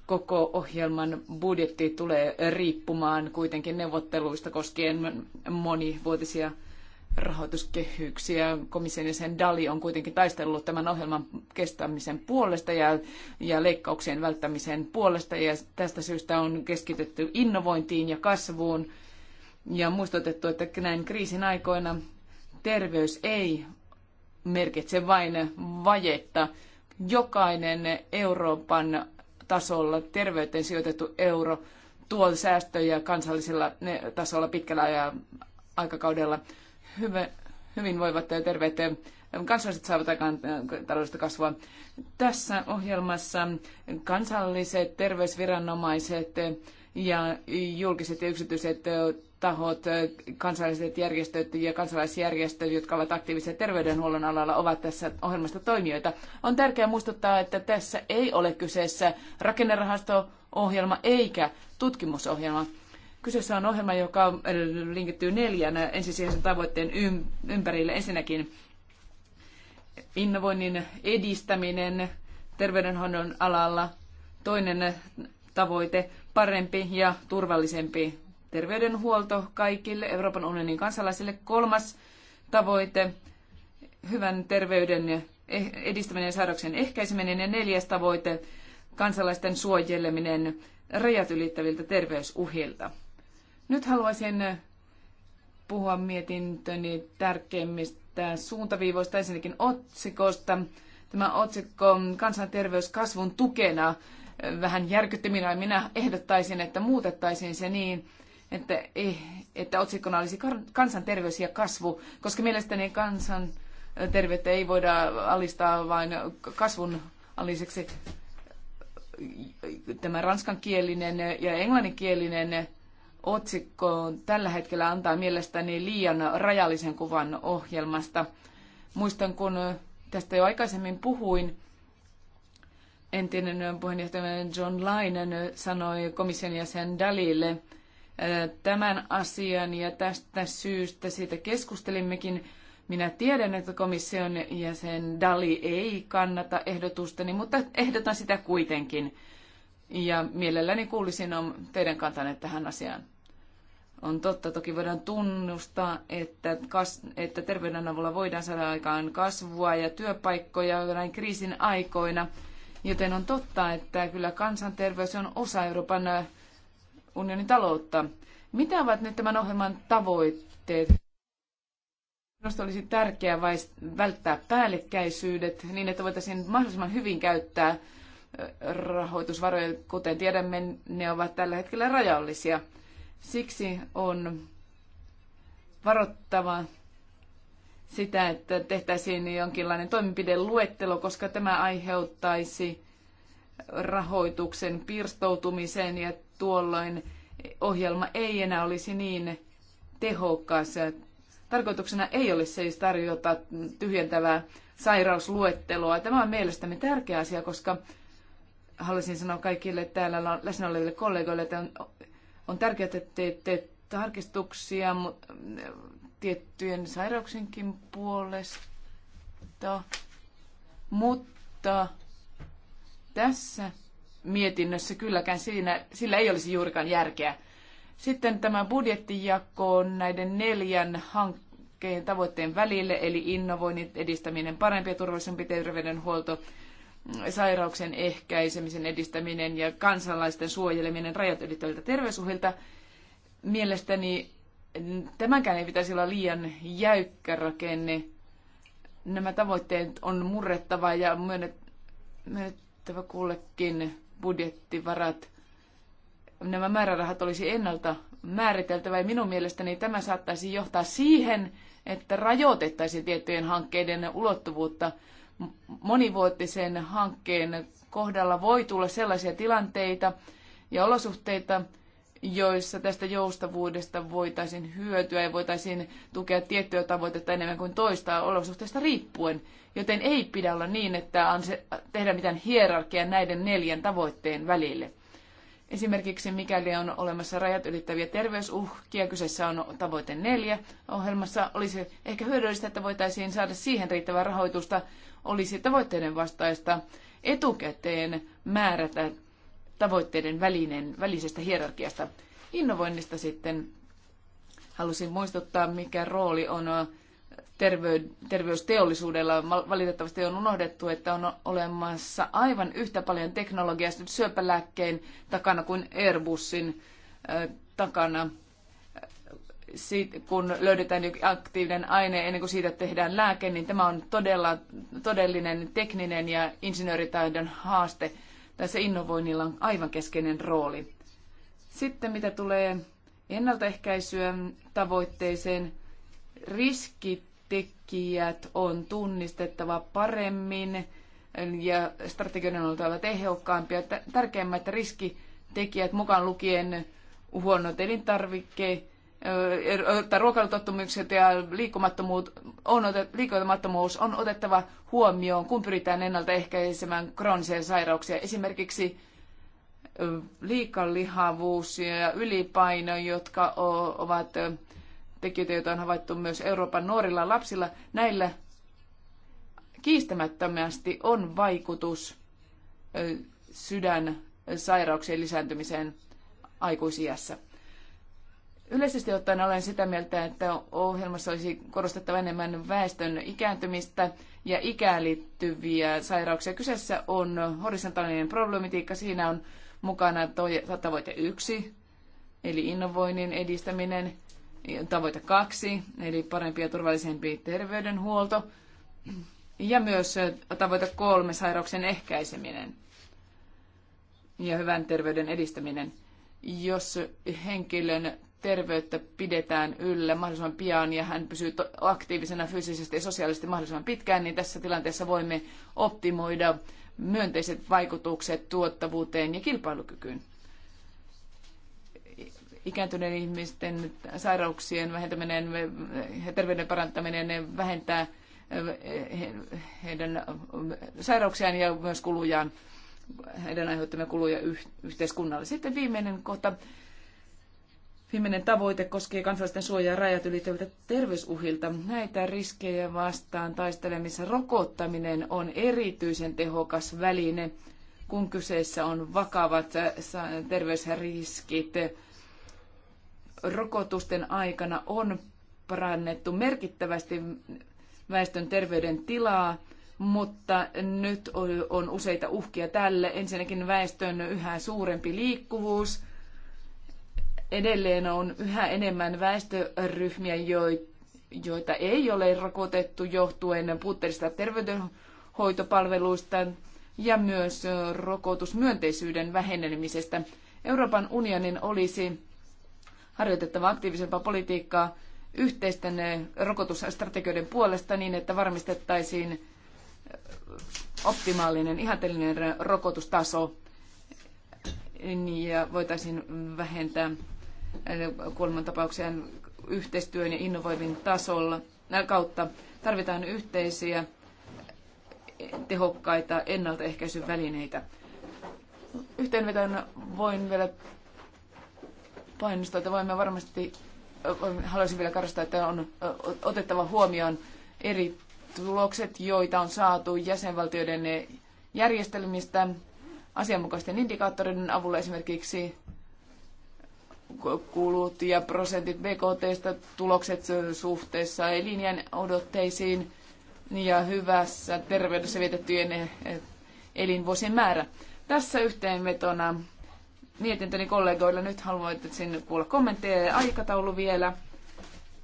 Koko ohjelman budjetti tulee riippumaan kuitenkin neuvotteluista koskien monivuotisia rahoituskehyksiä. Komission jäsen Dali on kuitenkin taistellut tämän ohjelman kestämisen puolesta ja, ja leikkauksien välttämisen puolesta ja tästä syystä on keskitytty innovointiin ja kasvuun – ja muistutettu, että näin kriisin aikoina terveys ei merkitse vain vajetta. Jokainen Euroopan tasolla terveyteen sijoitettu euro tuo säästöjä kansallisella tasolla pitkällä aikakaudella. Hyvä, voivat ja terveet kansalliset saavat aikaan äh, taloudellista kasvua. Tässä ohjelmassa kansalliset terveysviranomaiset ja julkiset ja yksityiset tahot, kansalliset järjestöt ja kansalaisjärjestöt, jotka ovat aktiivisia terveydenhuollon alalla, ovat tässä ohjelmasta toimijoita. On tärkeää muistuttaa, että tässä ei ole kyseessä rakennerahasto-ohjelma eikä tutkimusohjelma. Kyseessä on ohjelma, joka linkittyy neljän ensisijaisen tavoitteen ympärille. Ensinnäkin innovoinnin edistäminen terveydenhoidon alalla. Toinen tavoite, parempi ja turvallisempi terveydenhuolto kaikille Euroopan unionin kansalaisille. Kolmas tavoite, hyvän terveyden eh- edistäminen ja sairauksien ehkäiseminen. Ja neljäs tavoite, kansalaisten suojeleminen rajat ylittäviltä terveysuhilta. Nyt haluaisin puhua mietintöni tärkeimmistä suuntaviivoista, ensinnäkin otsikosta. Tämä otsikko kansanterveyskasvun tukena vähän järkytti minä. Minä ehdottaisin, että muutettaisiin se niin, että, eh, että otsikkona olisi kansanterveys ja kasvu, koska mielestäni kansanterveyttä ei voida alistaa vain kasvun aliseksi. Tämä ranskankielinen ja englanninkielinen otsikko tällä hetkellä antaa mielestäni liian rajallisen kuvan ohjelmasta. Muistan, kun tästä jo aikaisemmin puhuin, entinen puheenjohtaja John Lainen sanoi komission jäsen Dalille, tämän asian ja tästä syystä siitä keskustelimmekin. Minä tiedän, että komission jäsen Dali ei kannata ehdotustani, mutta ehdotan sitä kuitenkin. Ja mielelläni kuulisin teidän kantanne tähän asiaan. On totta, toki voidaan tunnustaa, että, kas, että terveyden avulla voidaan saada aikaan kasvua ja työpaikkoja näin kriisin aikoina. Joten on totta, että kyllä kansanterveys on osa Euroopan unionin taloutta. Mitä ovat nyt tämän ohjelman tavoitteet? Minusta olisi tärkeää välttää päällekkäisyydet niin, että voitaisiin mahdollisimman hyvin käyttää rahoitusvaroja. Kuten tiedämme, ne ovat tällä hetkellä rajallisia. Siksi on varoittava sitä, että tehtäisiin jonkinlainen toimenpideluettelo, koska tämä aiheuttaisi rahoituksen pirstoutumiseen ja tuolloin ohjelma ei enää olisi niin tehokas. Tarkoituksena ei ole siis tarjota tyhjentävää sairausluetteloa. Tämä on mielestäni tärkeä asia, koska haluaisin sanoa kaikille täällä läsnä oleville kollegoille, että on, on tärkeää, että teette tarkistuksia tiettyjen sairauksienkin puolesta, mutta tässä mietinnössä kylläkään siinä, sillä ei olisi juurikaan järkeä. Sitten tämä budjettijako näiden neljän hankkeen tavoitteen välille, eli innovoinnin edistäminen, parempi ja turvallisempi terveydenhuolto, sairauksien ehkäisemisen edistäminen ja kansalaisten suojeleminen rajat ylittäviltä terveysuhilta. Mielestäni tämänkään ei pitäisi olla liian jäykkä rakenne. Nämä tavoitteet on murrettava ja myönnet, myönnet, käytettävä kullekin budjettivarat. Nämä määrärahat olisi ennalta määriteltävä ja minun mielestäni tämä saattaisi johtaa siihen, että rajoitettaisiin tiettyjen hankkeiden ulottuvuutta. Monivuotisen hankkeen kohdalla voi tulla sellaisia tilanteita ja olosuhteita, joissa tästä joustavuudesta voitaisiin hyötyä ja voitaisiin tukea tiettyä tavoitetta enemmän kuin toista olosuhteista riippuen. Joten ei pidä olla niin, että se, tehdä mitään hierarkiaa näiden neljän tavoitteen välille. Esimerkiksi mikäli on olemassa rajat ylittäviä terveysuhkia, kyseessä on tavoite neljä ohjelmassa, olisi ehkä hyödyllistä, että voitaisiin saada siihen riittävää rahoitusta, olisi tavoitteiden vastaista etukäteen määrätä tavoitteiden välinen, välisestä hierarkiasta. Innovoinnista sitten halusin muistuttaa, mikä rooli on terveysteollisuudella. Valitettavasti on unohdettu, että on olemassa aivan yhtä paljon teknologiaa syöpälääkkeen takana kuin Airbusin takana. kun löydetään aktiivinen aine ennen kuin siitä tehdään lääke, niin tämä on todella todellinen tekninen ja insinööritaidon haaste – tässä innovoinnilla on aivan keskeinen rooli. Sitten mitä tulee ennaltaehkäisyä tavoitteeseen, riskitekijät on tunnistettava paremmin ja strategioiden on oltava tehokkaampia. Tärkeimmät riskitekijät mukaan lukien huonot elintarvikkeet, että er- ruokailutottumukset ja liikkumattomuus on, otet, liikkumattomuus on otettava huomioon, kun pyritään ennaltaehkäisemään kroonisia sairauksia. Esimerkiksi liikalihavuus ja ylipaino, jotka ovat tekijöitä, joita on havaittu myös Euroopan nuorilla lapsilla, näillä kiistämättömästi on vaikutus sydänsairauksien lisääntymiseen aikuisiässä. Yleisesti ottaen olen sitä mieltä, että ohjelmassa olisi korostettava enemmän väestön ikääntymistä ja ikään liittyviä sairauksia. Kyseessä on horisontaalinen problematiikka. Siinä on mukana tavoite yksi, eli innovoinnin edistäminen, tavoite kaksi, eli parempi ja turvallisempi terveydenhuolto, ja myös tavoite kolme, sairauksen ehkäiseminen ja hyvän terveyden edistäminen. Jos henkilön terveyttä pidetään yllä mahdollisimman pian ja hän pysyy aktiivisena fyysisesti ja sosiaalisesti mahdollisimman pitkään, niin tässä tilanteessa voimme optimoida myönteiset vaikutukset tuottavuuteen ja kilpailukykyyn. Ikääntyneiden ihmisten sairauksien vähentäminen ja terveyden parantaminen vähentää eh, heidän sairauksiaan ja myös kulujaan, heidän aiheuttamia kuluja yhteiskunnalle. Sitten viimeinen kohta Viimeinen tavoite koskee kansalaisten suojaa rajat ylittäviltä terveysuhilta. Näitä riskejä vastaan taistelemissa rokottaminen on erityisen tehokas väline, kun kyseessä on vakavat äh, terveysriskit. Rokotusten aikana on parannettu merkittävästi väestön terveydentilaa, mutta nyt on useita uhkia tälle. Ensinnäkin väestön yhä suurempi liikkuvuus, edelleen on yhä enemmän väestöryhmiä, joita ei ole rokotettu johtuen puutteellisista terveydenhoitopalveluista ja myös rokotusmyönteisyyden vähenemisestä. Euroopan unionin olisi harjoitettava aktiivisempaa politiikkaa yhteisten rokotusstrategioiden puolesta niin, että varmistettaisiin optimaalinen, ihanteellinen rokotustaso ja voitaisiin vähentää kuolemantapauksien yhteistyön ja innovoivin tasolla kautta. Tarvitaan yhteisiä tehokkaita ennaltaehkäisyn välineitä. Yhteenvetona voin vielä painostaa, että voimme varmasti, haluaisin vielä korostaa, että on otettava huomioon eri tulokset, joita on saatu jäsenvaltioiden järjestelmistä asianmukaisten indikaattoreiden avulla esimerkiksi kulut ja prosentit BKTstä, tulokset suhteessa elinjään odotteisiin ja hyvässä terveydessä vietettyjen eh, elinvuosien määrä. Tässä yhteenvetona mietintöni kollegoilla. Nyt haluaisin kuulla kommentteja ja aikataulu vielä.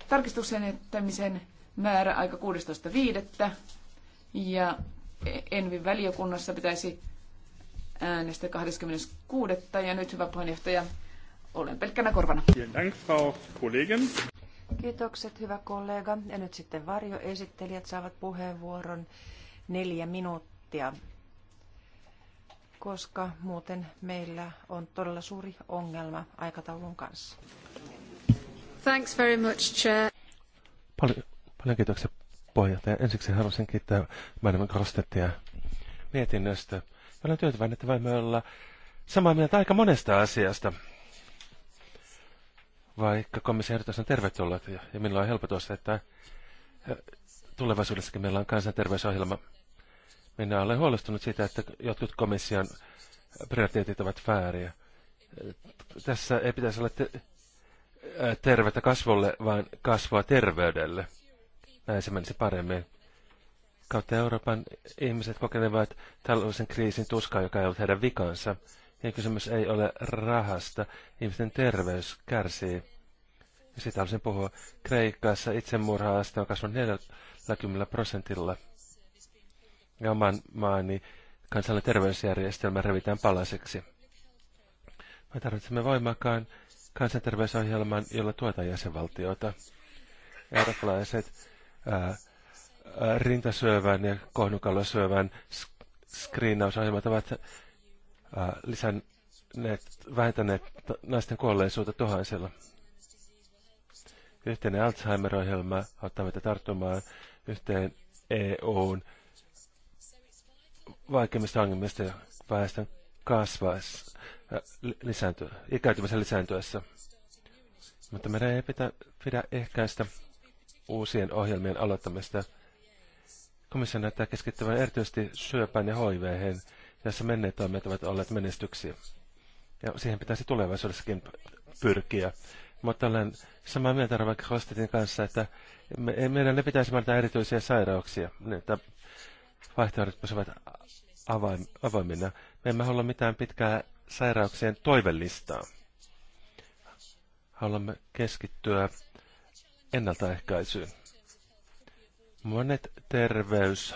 Tarkistuksen jättämisen määrä aika 16.5. Ja Envin väliokunnassa pitäisi äänestää 26. Ja nyt hyvä puheenjohtaja olen pelkkänä korvana. Dank, Frau Kollegin. Kiitokset, hyvä kollega. Ja nyt sitten varjoesittelijät saavat puheenvuoron neljä minuuttia, koska muuten meillä on todella suuri ongelma aikataulun kanssa. Thanks very much, Chair. Paljon, paljon kiitoksia puheenjohtaja. Ensiksi haluaisin kiittää Madame Grostettia mietinnöstä. Olen tyytyväinen, että voimme olla samaa mieltä aika monesta asiasta vaikka komissaaritus on tervetullut ja, ja minulla on tuossa, että tulevaisuudessakin meillä on kansanterveysohjelma. Minä olen huolestunut siitä, että jotkut komission prioriteetit ovat vääriä. Tässä ei pitäisi olla te- tervettä kasvulle, vaan kasvua terveydelle. Näin se menisi paremmin. Kautta Euroopan ihmiset kokenevat tällaisen kriisin tuskaa, joka ei ollut heidän vikansa. Ja kysymys ei ole rahasta. Ihmisten terveys kärsii. Ja siitä haluaisin puhua. Kreikassa itsemurha-aste on kasvanut 40 prosentilla. Ja oman maani kansallinen terveysjärjestelmä revitään palaseksi. Me tarvitsemme voimakkaan kansanterveysohjelman, jolla tuetaan jäsenvaltioita. Eurooppalaiset rintasyövän ja kohdunkalosyövän screenausohjelmat ovat lisänneet, vähentäneet naisten kuolleisuutta tuhansilla. Yhteinen Alzheimer-ohjelma auttaa meitä tarttumaan yhteen EUn vaikeimmista ongelmista ja väestön kasvaessa, lisääntyä, ikääntymisen lisääntyessä. Mutta meidän ei pitä, pidä ehkäistä uusien ohjelmien aloittamista. Komissio näyttää keskittyvän erityisesti syöpään ja hoiveihin jossa menneet toimet ovat olleet menestyksiä. Ja siihen pitäisi tulevaisuudessakin pyrkiä. Mutta olen samaa mieltä Ravak Hostetin kanssa, että me, meidän ne pitäisi määrätä erityisiä sairauksia, niin että vaihtoehdot pysyvät avoim, avoimina. Me emme halua mitään pitkää sairauksien toivellistaa. Haluamme keskittyä ennaltaehkäisyyn. Monet terveys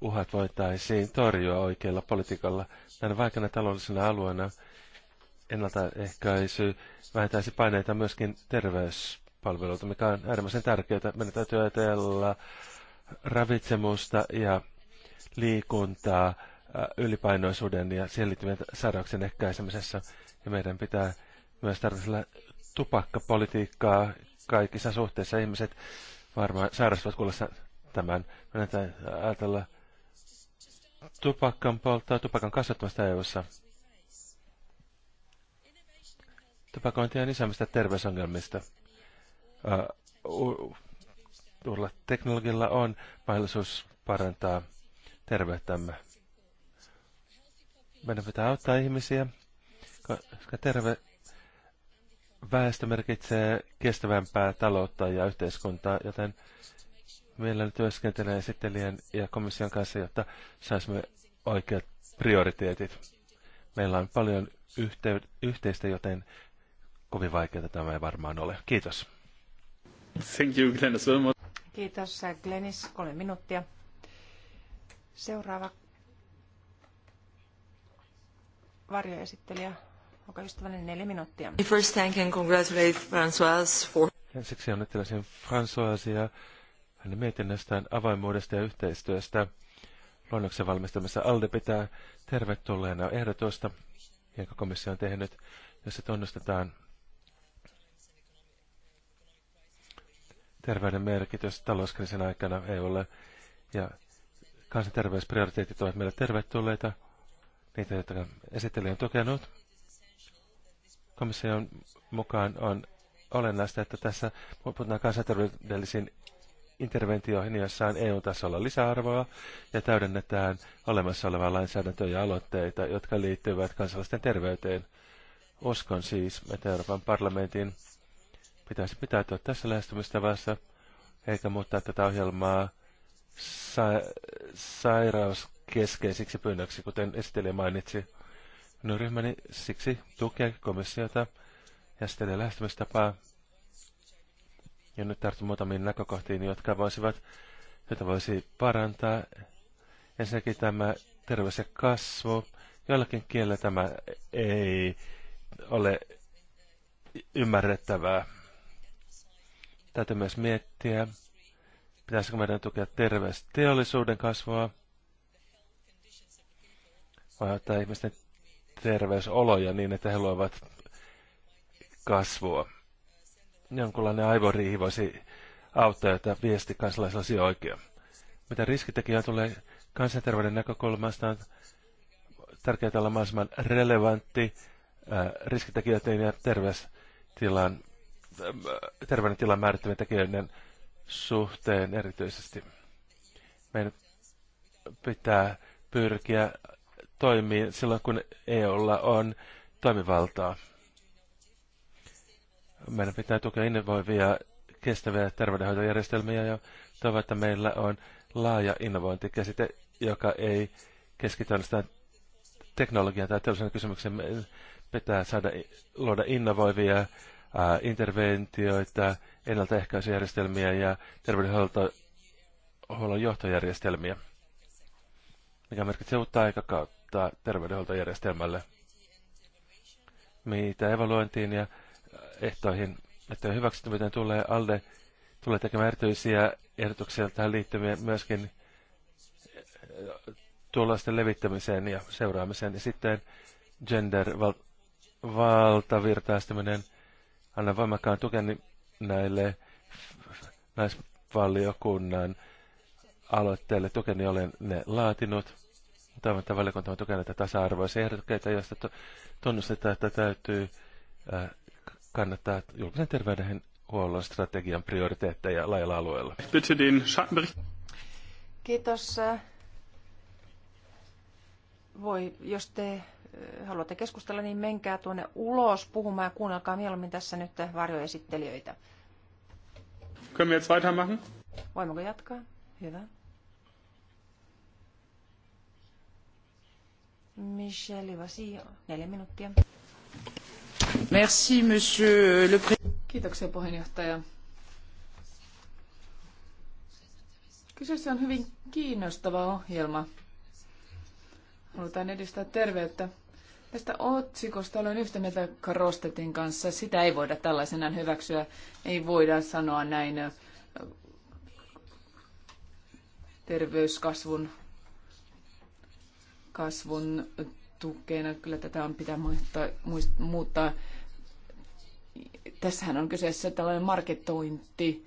uhat voitaisiin torjua oikealla politiikalla. Näin vaikeana taloudellisena alueena ennaltaehkäisy vähentäisi paineita myöskin terveyspalveluilta, mikä on äärimmäisen tärkeää. Meidän täytyy ajatella ravitsemusta ja liikuntaa äh, ylipainoisuuden ja siihen liittyvien sairauksien ehkäisemisessä. Ja meidän pitää myös tarvitsella tupakkapolitiikkaa kaikissa suhteissa. Ihmiset varmaan sairastuvat kuulossa tämän. Meidän täytyy ajatella tupakan polttaa, tupakan kasvattamista EU-ssa. Tupakointi on isämistä terveysongelmista. Uudella teknologialla on mahdollisuus parantaa terveyttämme. Meidän pitää auttaa ihmisiä, koska terve väestö merkitsee kestävämpää taloutta ja yhteiskuntaa, joten vielä työskentelee esittelijän ja komission kanssa, jotta saisimme oikeat prioriteetit. Meillä on paljon yhte- yhteistä, joten kovin vaikeaa tämä ei varmaan ole. Kiitos. Thank you, Glennis. Kiitos, Glenis. Kolme minuuttia. Seuraava varjoesittelijä, Onko ystävällinen neljä minuuttia. First thank and congratulate Françoise for... Ensiksi onnittelisin Françoisia hänen mietinnöstään avaimuudesta ja yhteistyöstä. Luonnoksen valmistamassa ALDE pitää tervetulleena ehdotusta, jonka komissio on tehnyt, jossa tunnustetaan terveyden merkitys talouskriisin aikana EUlle ja kansanterveysprioriteetit ovat meille tervetulleita, niitä, joita esittelijä on tukenut. Komission mukaan on olennaista, että tässä puhutaan kansanterveydellisiin interventioihin, joissa on EU-tasolla lisäarvoa ja täydennetään olemassa olevaa lainsäädäntöä ja aloitteita, jotka liittyvät kansalaisten terveyteen. Uskon siis, että Euroopan parlamentin pitäisi pitää tuoda tässä lähestymistavassa, eikä muuttaa tätä ohjelmaa sa- sairauskeskeisiksi pyynnöksi, kuten esittelijä mainitsi. Minun ryhmäni siksi tukee komissiota ja sitten lähestymistapaa, ja nyt tartun muutamiin näkökohtiin, jotka voisivat, joita voisi parantaa. Ensinnäkin tämä terveys ja kasvu. Joillakin kielellä tämä ei ole ymmärrettävää. Täytyy myös miettiä, pitäisikö meidän tukea terveysteollisuuden kasvua, vai ottaa ihmisten terveysoloja niin, että he luovat kasvua jonkunlainen aivoriihi voisi auttaa, että viesti kansalaisilla olisi oikea. Mitä riskitekijää tulee kansanterveyden näkökulmasta, on tärkeää olla mahdollisimman relevantti äh, riskitekijöiden ja terveystilan, äh, terveydentilan määrittävien tekijöiden suhteen erityisesti. Meidän pitää pyrkiä toimia silloin, kun EUlla on toimivaltaa meidän pitää tukea innovoivia kestäviä terveydenhoitojärjestelmiä ja toivoa, että meillä on laaja innovointikäsite, joka ei keskity ainoastaan teknologian tai kysymyksen. kysymykseen. Pitää saada luoda innovoivia ää, interventioita, ennaltaehkäisyjärjestelmiä ja terveydenhuollon johtojärjestelmiä, mikä merkitsee uutta aikakautta terveydenhuoltojärjestelmälle. Mitä evaluointiin ja ehtoihin, että hyväksytty, tulee alle, tulee tekemään erityisiä ehdotuksia tähän liittyviä myöskin äh, tuollaisten levittämiseen ja seuraamiseen. Ja sitten gender-valtavirtaistaminen. Anna voimakkaan tukeni näille naisvaliokunnan aloitteelle. Tukeni olen ne laatinut. Toivon, että valiokunta on tukenut tasa-arvoisia ehdotuksia, joista tunnustetaan, että täytyy äh, kannattaa julkisen terveydenhuollon strategian prioriteetteja laajalla alueella. Kiitos. Voi, jos te eh, haluatte keskustella, niin menkää tuonne ulos puhumaan ja kuunnelkaa mieluummin tässä nyt varjoesittelijöitä. Können wir jetzt weitermachen? Voimmeko jatkaa? Hyvä. Michelle Vasio, neljä minuuttia. Merci, monsieur le président. Kiitoksia puheenjohtaja. Kyseessä on hyvin kiinnostava ohjelma. Halutaan edistää terveyttä. Tästä otsikosta olen yhtä mieltä Karostetin kanssa. Sitä ei voida tällaisenaan hyväksyä. Ei voida sanoa näin terveyskasvun kasvun tukena. Kyllä tätä on pitää muistaa, muist, muuttaa. Tässähän on kyseessä tällainen marketointi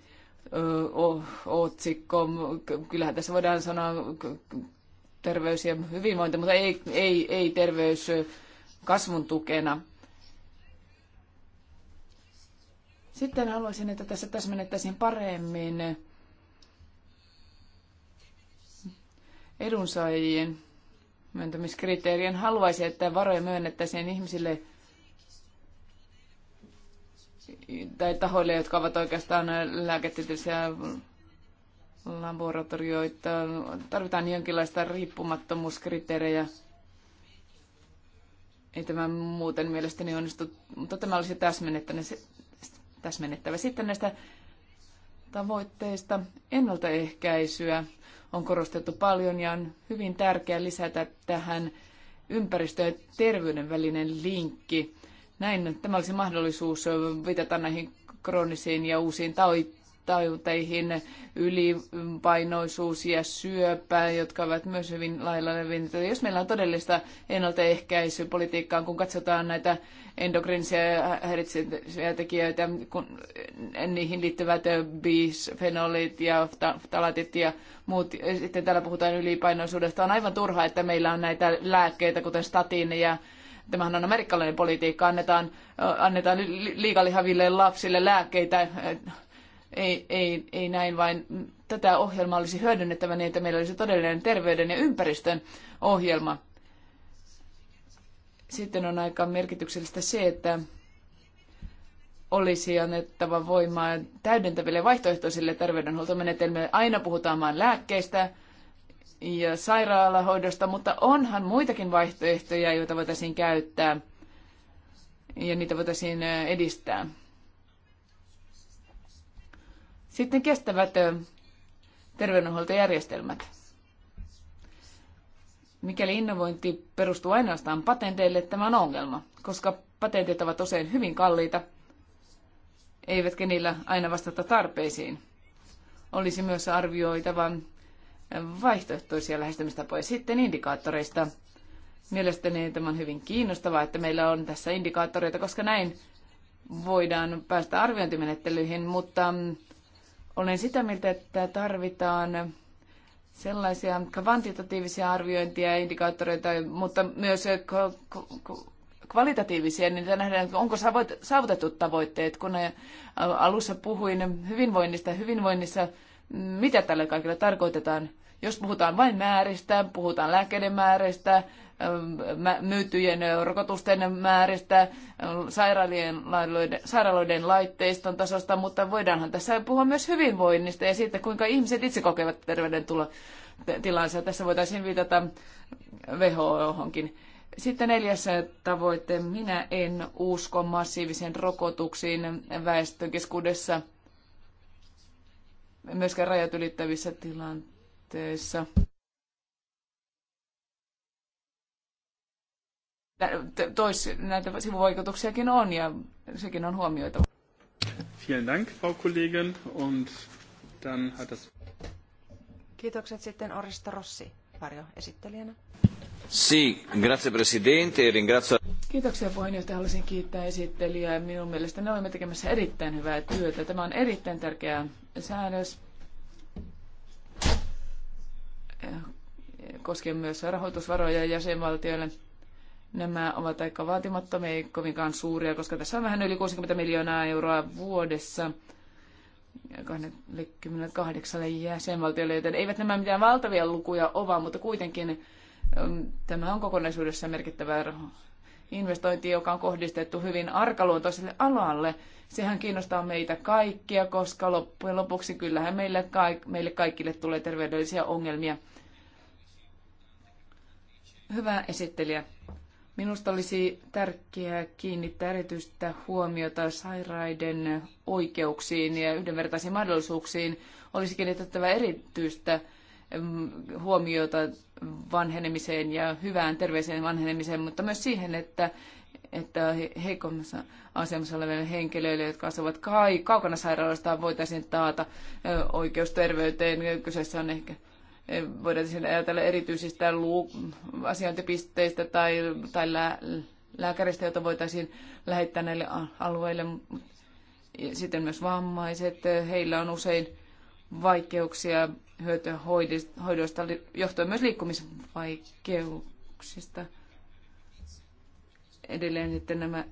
otsikko. Kyllähän tässä voidaan sanoa terveys ja hyvinvointi, mutta ei, ei, ei terveys kasvun tukena. Sitten haluaisin, että tässä täsmennettäisiin paremmin edunsaajien myöntämiskriteerien haluaisi, että varoja myönnettäisiin ihmisille tai tahoille, jotka ovat oikeastaan lääketieteellisiä laboratorioita. Tarvitaan jonkinlaista riippumattomuuskriteerejä. Ei tämä muuten mielestäni onnistu, mutta tämä olisi täsmennettävä. Sitten näistä tavoitteista ennaltaehkäisyä on korostettu paljon ja on hyvin tärkeää lisätä tähän ympäristö- ja terveyden välinen linkki. Näin tämä olisi mahdollisuus viitata näihin kroonisiin ja uusiin tauteihin, ylipainoisuus ja syöpää, jotka ovat myös hyvin lailla levinneet. Jos meillä on todellista ennaltaehkäisypolitiikkaa, kun katsotaan näitä endokrinisia häiritseviä tekijöitä, kun niihin liittyvät bisfenolit ja talatit ja muut. Sitten täällä puhutaan ylipainoisuudesta. On aivan turha, että meillä on näitä lääkkeitä, kuten statiineja, tämähän on amerikkalainen politiikka, annetaan, annetaan liikalihaville lapsille lääkkeitä ei, ei, ei näin vain tätä ohjelmaa olisi hyödynnettävä niin, että meillä olisi todellinen terveyden ja ympäristön ohjelma. Sitten on aika merkityksellistä se, että olisi annettava voimaa täydentäville vaihtoehtoisille terveydenhuoltomenetelmille. Aina puhutaan vain lääkkeistä ja sairaalahoidosta, mutta onhan muitakin vaihtoehtoja, joita voitaisiin käyttää ja niitä voitaisiin edistää. Sitten kestävät terveydenhuoltojärjestelmät. Mikäli innovointi perustuu ainoastaan patenteille, tämä on ongelma, koska patentit ovat usein hyvin kalliita, eivätkä niillä aina vastata tarpeisiin. Olisi myös arvioitava vaihtoehtoisia lähestymistapoja sitten indikaattoreista. Mielestäni tämä on hyvin kiinnostavaa, että meillä on tässä indikaattoreita, koska näin voidaan päästä arviointimenettelyihin, mutta mm, olen sitä mieltä, että tarvitaan sellaisia kvantitatiivisia arviointia ja indikaattoreita, mutta myös kvalitatiivisia, niin nähdään, että onko saavutettu tavoitteet. Kun alussa puhuin hyvinvoinnista, hyvinvoinnissa, mitä tällä kaikilla tarkoitetaan – jos puhutaan vain määristä, puhutaan lääkkeiden määristä, ähm, myytyjen äh, rokotusten määristä, äh, sairaaloiden, sairaaloiden laitteiston tasosta, mutta voidaanhan tässä puhua myös hyvinvoinnista ja siitä, kuinka ihmiset itse kokevat terveydentilansa. Tässä voitaisiin viitata WHOhonkin. Sitten neljäs tavoite. Minä en usko massiivisen rokotuksiin väestön keskuudessa, myöskään rajat ylittävissä tilanteissa tavoitteissa. Tois, näitä sivuvaikutuksiakin on ja sekin on huomioitava. Vielen Dank, Frau Kollegin. Und dann hat das... Kiitokset sitten Orista Rossi, esittelijänä. Si, grazie Presidente, ringrazio... Kiitoksia puheenjohtaja. Haluaisin kiittää esittelijää. Minun mielestäni olemme tekemässä erittäin hyvää työtä. Tämä on erittäin tärkeä säännös koskien myös rahoitusvaroja jäsenvaltioille. Nämä ovat aika vaatimattomia, ei kovinkaan suuria, koska tässä on vähän yli 60 miljoonaa euroa vuodessa 28 jäsenvaltiolle, joten eivät nämä mitään valtavia lukuja ole, mutta kuitenkin mm, tämä on kokonaisuudessa merkittävä investointi, joka on kohdistettu hyvin arkaluontoiselle alalle. Sehän kiinnostaa meitä kaikkia, koska loppujen lopuksi kyllähän meille, kaik- meille kaikille tulee terveydellisiä ongelmia – Hyvä esittelijä. Minusta olisi tärkeää kiinnittää erityistä huomiota sairaiden oikeuksiin ja yhdenvertaisiin mahdollisuuksiin. Olisi kiinnitettävä erityistä mm, huomiota vanhenemiseen ja hyvään terveeseen vanhenemiseen, mutta myös siihen, että, että heikommassa asemassa oleville henkilöille, jotka asuvat kaukana sairaalasta, voitaisiin taata oikeus terveyteen. Kyseessä on ehkä Voidaan siis ajatella erityisistä asiointipisteistä tai, tai lää, lääkäristä, jota voitaisiin lähettää näille alueille. Sitten myös vammaiset, heillä on usein vaikeuksia hyötyä hoidoista, johtuen myös liikkumisvaikeuksista. Edelleen sitten nämä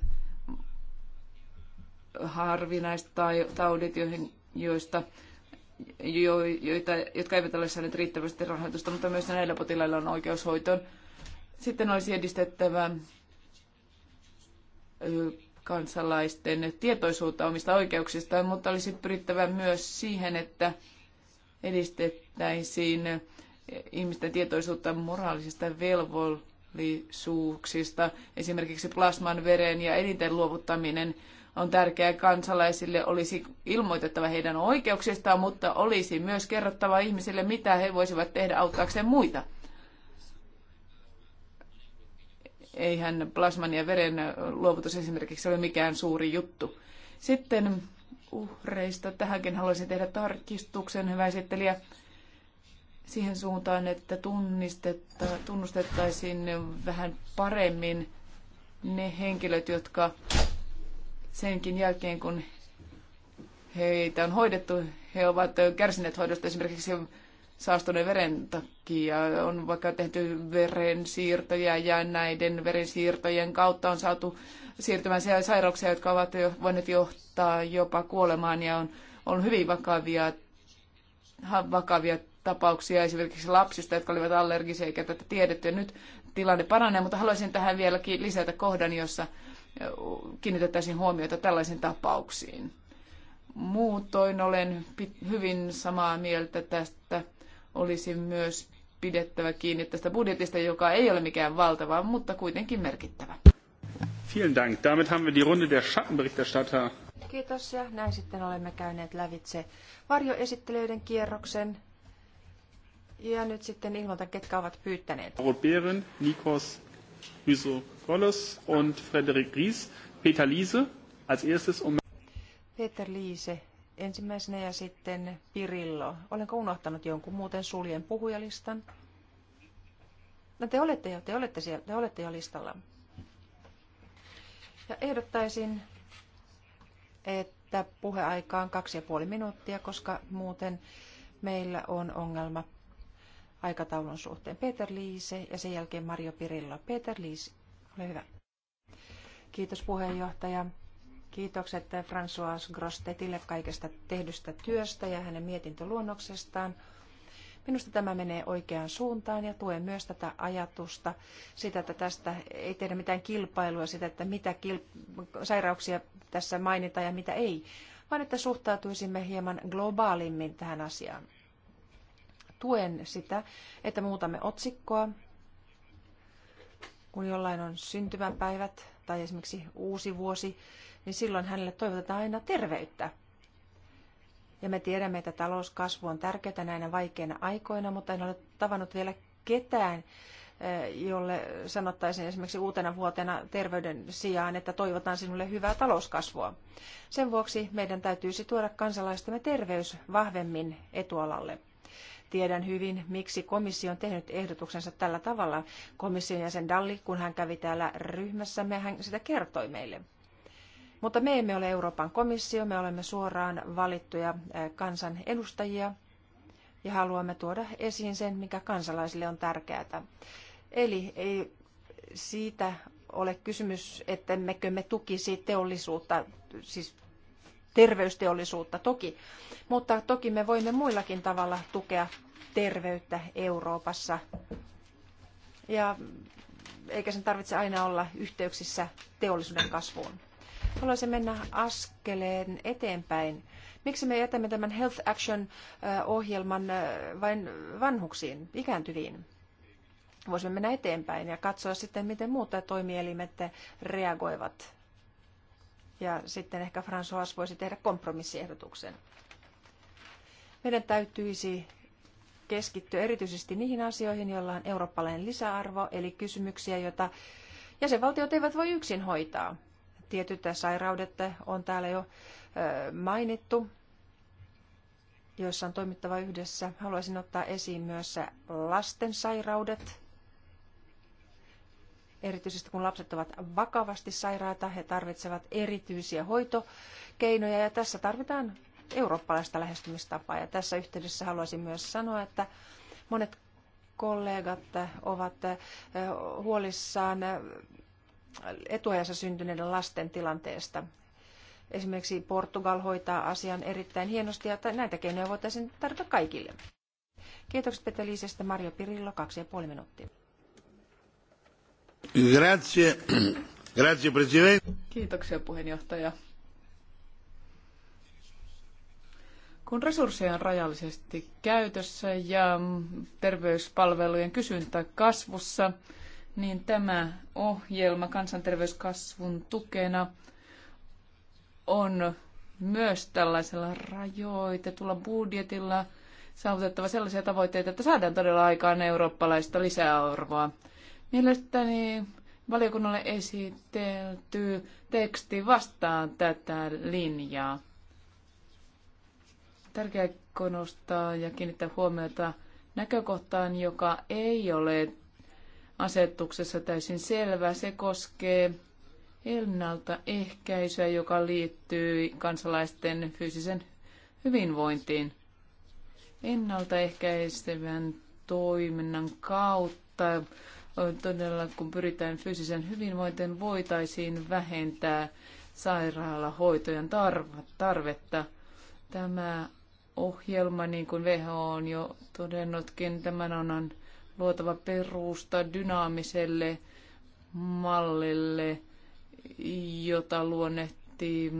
harvinaistaudit, joihin, joista joita, jotka eivät ole saaneet riittävästi rahoitusta, mutta myös näillä potilailla on oikeus hoitoon. Sitten olisi edistettävä kansalaisten tietoisuutta omista oikeuksistaan, mutta olisi pyrittävä myös siihen, että edistettäisiin ihmisten tietoisuutta moraalisista velvollisuuksista, esimerkiksi plasman, veren ja elinten luovuttaminen – on tärkeää kansalaisille, olisi ilmoitettava heidän oikeuksistaan, mutta olisi myös kerrottava ihmisille, mitä he voisivat tehdä auttaakseen muita. Eihän plasman ja veren luovutus esimerkiksi ole mikään suuri juttu. Sitten uhreista. Tähänkin haluaisin tehdä tarkistuksen, hyvä esittelijä, siihen suuntaan, että tunnistetta, tunnustettaisiin vähän paremmin ne henkilöt, jotka senkin jälkeen, kun heitä on hoidettu, he ovat kärsineet hoidosta esimerkiksi saastuneen veren takia. On vaikka tehty verensiirtoja ja näiden verensiirtojen kautta on saatu siirtymään sairauksia, jotka ovat jo, voineet johtaa jopa kuolemaan ja on, on hyvin vakavia, vakavia tapauksia esimerkiksi lapsista, jotka olivat allergisia eikä tätä tiedetty. Ja nyt tilanne paranee, mutta haluaisin tähän vieläkin lisätä kohdan, jossa kiinnitettäisiin huomiota tällaisiin tapauksiin. Muutoin olen hyvin samaa mieltä tästä. Olisi myös pidettävä kiinni tästä budjetista, joka ei ole mikään valtava, mutta kuitenkin merkittävä. Vielen Dank. Damit haben wir die Runde der Schattenberichterstatter. Kiitos ja näin sitten olemme käyneet lävitse varjoesittelijöiden kierroksen. Ja nyt sitten ilmoitan, ketkä ovat pyytäneet. Robert Nikos, Hyso, Wallace und Frederik Ries. Peter Liese als erstes. Um Peter Liese ensimmäisenä ja sitten Pirillo. Olenko unohtanut jonkun muuten suljen puhujalistan? No te olette jo, te olette, siellä, te olette jo listalla. Ja ehdottaisin, että puheaika on kaksi ja puoli minuuttia, koska muuten meillä on ongelma aikataulun suhteen. Peter Liise ja sen jälkeen Mario Pirillo. Peter Liise, ole hyvä. Kiitos puheenjohtaja. Kiitokset François Grostetille kaikesta tehdystä työstä ja hänen mietintöluonnoksestaan. Minusta tämä menee oikeaan suuntaan ja tuen myös tätä ajatusta sitä, että tästä ei tehdä mitään kilpailua sitä, että mitä sairauksia tässä mainitaan ja mitä ei, vaan että suhtautuisimme hieman globaalimmin tähän asiaan. Tuen sitä, että muutamme otsikkoa kun jollain on syntymäpäivät tai esimerkiksi uusi vuosi, niin silloin hänelle toivotetaan aina terveyttä. Ja me tiedämme, että talouskasvu on tärkeää näinä vaikeina aikoina, mutta en ole tavannut vielä ketään, eh, jolle sanottaisiin esimerkiksi uutena vuotena terveyden sijaan, että toivotan sinulle hyvää talouskasvua. Sen vuoksi meidän täytyisi tuoda kansalaistemme terveys vahvemmin etualalle. Tiedän hyvin, miksi komissio on tehnyt ehdotuksensa tällä tavalla. Komission jäsen Dalli, kun hän kävi täällä ryhmässämme, hän sitä kertoi meille. Mutta me emme ole Euroopan komissio, me olemme suoraan valittuja eh, kansan edustajia ja haluamme tuoda esiin sen, mikä kansalaisille on tärkeää. Eli ei siitä ole kysymys, ettemmekö me tukisi teollisuutta, siis terveysteollisuutta toki, mutta toki me voimme muillakin tavalla tukea terveyttä Euroopassa. Ja eikä sen tarvitse aina olla yhteyksissä teollisuuden kasvuun. Haluaisin mennä askeleen eteenpäin. Miksi me jätämme tämän Health Action-ohjelman vain vanhuksiin, ikääntyviin? Voisimme mennä eteenpäin ja katsoa sitten, miten muut toimielimet reagoivat ja sitten ehkä François voisi tehdä kompromissiehdotuksen. Meidän täytyisi keskittyä erityisesti niihin asioihin, joilla on eurooppalainen lisäarvo, eli kysymyksiä, joita jäsenvaltiot eivät voi yksin hoitaa. Tietyt sairaudet on täällä jo mainittu, joissa on toimittava yhdessä. Haluaisin ottaa esiin myös lasten sairaudet, erityisesti kun lapset ovat vakavasti sairaita, he tarvitsevat erityisiä hoitokeinoja ja tässä tarvitaan eurooppalaista lähestymistapaa. Ja tässä yhteydessä haluaisin myös sanoa, että monet kollegat ovat eh, huolissaan eh, etuajassa syntyneiden lasten tilanteesta. Esimerkiksi Portugal hoitaa asian erittäin hienosti ja näitä keinoja voitaisiin tarjota kaikille. Kiitokset Peteliisestä Mario Pirillo, kaksi ja puoli minuuttia. Grazie. Grazie, presidente. Kiitoksia puheenjohtaja. Kun resursseja on rajallisesti käytössä ja terveyspalvelujen kysyntä kasvussa, niin tämä ohjelma kansanterveyskasvun tukena on myös tällaisella rajoitetulla budjetilla saavutettava sellaisia tavoitteita, että saadaan todella aikaan eurooppalaista lisäarvoa. Mielestäni valiokunnalle esitelty teksti vastaa tätä linjaa. Tärkeää konostaa ja kiinnittää huomiota näkökohtaan, joka ei ole asetuksessa täysin selvä. Se koskee ennaltaehkäisyä, joka liittyy kansalaisten fyysisen hyvinvointiin. Ennaltaehkäisevän toiminnan kautta todella kun pyritään fyysisen hyvinvointiin, voitaisiin vähentää sairaalahoitojen tarvetta. Tämä ohjelma, niin kuin WHO on jo todennutkin, tämän on luotava perusta dynaamiselle mallille, jota luonnehtiin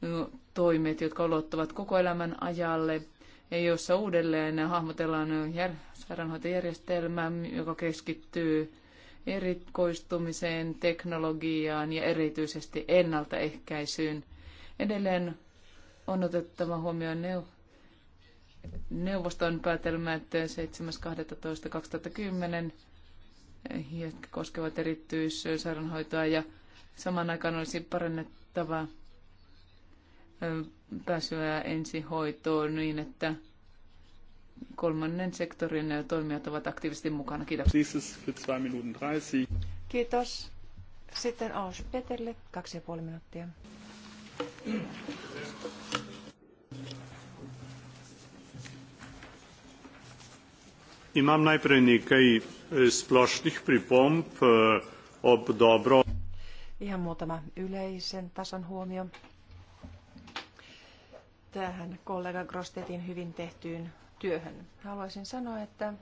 mm, toimet, jotka ulottuvat koko elämän ajalle – jossa uudelleen hahmotellaan sairaanhoitojärjestelmää, joka keskittyy erikoistumiseen, teknologiaan ja erityisesti ennaltaehkäisyyn. Edelleen on otettava huomioon neuvoston päätelmät 7.12.2010, jotka koskevat erityissairaanhoitoa ja saman aikaan olisi parannettava pääsyä ensihoitoon niin, että kolmannen sektorin toimijat ovat aktiivisesti mukana. Kiitos. Siis Kiitos. Sitten Ange Peterle, kaksi ja puoli minuuttia. E, e, Ihan muutama yleisen tason huomio tähän kollega Grostetin hyvin tehtyyn työhön. Haluaisin sanoa, että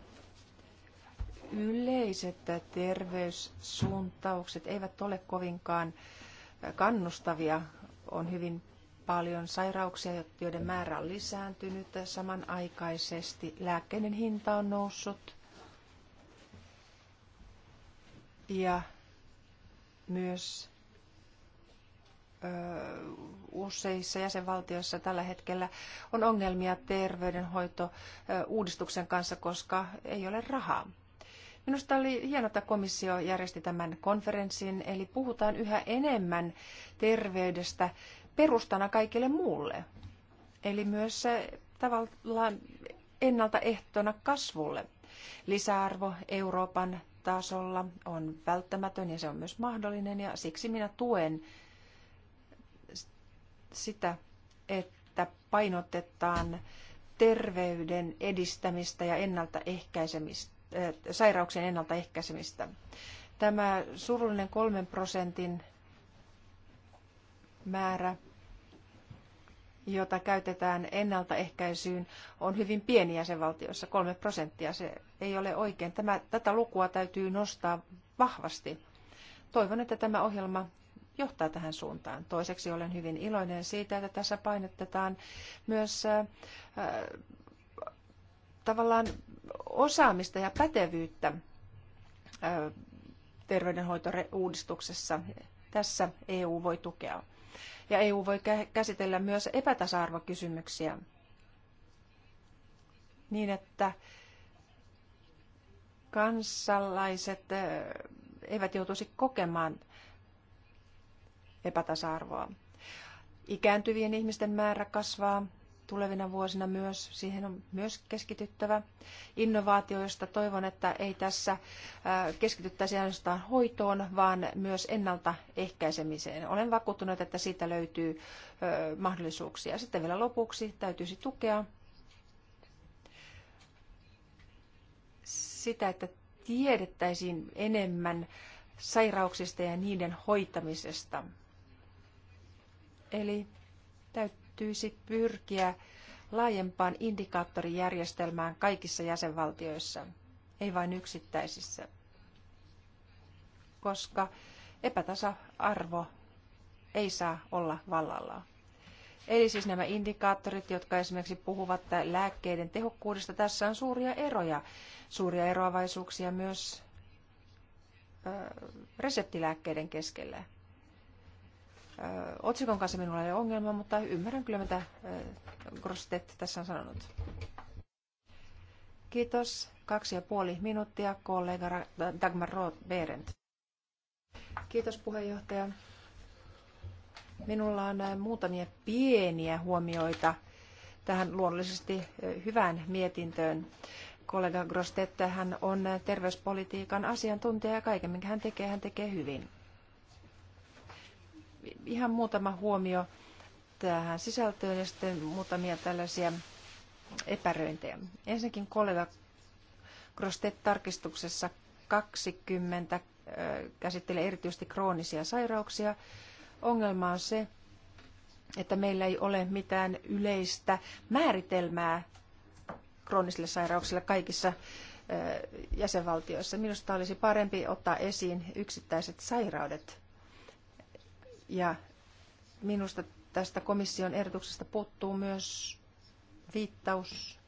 yleiset terveyssuuntaukset eivät ole kovinkaan kannustavia. On hyvin paljon sairauksia, joiden määrä on lisääntynyt samanaikaisesti. Lääkkeiden hinta on noussut ja myös useissa jäsenvaltioissa tällä hetkellä on ongelmia terveydenhoito-uudistuksen kanssa, koska ei ole rahaa. Minusta oli hienoa, että komissio järjesti tämän konferenssin, eli puhutaan yhä enemmän terveydestä perustana kaikille muulle. Eli myös tavallaan ennaltaehtona kasvulle. Lisäarvo Euroopan tasolla on välttämätön ja se on myös mahdollinen ja siksi minä tuen sitä, että painotetaan terveyden edistämistä ja ennaltaehkäisemistä, äh, sairauksien ennaltaehkäisemistä. Tämä surullinen kolmen prosentin määrä, jota käytetään ennaltaehkäisyyn, on hyvin pieni jäsenvaltioissa, kolme prosenttia. Se ei ole oikein. Tämä, tätä lukua täytyy nostaa vahvasti. Toivon, että tämä ohjelma johtaa tähän suuntaan. Toiseksi olen hyvin iloinen siitä, että tässä painotetaan myös äh, tavallaan osaamista ja pätevyyttä äh, terveydenhoitouudistuksessa. Tässä EU voi tukea. Ja EU voi käsitellä myös epätasa-arvokysymyksiä niin, että kansalaiset äh, eivät joutuisi kokemaan epätasa-arvoa. Ikääntyvien ihmisten määrä kasvaa tulevina vuosina myös. Siihen on myös keskityttävä. Innovaatioista toivon, että ei tässä äh, keskityttäisi ainoastaan hoitoon, vaan myös ennaltaehkäisemiseen. Olen vakuuttunut, että siitä löytyy äh, mahdollisuuksia. Sitten vielä lopuksi täytyisi tukea sitä, että tiedettäisiin enemmän sairauksista ja niiden hoitamisesta. Eli täytyisi pyrkiä laajempaan indikaattorijärjestelmään kaikissa jäsenvaltioissa, ei vain yksittäisissä, koska epätasa-arvo ei saa olla vallalla. Eli siis nämä indikaattorit, jotka esimerkiksi puhuvat lääkkeiden tehokkuudesta, tässä on suuria eroja, suuria eroavaisuuksia myös reseptilääkkeiden keskellä otsikon kanssa minulla ei ole ongelma, mutta ymmärrän kyllä, mitä Grostet tässä on sanonut. Kiitos. Kaksi ja puoli minuuttia kollega äh, Dagmar Roth-Berent. Kiitos puheenjohtaja. Minulla on äh, muutamia pieniä huomioita tähän luonnollisesti äh, hyvään mietintöön. Kollega Grostetta, hän on terveyspolitiikan asiantuntija ja kaiken, minkä hän tekee, hän tekee hyvin ihan muutama huomio tähän sisältöön ja sitten muutamia tällaisia epäröintejä. Ensinnäkin kollega Krostet tarkistuksessa 20 käsittelee erityisesti kroonisia sairauksia. Ongelma on se, että meillä ei ole mitään yleistä määritelmää kroonisille sairauksille kaikissa jäsenvaltioissa. Minusta olisi parempi ottaa esiin yksittäiset sairaudet ja minusta tästä komission ehdotuksesta puuttuu myös viittaus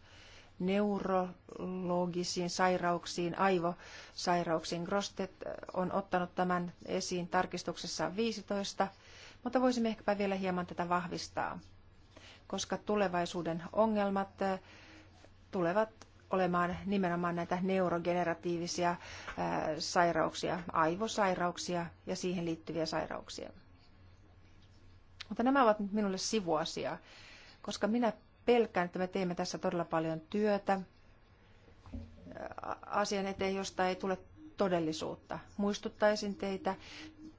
neurologisiin sairauksiin, aivosairauksiin. Grostet on ottanut tämän esiin tarkistuksessa 15, mutta voisimme ehkäpä vielä hieman tätä vahvistaa, koska tulevaisuuden ongelmat äh, tulevat olemaan nimenomaan näitä neurogeneratiivisia äh, sairauksia, aivosairauksia ja siihen liittyviä sairauksia. Mutta nämä ovat nyt minulle sivuasia, koska minä pelkään, että me teemme tässä todella paljon työtä asian eteen, josta ei tule todellisuutta. Muistuttaisin teitä,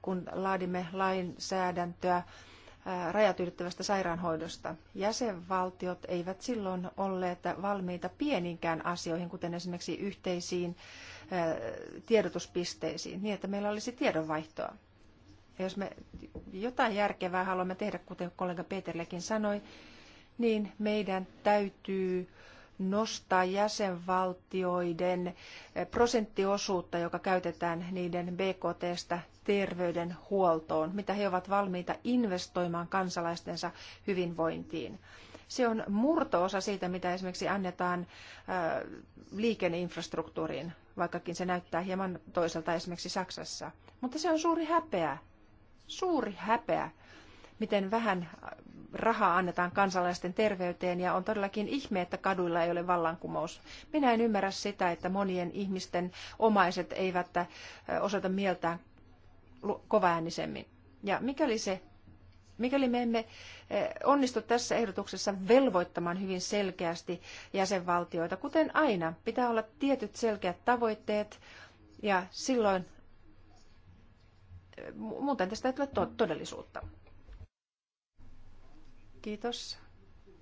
kun laadimme lainsäädäntöä rajat ylittävästä sairaanhoidosta. Jäsenvaltiot eivät silloin olleet valmiita pieninkään asioihin, kuten esimerkiksi yhteisiin tiedotuspisteisiin, niin että meillä olisi tiedonvaihtoa. Ja jos me jotain järkevää haluamme tehdä, kuten kollega Peterlekin sanoi, niin meidän täytyy nostaa jäsenvaltioiden prosenttiosuutta, joka käytetään niiden BKTstä terveydenhuoltoon, mitä he ovat valmiita investoimaan kansalaistensa hyvinvointiin. Se on murtoosa siitä, mitä esimerkiksi annetaan liikenneinfrastruktuuriin, vaikkakin se näyttää hieman toiselta esimerkiksi Saksassa. Mutta se on suuri häpeä, suuri häpeä, miten vähän rahaa annetaan kansalaisten terveyteen ja on todellakin ihme, että kaduilla ei ole vallankumous. Minä en ymmärrä sitä, että monien ihmisten omaiset eivät osoita mieltään kovaäänisemmin. Ja mikäli se Mikäli me emme onnistu tässä ehdotuksessa velvoittamaan hyvin selkeästi jäsenvaltioita, kuten aina, pitää olla tietyt selkeät tavoitteet ja silloin muuten tästä ei tule todellisuutta. Kiitos.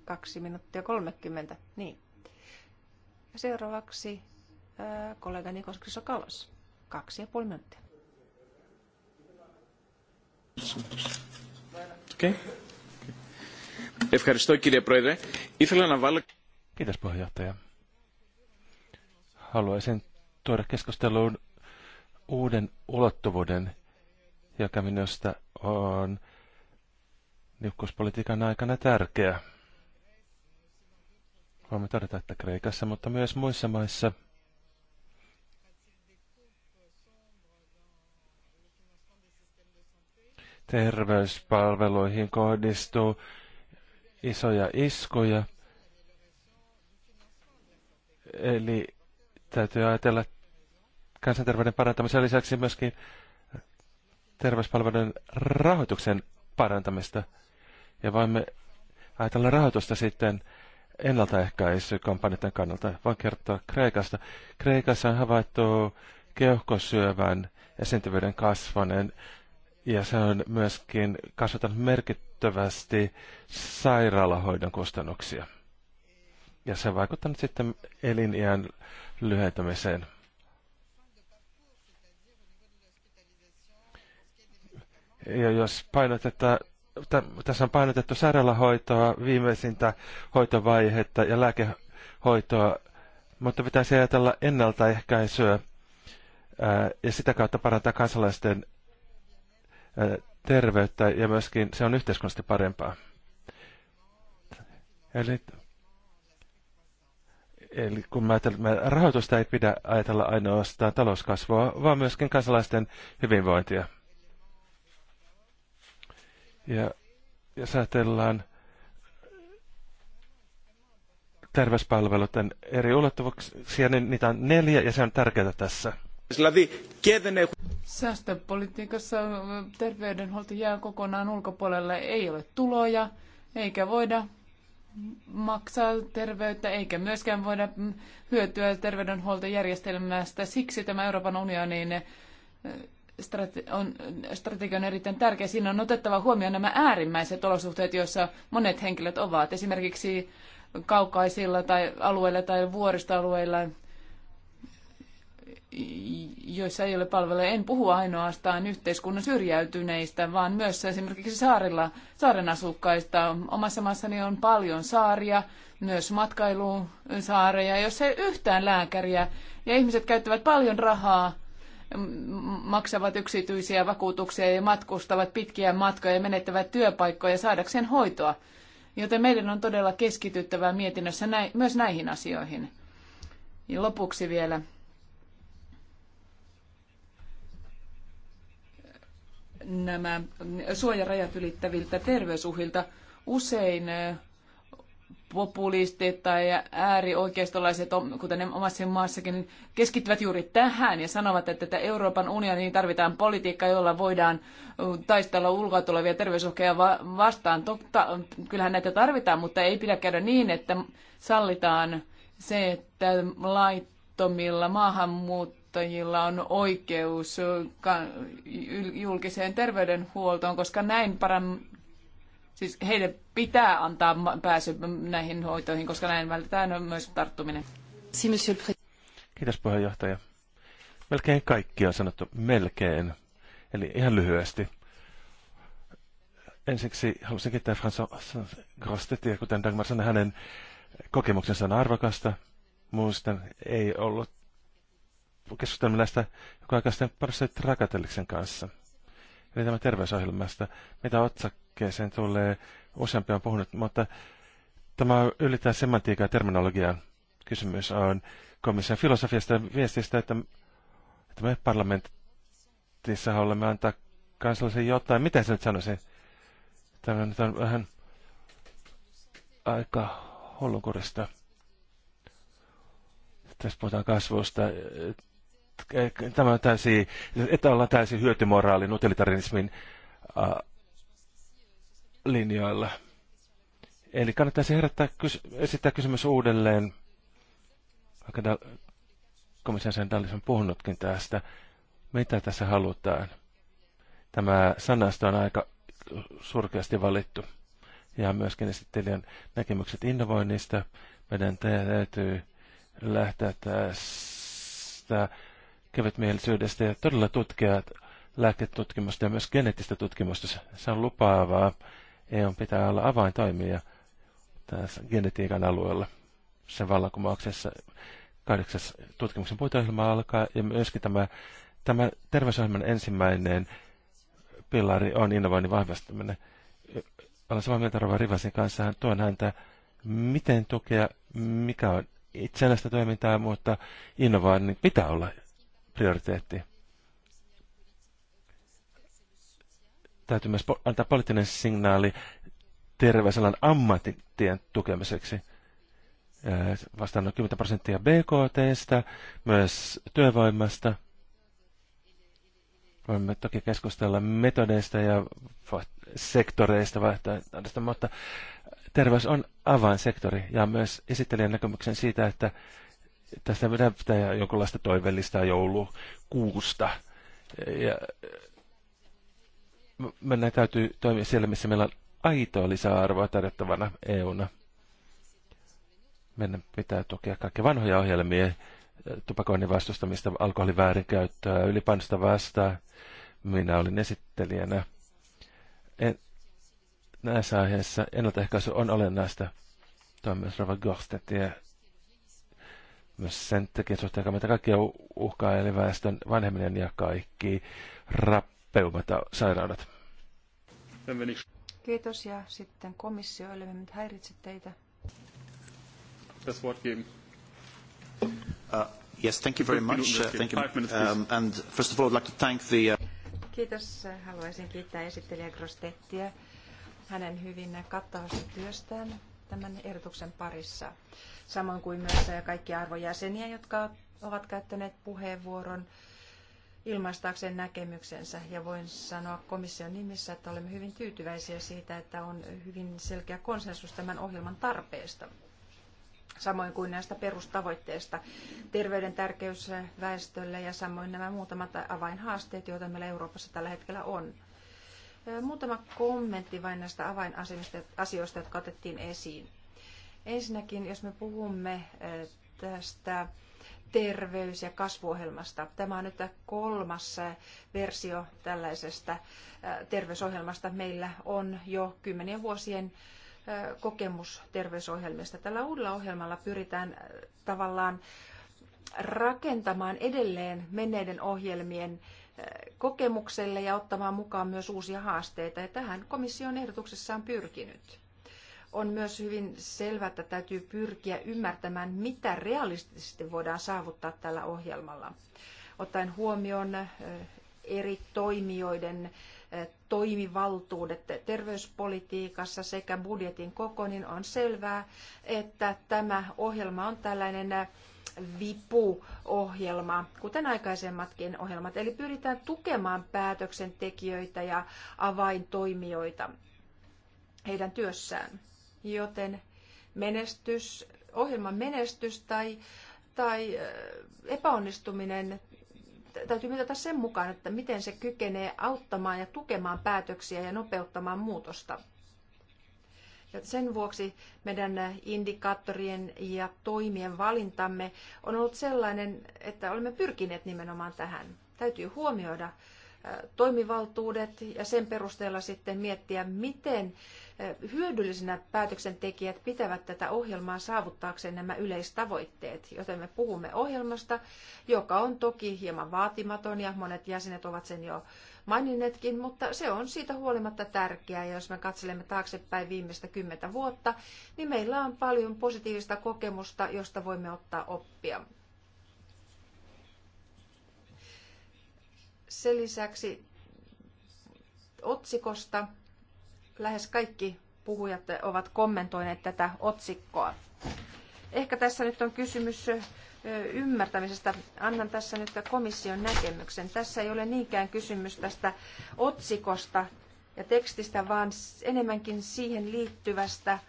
Kaksi minuuttia 30. Niin. Ja seuraavaksi ää, kollega Nikos Kalos. Kaksi ja puoli minuuttia. Okay. Ευχαριστώ κύριε Πρόεδρε. Ήθελα να βάλω... Kiitos puheenjohtaja. Haluaisin tuoda keskusteluun uuden ulottuvuuden, joka minusta on niukkuuspolitiikan aikana tärkeä. Voimme todeta, että Kreikassa, mutta myös muissa maissa terveyspalveluihin kohdistuu isoja iskuja. Eli täytyy ajatella kansanterveyden parantamisen lisäksi myöskin terveyspalveluiden rahoituksen parantamista. Ja voimme ajatella rahoitusta sitten ennaltaehkäisykampanjien kannalta. Voin kertoa Kreikasta. Kreikassa on havaittu keuhkosyövän esiintyvyyden kasvaneen ja se on myöskin kasvatanut merkittävästi sairaalahoidon kustannuksia. Ja se on vaikuttanut sitten eliniän lyhentämiseen. Ja jos painotetaan, tässä on painotettu sairaalahoitoa, viimeisintä hoitovaihetta ja lääkehoitoa, mutta pitäisi ajatella ennaltaehkäisyä ja sitä kautta parantaa kansalaisten terveyttä ja myöskin se on yhteiskunnallisesti parempaa. Eli, eli kun mä ajattelen, että rahoitusta ei pidä ajatella ainoastaan talouskasvua, vaan myöskin kansalaisten hyvinvointia. Ja jos ajatellaan terveyspalveluiden eri ulottuvuuksia, niin niitä on neljä ja se on tärkeää tässä. Säästöpolitiikassa terveydenhuolto jää kokonaan ulkopuolelle. Ei ole tuloja, eikä voida maksaa terveyttä, eikä myöskään voida hyötyä terveydenhuoltojärjestelmästä. Siksi tämä Euroopan unionin strate- on, strategia on erittäin tärkeä. Siinä on otettava huomioon nämä äärimmäiset olosuhteet, joissa monet henkilöt ovat. Esimerkiksi kaukaisilla tai alueilla tai vuoristoalueilla, joissa ei ole palveluja. En puhu ainoastaan yhteiskunnan syrjäytyneistä, vaan myös esimerkiksi saarilla, saaren asukkaista. Omassa maassani on paljon saaria, myös matkailusaareja, jos ei yhtään lääkäriä. Ja ihmiset käyttävät paljon rahaa maksavat yksityisiä vakuutuksia ja matkustavat pitkiä matkoja ja menettävät työpaikkoja saadakseen hoitoa. Joten meidän on todella keskityttävä mietinnössä myös näihin asioihin. Ja lopuksi vielä nämä suojarajat ylittäviltä terveysuhilta usein populistit tai äärioikeistolaiset, kuten ne omassa maassakin, niin keskittyvät juuri tähän ja sanovat, että Euroopan unioniin tarvitaan politiikkaa, jolla voidaan taistella ulkoa tulevia terveysuhkeja vastaan. Totta, kyllähän näitä tarvitaan, mutta ei pidä käydä niin, että sallitaan se, että laittomilla maahanmuuttajilla on oikeus julkiseen terveydenhuoltoon, koska näin paran Siis heille pitää antaa pääsy näihin hoitoihin, koska näin vältetään myös tarttuminen. Kiitos puheenjohtaja. Melkein kaikki on sanottu melkein, eli ihan lyhyesti. Ensiksi haluaisin kiittää François Grostetia, kuten Dagmar sanoi, hänen kokemuksensa on arvokasta. Muistan, ei ollut keskustelemme näistä joka aika sitten parissa kanssa. Eli tämä terveysohjelmasta, mitä otsakka? hankkeeseen tulee, useampi on puhunut, mutta tämä ylittää semantiikan ja terminologian. Kysymys on komission filosofiasta ja viestistä, että, että me parlamentissa haluamme antaa kansalaisen jotain. Miten se nyt sanoisin? Tämä nyt on vähän aika hullunkurista. Tässä puhutaan kasvusta. Tämä on täysin, että ollaan täysin hyötymoraalin utilitarismin linjoilla. Eli kannattaisi herättää, esittää kysymys uudelleen, vaikka komission sen Dallis on puhunutkin tästä, mitä tässä halutaan. Tämä sanasta on aika surkeasti valittu. Ja myöskin esittelijän näkemykset innovoinnista. Meidän täytyy lähteä tästä kevytmielisyydestä ja todella tutkia lääketutkimusta ja myös geneettistä tutkimusta. Se on lupaavaa EUn pitää olla avaintoimija tässä genetiikan alueella sen vallankumouksessa. Kahdeksas tutkimuksen puiteohjelma alkaa ja myöskin tämä, tämä terveysohjelman ensimmäinen pilari on innovoinnin vahvistaminen. Olen samaa mieltä Rova Rivasin kanssa, hän tuon häntä, miten tukea, mikä on itsenäistä toimintaa, mutta innovoinnin pitää olla prioriteetti. täytyy myös antaa poliittinen signaali terveysalan ammattien tukemiseksi. Äh, vastaan 10 prosenttia BKTstä, myös työvoimasta. Voimme toki keskustella metodeista ja sektoreista vaihtoehdosta, mutta terveys on avainsektori ja myös esittelijän näkemyksen siitä, että tästä pitää jonkinlaista toivellista joulukuusta. Ja meidän täytyy toimia siellä, missä meillä on aitoa lisäarvoa tarjottavana EUna. Meidän pitää tukea kaikkia vanhoja ohjelmia, äh, tupakoinnin vastustamista, alkoholin väärinkäyttöä, ylipainosta vastaan. Minä olin esittelijänä. En, näissä aiheissa ennaltaehkäisy on olennaista. Tuo on myös Rava Gorstetia. Myös sen takia suhteen, joka meitä kaikkia uhkaa, eli väestön vanheminen ja kaikki rap pneumata-sairaudet. Kiitos ja sitten komissioille, me nyt häiritse teitä. Das Wort geben. Uh, yes, thank you very much. Uh, thank you. Um, and first of all, I'd like to thank the... Uh... Kiitos. Haluaisin kiittää esittelijä Grostettiä hänen hyvin kattavasta työstään tämän ehdotuksen parissa. Samoin kuin myös kaikki arvojäseniä, jotka ovat käyttäneet puheenvuoron ilmaistakseen näkemyksensä. Ja voin sanoa komission nimissä, että olemme hyvin tyytyväisiä siitä, että on hyvin selkeä konsensus tämän ohjelman tarpeesta. Samoin kuin näistä perustavoitteista, terveyden tärkeys väestölle ja samoin nämä muutamat avainhaasteet, joita meillä Euroopassa tällä hetkellä on. Muutama kommentti vain näistä avainasioista, jotka otettiin esiin. Ensinnäkin, jos me puhumme eh, tästä terveys- ja kasvuohjelmasta. Tämä on nyt kolmas äh, versio tällaisesta äh, terveysohjelmasta. Meillä on jo kymmenien vuosien äh, kokemus terveysohjelmista. Tällä uudella ohjelmalla pyritään tavallaan rakentamaan edelleen menneiden ohjelmien kokemukselle ja ottamaan mukaan myös uusia haasteita. Ja tähän komissio on pyrkinyt on myös hyvin selvää, että täytyy pyrkiä ymmärtämään, mitä realistisesti voidaan saavuttaa tällä ohjelmalla. Ottaen huomioon eri toimijoiden toimivaltuudet terveyspolitiikassa sekä budjetin koko, niin on selvää, että tämä ohjelma on tällainen vipuohjelma, kuten aikaisemmatkin ohjelmat. Eli pyritään tukemaan päätöksentekijöitä ja avaintoimijoita heidän työssään. Joten menestys, ohjelman menestys tai, tai äh, epäonnistuminen täytyy mitata sen mukaan, että miten se kykenee auttamaan ja tukemaan päätöksiä ja nopeuttamaan muutosta. Ja sen vuoksi meidän indikaattorien ja toimien valintamme on ollut sellainen, että olemme pyrkineet nimenomaan tähän. Täytyy huomioida toimivaltuudet ja sen perusteella sitten miettiä, miten hyödyllisenä päätöksentekijät pitävät tätä ohjelmaa saavuttaakseen nämä yleistavoitteet, joten me puhumme ohjelmasta, joka on toki hieman vaatimaton ja monet jäsenet ovat sen jo maininneetkin, mutta se on siitä huolimatta tärkeää ja jos me katselemme taaksepäin viimeistä kymmentä vuotta, niin meillä on paljon positiivista kokemusta, josta voimme ottaa oppia. Sen lisäksi otsikosta lähes kaikki puhujat ovat kommentoineet tätä otsikkoa. Ehkä tässä nyt on kysymys ymmärtämisestä. Annan tässä nyt komission näkemyksen. Tässä ei ole niinkään kysymys tästä otsikosta ja tekstistä, vaan enemmänkin siihen liittyvästä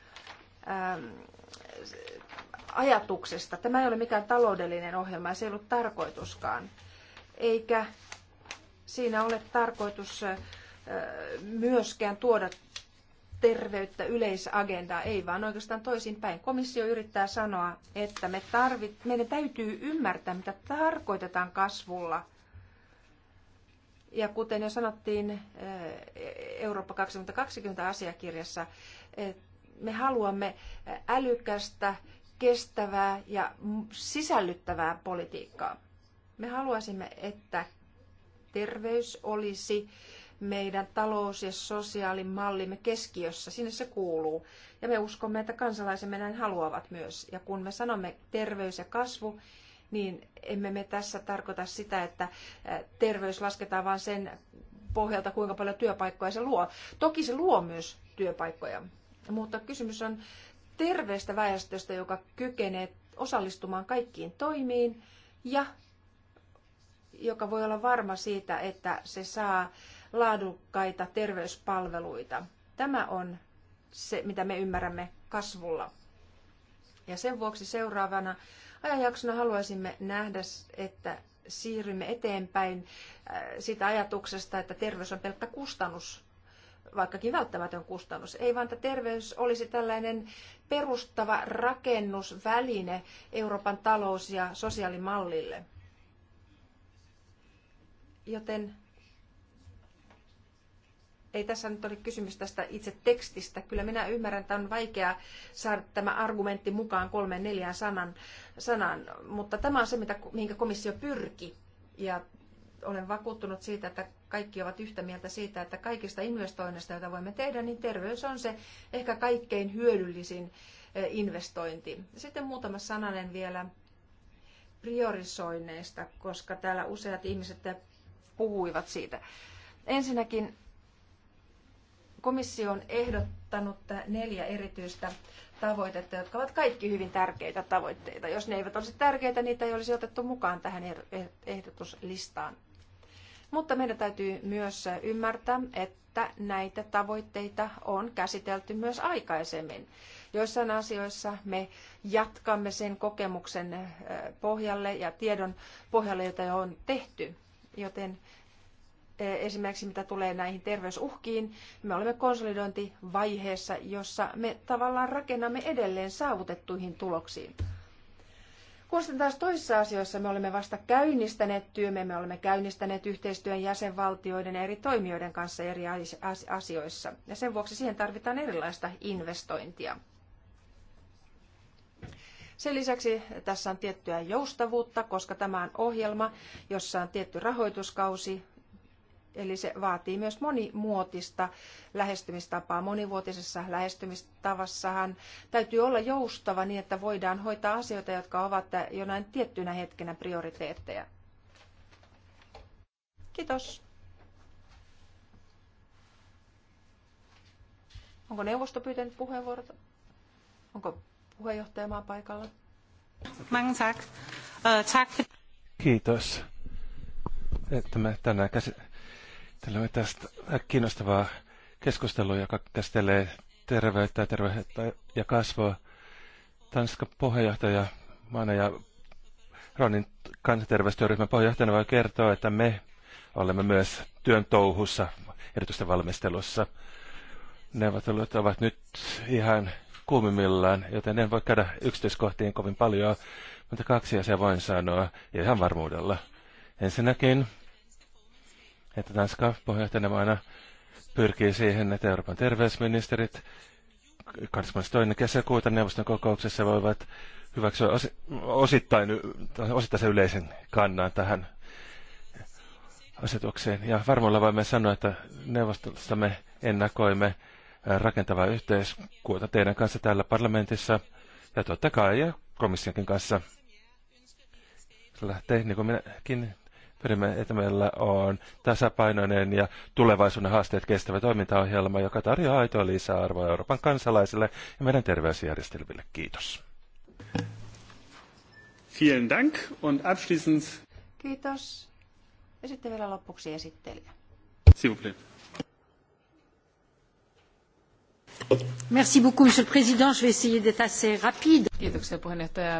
ajatuksesta. Tämä ei ole mikään taloudellinen ohjelma ja se ei ollut tarkoituskaan. Eikä siinä ole tarkoitus myöskään tuoda terveyttä yleisagendaa, ei vaan oikeastaan toisinpäin. Komissio yrittää sanoa, että me tarvit, meidän täytyy ymmärtää, mitä tarkoitetaan kasvulla. Ja kuten jo sanottiin Eurooppa 2020 asiakirjassa, me haluamme älykästä, kestävää ja sisällyttävää politiikkaa. Me haluaisimme, että terveys olisi meidän talous- ja sosiaalimallimme keskiössä, sinne se kuuluu. Ja me uskomme, että kansalaisemme näin haluavat myös. Ja kun me sanomme terveys ja kasvu, niin emme me tässä tarkoita sitä, että terveys lasketaan vain sen pohjalta, kuinka paljon työpaikkoja se luo. Toki se luo myös työpaikkoja, mutta kysymys on terveestä väestöstä, joka kykenee osallistumaan kaikkiin toimiin ja joka voi olla varma siitä, että se saa laadukkaita terveyspalveluita. Tämä on se, mitä me ymmärrämme kasvulla. Ja sen vuoksi seuraavana ajanjaksona haluaisimme nähdä, että siirrymme eteenpäin äh, siitä ajatuksesta, että terveys on pelkkä kustannus, vaikkakin välttämätön kustannus. Ei vaan, että terveys olisi tällainen perustava rakennusväline Euroopan talous- ja sosiaalimallille. Joten ei tässä nyt ole kysymys tästä itse tekstistä. Kyllä minä ymmärrän, että on vaikea saada tämä argumentti mukaan kolmeen neljään sanan, sanan. mutta tämä on se, mitä, mihinkä komissio pyrki. Ja olen vakuuttunut siitä, että kaikki ovat yhtä mieltä siitä, että kaikista investoinneista, joita voimme tehdä, niin terveys on se ehkä kaikkein hyödyllisin eh, investointi. Sitten muutama sananen vielä priorisoinneista, koska täällä useat ihmiset puhuivat siitä. Ensinnäkin komissio on ehdottanut neljä erityistä tavoitetta, jotka ovat kaikki hyvin tärkeitä tavoitteita. Jos ne eivät olisi tärkeitä, niitä ei olisi otettu mukaan tähän ehdotuslistaan. Mutta meidän täytyy myös ymmärtää, että näitä tavoitteita on käsitelty myös aikaisemmin. Joissain asioissa me jatkamme sen kokemuksen pohjalle ja tiedon pohjalle, jota jo on tehty. Joten e, esimerkiksi mitä tulee näihin terveysuhkiin, me olemme konsolidointivaiheessa, jossa me tavallaan rakennamme edelleen saavutettuihin tuloksiin. Kun sitten taas toisissa asioissa me olemme vasta käynnistäneet työmme, me olemme käynnistäneet yhteistyön jäsenvaltioiden ja eri toimijoiden kanssa eri asioissa. Ja sen vuoksi siihen tarvitaan erilaista investointia. Sen lisäksi tässä on tiettyä joustavuutta, koska tämä on ohjelma, jossa on tietty rahoituskausi, eli se vaatii myös monimuotista lähestymistapaa. Monivuotisessa lähestymistavassahan täytyy olla joustava niin, että voidaan hoitaa asioita, jotka ovat jonain tiettynä hetkenä prioriteetteja. Kiitos. Onko neuvosto pyytänyt puheenvuorota? Onko puheenjohtajamaa paikalla. Øh, Kiitos, että me tänään käsittelemme tästä kiinnostavaa keskustelua, joka käsittelee terveyttä, terveyttä ja kasvua. Tanska puheenjohtaja Maana ja Ronin kansanterveystyöryhmän puheenjohtajana voi kertoa, että me olemme myös työn touhussa, erityisesti valmistelussa. Neuvottelut ovat nyt ihan kuumimmillaan, joten en voi käydä yksityiskohtiin kovin paljon, mutta kaksi asiaa voin sanoa, ja ihan varmuudella. Ensinnäkin, että Tanska puheenjohtajana maana pyrkii siihen, että Euroopan terveysministerit 22. kesäkuuta neuvoston kokouksessa voivat hyväksyä osittain, osittain yleisen kannan tähän asetukseen. Ja varmuudella voimme sanoa, että neuvostossa me ennakoimme rakentavaa yhteiskuuta teidän kanssa täällä parlamentissa ja totta kai ja komissionkin kanssa. Lähtee, niin kuin minäkin pyrimme, että meillä on tasapainoinen ja tulevaisuuden haasteet kestävä toimintaohjelma, joka tarjoaa aitoa lisäarvoa Euroopan kansalaisille ja meidän terveysjärjestelmille. Kiitos. Vielen Dank und abschließend... Kiitos. Ja sitten vielä lopuksi esittelijä. Sivuplin. Merci beaucoup, monsieur le président. Je vais essayer d'être assez rapide. Kiitoksia puheenjohtaja.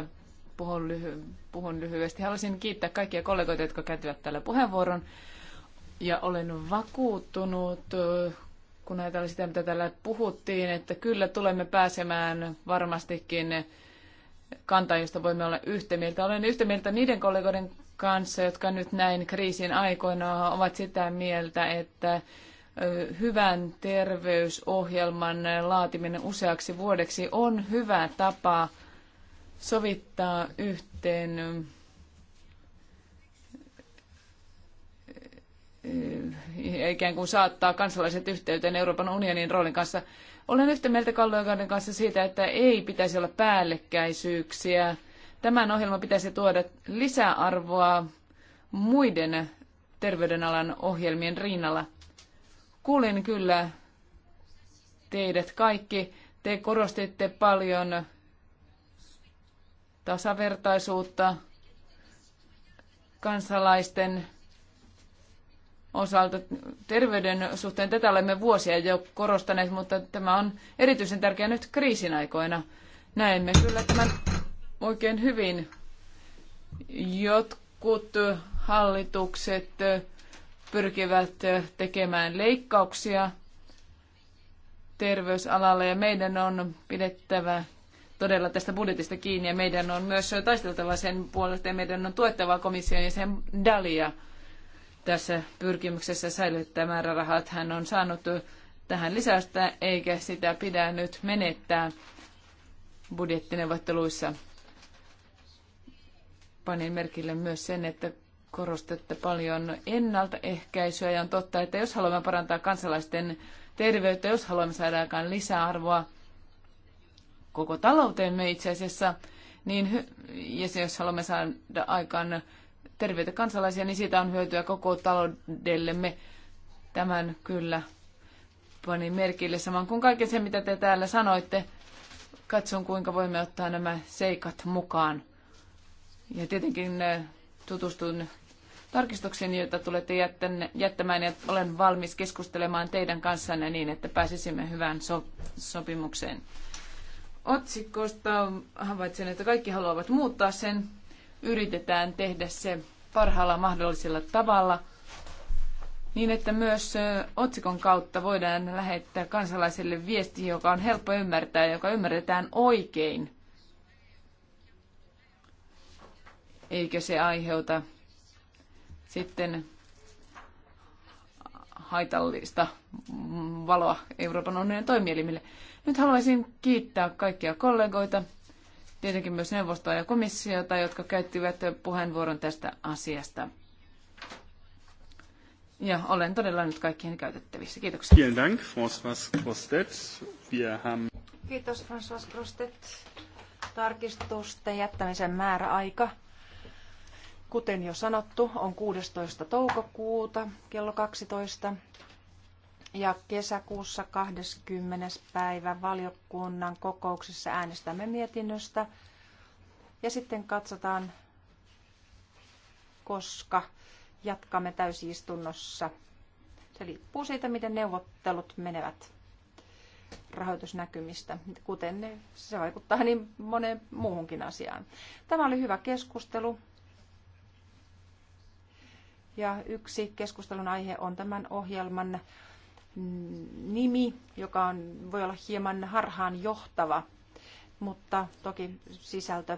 Puhun, lyhy- puhun lyhyesti. Haluaisin kiittää kaikkia kollegoita, jotka käyttivät täällä puheenvuoron. Ja olen vakuuttunut, kun ajatellaan sitä, mitä täällä puhuttiin, että kyllä tulemme pääsemään varmastikin kantaan, josta voimme olla yhtä mieltä. Olen yhtä mieltä niiden kollegoiden kanssa, jotka nyt näin kriisin aikoina ovat sitä mieltä, että hyvän terveysohjelman laatiminen useaksi vuodeksi on hyvä tapa sovittaa yhteen ikään kuin saattaa kansalaiset yhteyteen Euroopan unionin roolin kanssa. Olen yhtä mieltä kollegoiden kanssa siitä, että ei pitäisi olla päällekkäisyyksiä. Tämän ohjelma pitäisi tuoda lisäarvoa muiden terveydenalan ohjelmien rinnalla. Kuulin kyllä teidät kaikki. Te korostitte paljon tasavertaisuutta kansalaisten osalta terveyden suhteen. Tätä olemme vuosia jo korostaneet, mutta tämä on erityisen tärkeä nyt kriisin aikoina. Näemme kyllä tämän oikein hyvin. Jotkut hallitukset pyrkivät tekemään leikkauksia terveysalalla ja meidän on pidettävä todella tästä budjetista kiinni ja meidän on myös taisteltava sen puolesta ja meidän on tuettava komission ja sen Dalia tässä pyrkimyksessä säilyttää määrärahat. Hän on saanut tähän lisäystä eikä sitä pidä nyt menettää budjettineuvotteluissa. Panin merkille myös sen, että korostatte paljon ennaltaehkäisyä ja on totta, että jos haluamme parantaa kansalaisten terveyttä, jos haluamme saada aikaan lisäarvoa koko talouteemme itse asiassa, niin ja jos haluamme saada aikaan terveitä kansalaisia, niin siitä on hyötyä koko taloudellemme. Tämän kyllä panin merkille saman kuin kaiken sen, mitä te täällä sanoitte. Katson, kuinka voimme ottaa nämä seikat mukaan. Ja tietenkin äh, tutustun Tarkistuksen joita tulette jättämään, ja olen valmis keskustelemaan teidän kanssanne niin, että pääsisimme hyvään so- sopimukseen. Otsikosta havaitsen, että kaikki haluavat muuttaa sen. Yritetään tehdä se parhaalla mahdollisella tavalla, niin että myös otsikon kautta voidaan lähettää kansalaiselle viesti, joka on helppo ymmärtää ja joka ymmärretään oikein, eikä se aiheuta sitten haitallista valoa Euroopan unionin toimielimille. Nyt haluaisin kiittää kaikkia kollegoita, tietenkin myös neuvostoa ja komissiota, jotka käyttivät puheenvuoron tästä asiasta. Ja olen todella nyt kaikkien käytettävissä. Kiitoksia. François Kiitos, François Grostet. Tarkistusten jättämisen määräaika Kuten jo sanottu, on 16. toukokuuta kello 12 ja kesäkuussa 20. päivä valiokunnan kokouksessa äänestämme mietinnöstä ja sitten katsotaan, koska jatkamme täysistunnossa. Se liippuu siitä, miten neuvottelut menevät rahoitusnäkymistä, kuten ne, se vaikuttaa niin moneen muuhunkin asiaan. Tämä oli hyvä keskustelu. Ja yksi keskustelun aihe on tämän ohjelman nimi, joka on, voi olla hieman harhaan johtava, mutta toki sisältö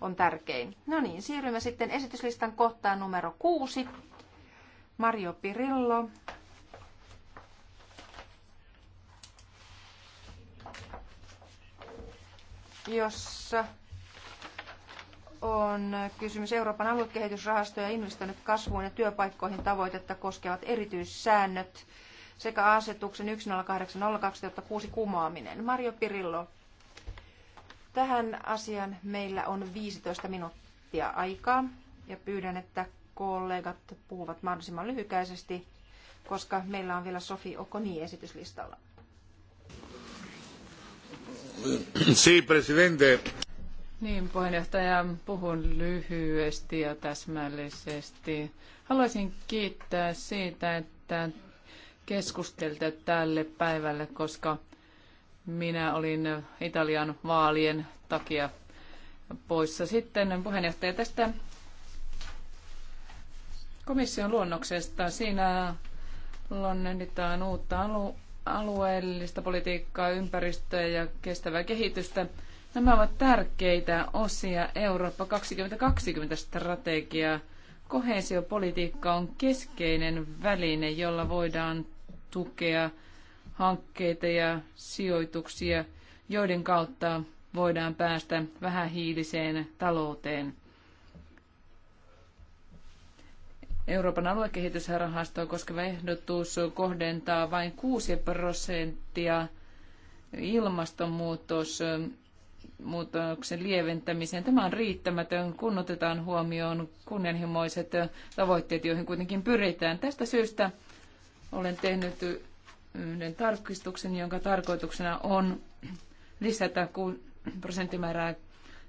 on tärkein. No niin, siirrymme sitten esityslistan kohtaan numero kuusi. Mario Pirillo. Jossa on kysymys Euroopan aluekehitysrahasto ja investoinnit kasvuun ja työpaikkoihin tavoitetta koskevat erityissäännöt sekä asetuksen 1080 kumoaminen. Mario Pirillo, tähän asiaan meillä on 15 minuuttia aikaa ja pyydän, että kollegat puhuvat mahdollisimman lyhykäisesti, koska meillä on vielä Sofi Okoni esityslistalla. Sí, presidente. Niin, puheenjohtaja, puhun lyhyesti ja täsmällisesti. Haluaisin kiittää siitä, että keskustelitte tälle päivälle, koska minä olin Italian vaalien takia poissa. Sitten puheenjohtaja tästä komission luonnoksesta. Siinä lonnennetaan uutta alu- alueellista politiikkaa, ympäristöä ja kestävää kehitystä – Nämä ovat tärkeitä osia Eurooppa 2020-strategiaa. Koheesiopolitiikka on keskeinen väline, jolla voidaan tukea hankkeita ja sijoituksia, joiden kautta voidaan päästä vähähiiliseen talouteen. Euroopan aluekehitysrahastoa koskeva ehdotus kohdentaa vain 6 prosenttia ilmastonmuutos ilmastonmuutoksen lieventämiseen. Tämä on riittämätön, kun otetaan huomioon kunnianhimoiset tavoitteet, joihin kuitenkin pyritään. Tästä syystä olen tehnyt yhden tarkistuksen, jonka tarkoituksena on lisätä prosenttimäärää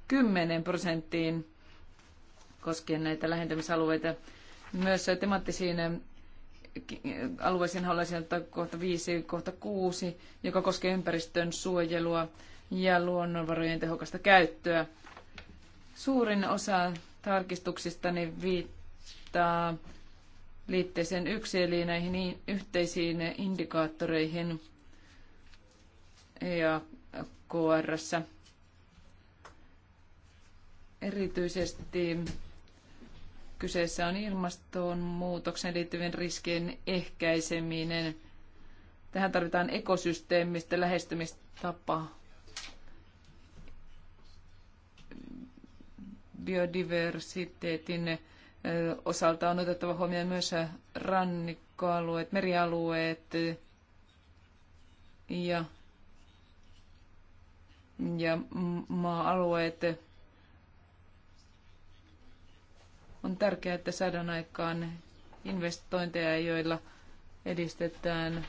10 prosenttiin koskien näitä lähentämisalueita. Myös temaattisiin alueisiin haluaisin ottaa kohta 5, kohta 6, joka koskee ympäristön suojelua ja luonnonvarojen tehokasta käyttöä. Suurin osa tarkistuksistani viittaa liitteeseen yksi, eli näihin yhteisiin indikaattoreihin ja kr Erityisesti kyseessä on ilmastonmuutokseen liittyvien riskien ehkäiseminen. Tähän tarvitaan ekosysteemistä lähestymistapaa biodiversiteetin osalta on otettava huomioon myös rannikkoalueet, merialueet ja, ja maa-alueet. On tärkeää, että saadaan aikaan investointeja, joilla edistetään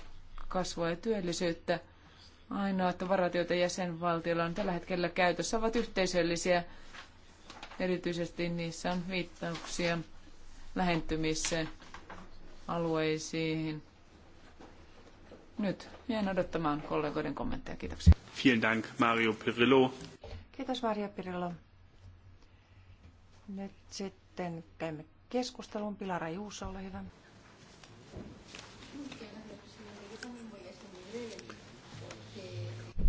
kasvua ja työllisyyttä. Ainoat varat, joita jäsenvaltioilla on tällä hetkellä käytössä, ovat yhteisöllisiä Erityisesti niissä on viittauksia alueisiin. Nyt jään odottamaan kollegoiden kommentteja. Kiitoksia. Vielen Dank, Mario Pirillo. Kiitos, Mario Pirillo. Nyt sitten käymme keskustelun. Pilara Juuso, ole hyvä.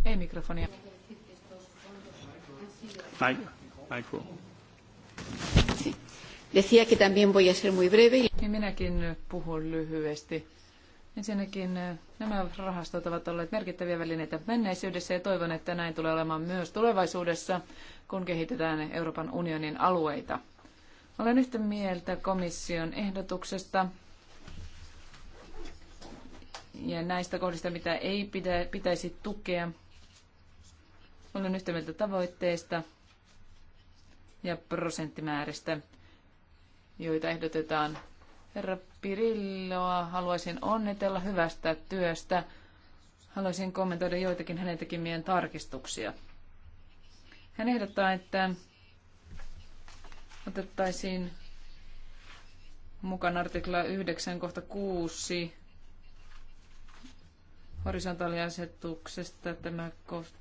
Ei mikrofonia. Mike, micro. Decía que también voy a ser muy breve. Niin minäkin puhun lyhyesti. Ensinnäkin eh, nämä rahastot ovat olleet merkittäviä välineitä menneisyydessä ja toivon, että näin tulee olemaan myös tulevaisuudessa, kun kehitetään Euroopan unionin alueita. Olen yhtä mieltä komission ehdotuksesta ja näistä kohdista, mitä ei pitäisi tukea. Olen yhtä mieltä tavoitteista ja prosenttimääristä, joita ehdotetaan. Herra Pirilloa haluaisin onnitella hyvästä työstä. Haluaisin kommentoida joitakin hänen tekemien tarkistuksia. Hän ehdottaa, että otettaisiin mukaan artikla 9 kohta 6 horisontaaliasetuksesta. Tämä kohta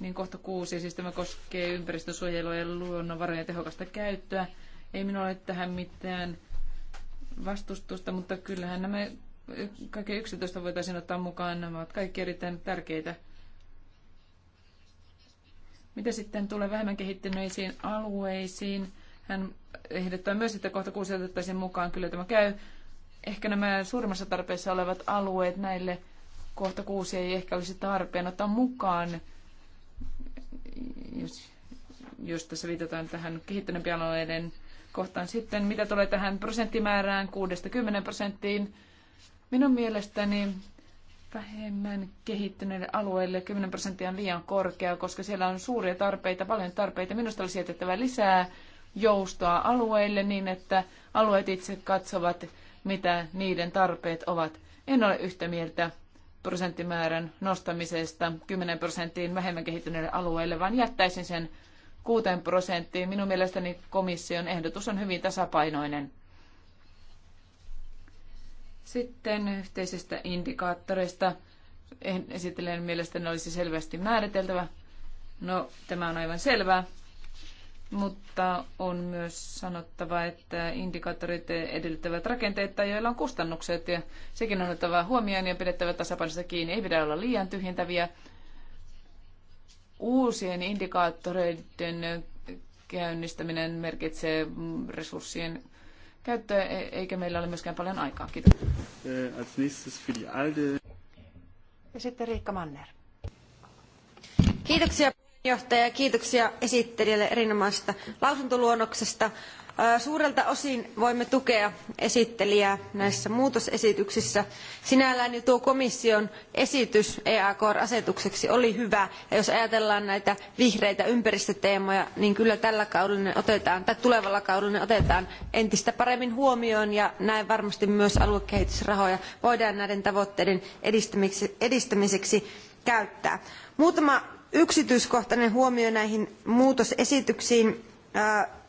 niin kohta kuusi, siis tämä koskee ympäristösuojelua ja luonnonvarojen tehokasta käyttöä. Ei minulla ole tähän mitään vastustusta, mutta kyllähän nämä kaikki 11 voitaisiin ottaa mukaan. Nämä ovat kaikki erittäin tärkeitä. Mitä sitten tulee vähemmän kehittyneisiin alueisiin? Hän ehdottaa myös, että kohta kuusi otettaisiin mukaan. Kyllä tämä käy. Ehkä nämä suurimmassa tarpeessa olevat alueet näille kohta kuusi ei ehkä olisi tarpeen ottaa mukaan jos, jos tässä viitataan tähän kehittyneempien alueiden kohtaan sitten, mitä tulee tähän prosenttimäärään 6-10 prosenttiin, minun mielestäni vähemmän kehittyneille alueille 10 prosenttia on liian korkea, koska siellä on suuria tarpeita, paljon tarpeita. Minusta olisi jätettävä lisää joustoa alueille niin, että alueet itse katsovat, mitä niiden tarpeet ovat. En ole yhtä mieltä prosenttimäärän nostamisesta 10 prosenttiin vähemmän kehittyneille alueille, vaan jättäisin sen 6 prosenttiin. Minun mielestäni komission ehdotus on hyvin tasapainoinen. Sitten yhteisistä indikaattoreista esittelen mielestäni olisi selvästi määriteltävä. No, tämä on aivan selvää mutta on myös sanottava, että indikaattorit edellyttävät rakenteita, joilla on kustannukset, ja sekin on otettava huomioon ja pidettävä tasapainossa kiinni. Ei pidä olla liian tyhjentäviä. Uusien indikaattoreiden käynnistäminen merkitsee resurssien käyttöä, e- eikä meillä ole myöskään paljon aikaa. Kiitos. Äh, als nächstes für die Ja sitten Riikka Manner. Kiitoksia Johtaja, kiitoksia esittelijälle erinomaisesta lausuntoluonnoksesta. Suurelta osin voimme tukea esittelijää näissä muutosesityksissä. Sinällään jo tuo komission esitys EAKR-asetukseksi oli hyvä, ja jos ajatellaan näitä vihreitä ympäristöteemoja, niin kyllä tällä kaudella ne otetaan, tai tulevalla kaudella ne otetaan entistä paremmin huomioon, ja näin varmasti myös aluekehitysrahoja voidaan näiden tavoitteiden edistämiseksi, edistämiseksi käyttää. Muutama yksityiskohtainen huomio näihin muutosesityksiin.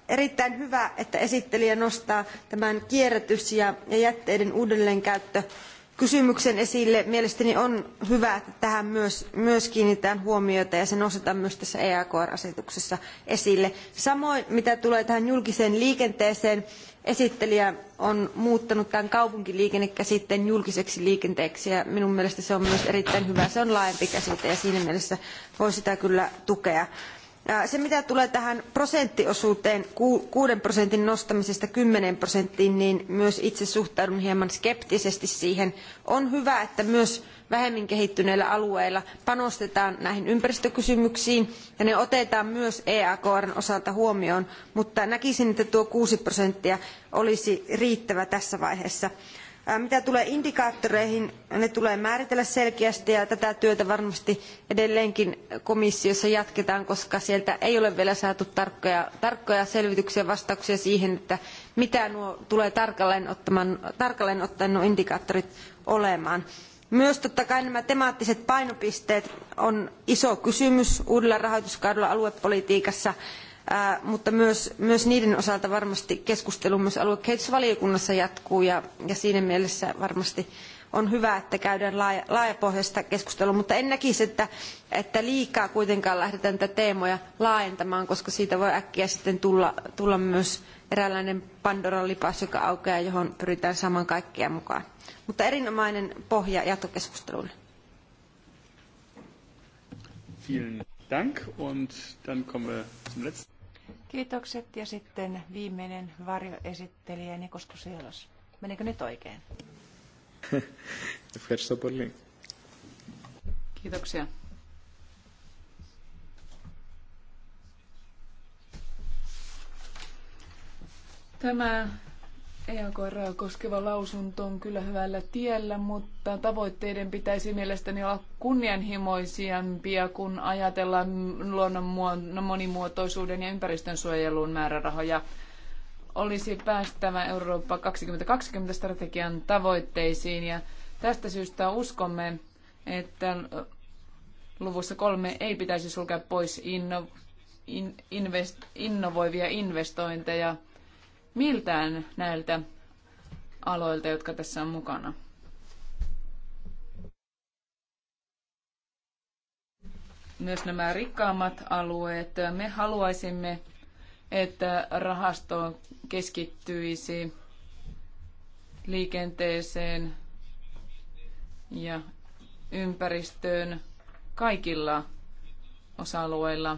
Erittäin hyvä, että esittelijä nostaa tämän kierrätys- ja jätteiden uudelleenkäyttö kysymyksen esille. Mielestäni on hyvä, että tähän myös, myös kiinnitetään huomiota ja se nostetaan myös tässä EAKR-asetuksessa esille. Samoin mitä tulee tähän julkiseen liikenteeseen, esittelijä on muuttanut tämän kaupunkiliikennekäsitteen julkiseksi liikenteeksi ja minun mielestäni se on myös erittäin hyvä. Se on laajempi käsite ja siinä mielessä voi sitä kyllä tukea. Se mitä tulee tähän prosenttiosuuteen kuuden prosentin nostamisesta kymmeneen prosenttiin, niin myös itse suhtaudun hieman skeptisesti siihen. On hyvä, että myös vähemmän kehittyneillä alueilla panostetaan näihin ympäristökysymyksiin ja ne otetaan myös eakrn osalta huomioon mutta näkisin että tuo kuusi prosenttia olisi riittävä tässä vaiheessa. mitä tulee indikaattoreihin ne tulee määritellä selkeästi ja tätä työtä varmasti edelleenkin komissiossa jatketaan koska sieltä ei ole vielä saatu tarkkoja, tarkkoja selvityksiä ja vastauksia siihen että mitä nuo tulee tarkalleen, tarkalleen ottaen nuo indikaattorit olemaan. Myös totta kai nämä temaattiset painopisteet on iso kysymys uudella rahoituskaudella aluepolitiikassa, mutta myös, myös niiden osalta varmasti keskustelu myös aluekehitysvaliokunnassa jatkuu ja, ja siinä mielessä varmasti on hyvä, että käydään laaja, laajapohjaista keskustelua, mutta en näkisi, että, että liikaa kuitenkaan lähdetään tätä teemoja laajentamaan, koska siitä voi äkkiä sitten tulla, tulla myös eräänlainen Pandoran lipas, joka aukeaa, johon pyritään saamaan kaikkia mukaan mutta erinomainen pohja jatkokeskustelulle. Kiitokset ja sitten viimeinen varjoesittelijä Nikos Kusilos. Menikö nyt oikein? Kiitoksia. Tämä EAKR koskeva lausunto on kyllä hyvällä tiellä, mutta tavoitteiden pitäisi mielestäni olla kunnianhimoisempia, kun ajatellaan luonnon monimuotoisuuden ja ympäristön suojeluun määrärahoja. Olisi päästävä Eurooppa 2020-strategian tavoitteisiin ja tästä syystä uskomme, että luvussa kolme ei pitäisi sulkea pois inno, in, invest, innovoivia investointeja – miltään näiltä aloilta, jotka tässä on mukana. Myös nämä rikkaammat alueet. Me haluaisimme, että rahasto keskittyisi liikenteeseen ja ympäristöön kaikilla osa-alueilla.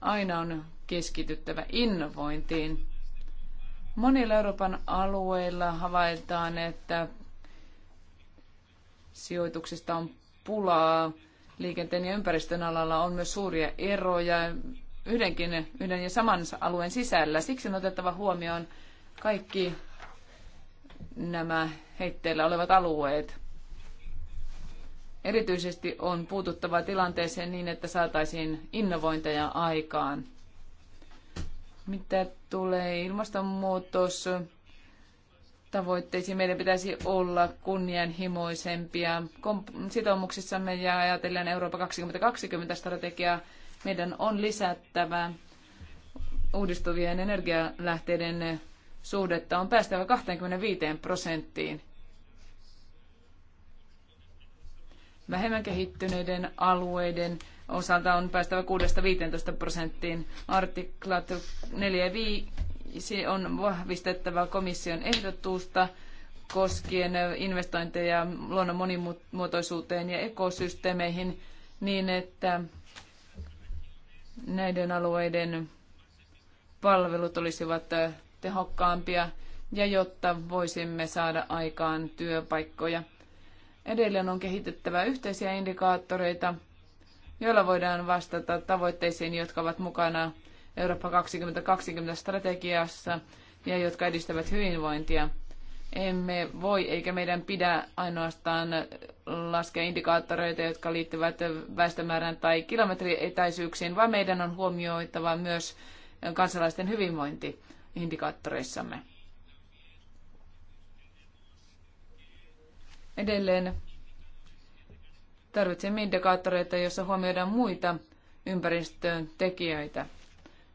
Aina on keskityttävä innovointiin. Monilla Euroopan alueilla havaitaan, että sijoituksista on pulaa. Liikenteen ja ympäristön alalla on myös suuria eroja yhdenkin, yhden ja saman alueen sisällä. Siksi on otettava huomioon kaikki nämä heitteillä olevat alueet. Erityisesti on puututtava tilanteeseen niin, että saataisiin innovointeja aikaan. Mitä tulee ilmastonmuutos tavoitteisiin, meidän pitäisi olla kunnianhimoisempia sitoumuksissamme ja ajatellen Eurooppa 2020 strategiaa. Meidän on lisättävä uudistuvien energialähteiden suhdetta on päästävä 25 prosenttiin. Vähemmän kehittyneiden alueiden osalta on päästävä 6-15 prosenttiin. Artiklat 4 ja 5 on vahvistettava komission ehdotusta koskien investointeja luonnon monimuotoisuuteen ja ekosysteemeihin niin, että näiden alueiden palvelut olisivat tehokkaampia ja jotta voisimme saada aikaan työpaikkoja. Edelleen on kehitettävä yhteisiä indikaattoreita joilla voidaan vastata tavoitteisiin, jotka ovat mukana Eurooppa 2020 strategiassa ja jotka edistävät hyvinvointia. Emme voi eikä meidän pidä ainoastaan laskea indikaattoreita, jotka liittyvät väestömäärään tai kilometrietäisyyksiin, vaan meidän on huomioitava myös kansalaisten hyvinvointi indikaattoreissamme. Edelleen Tarvitsemme indikaattoreita, joissa huomioidaan muita ympäristön tekijöitä.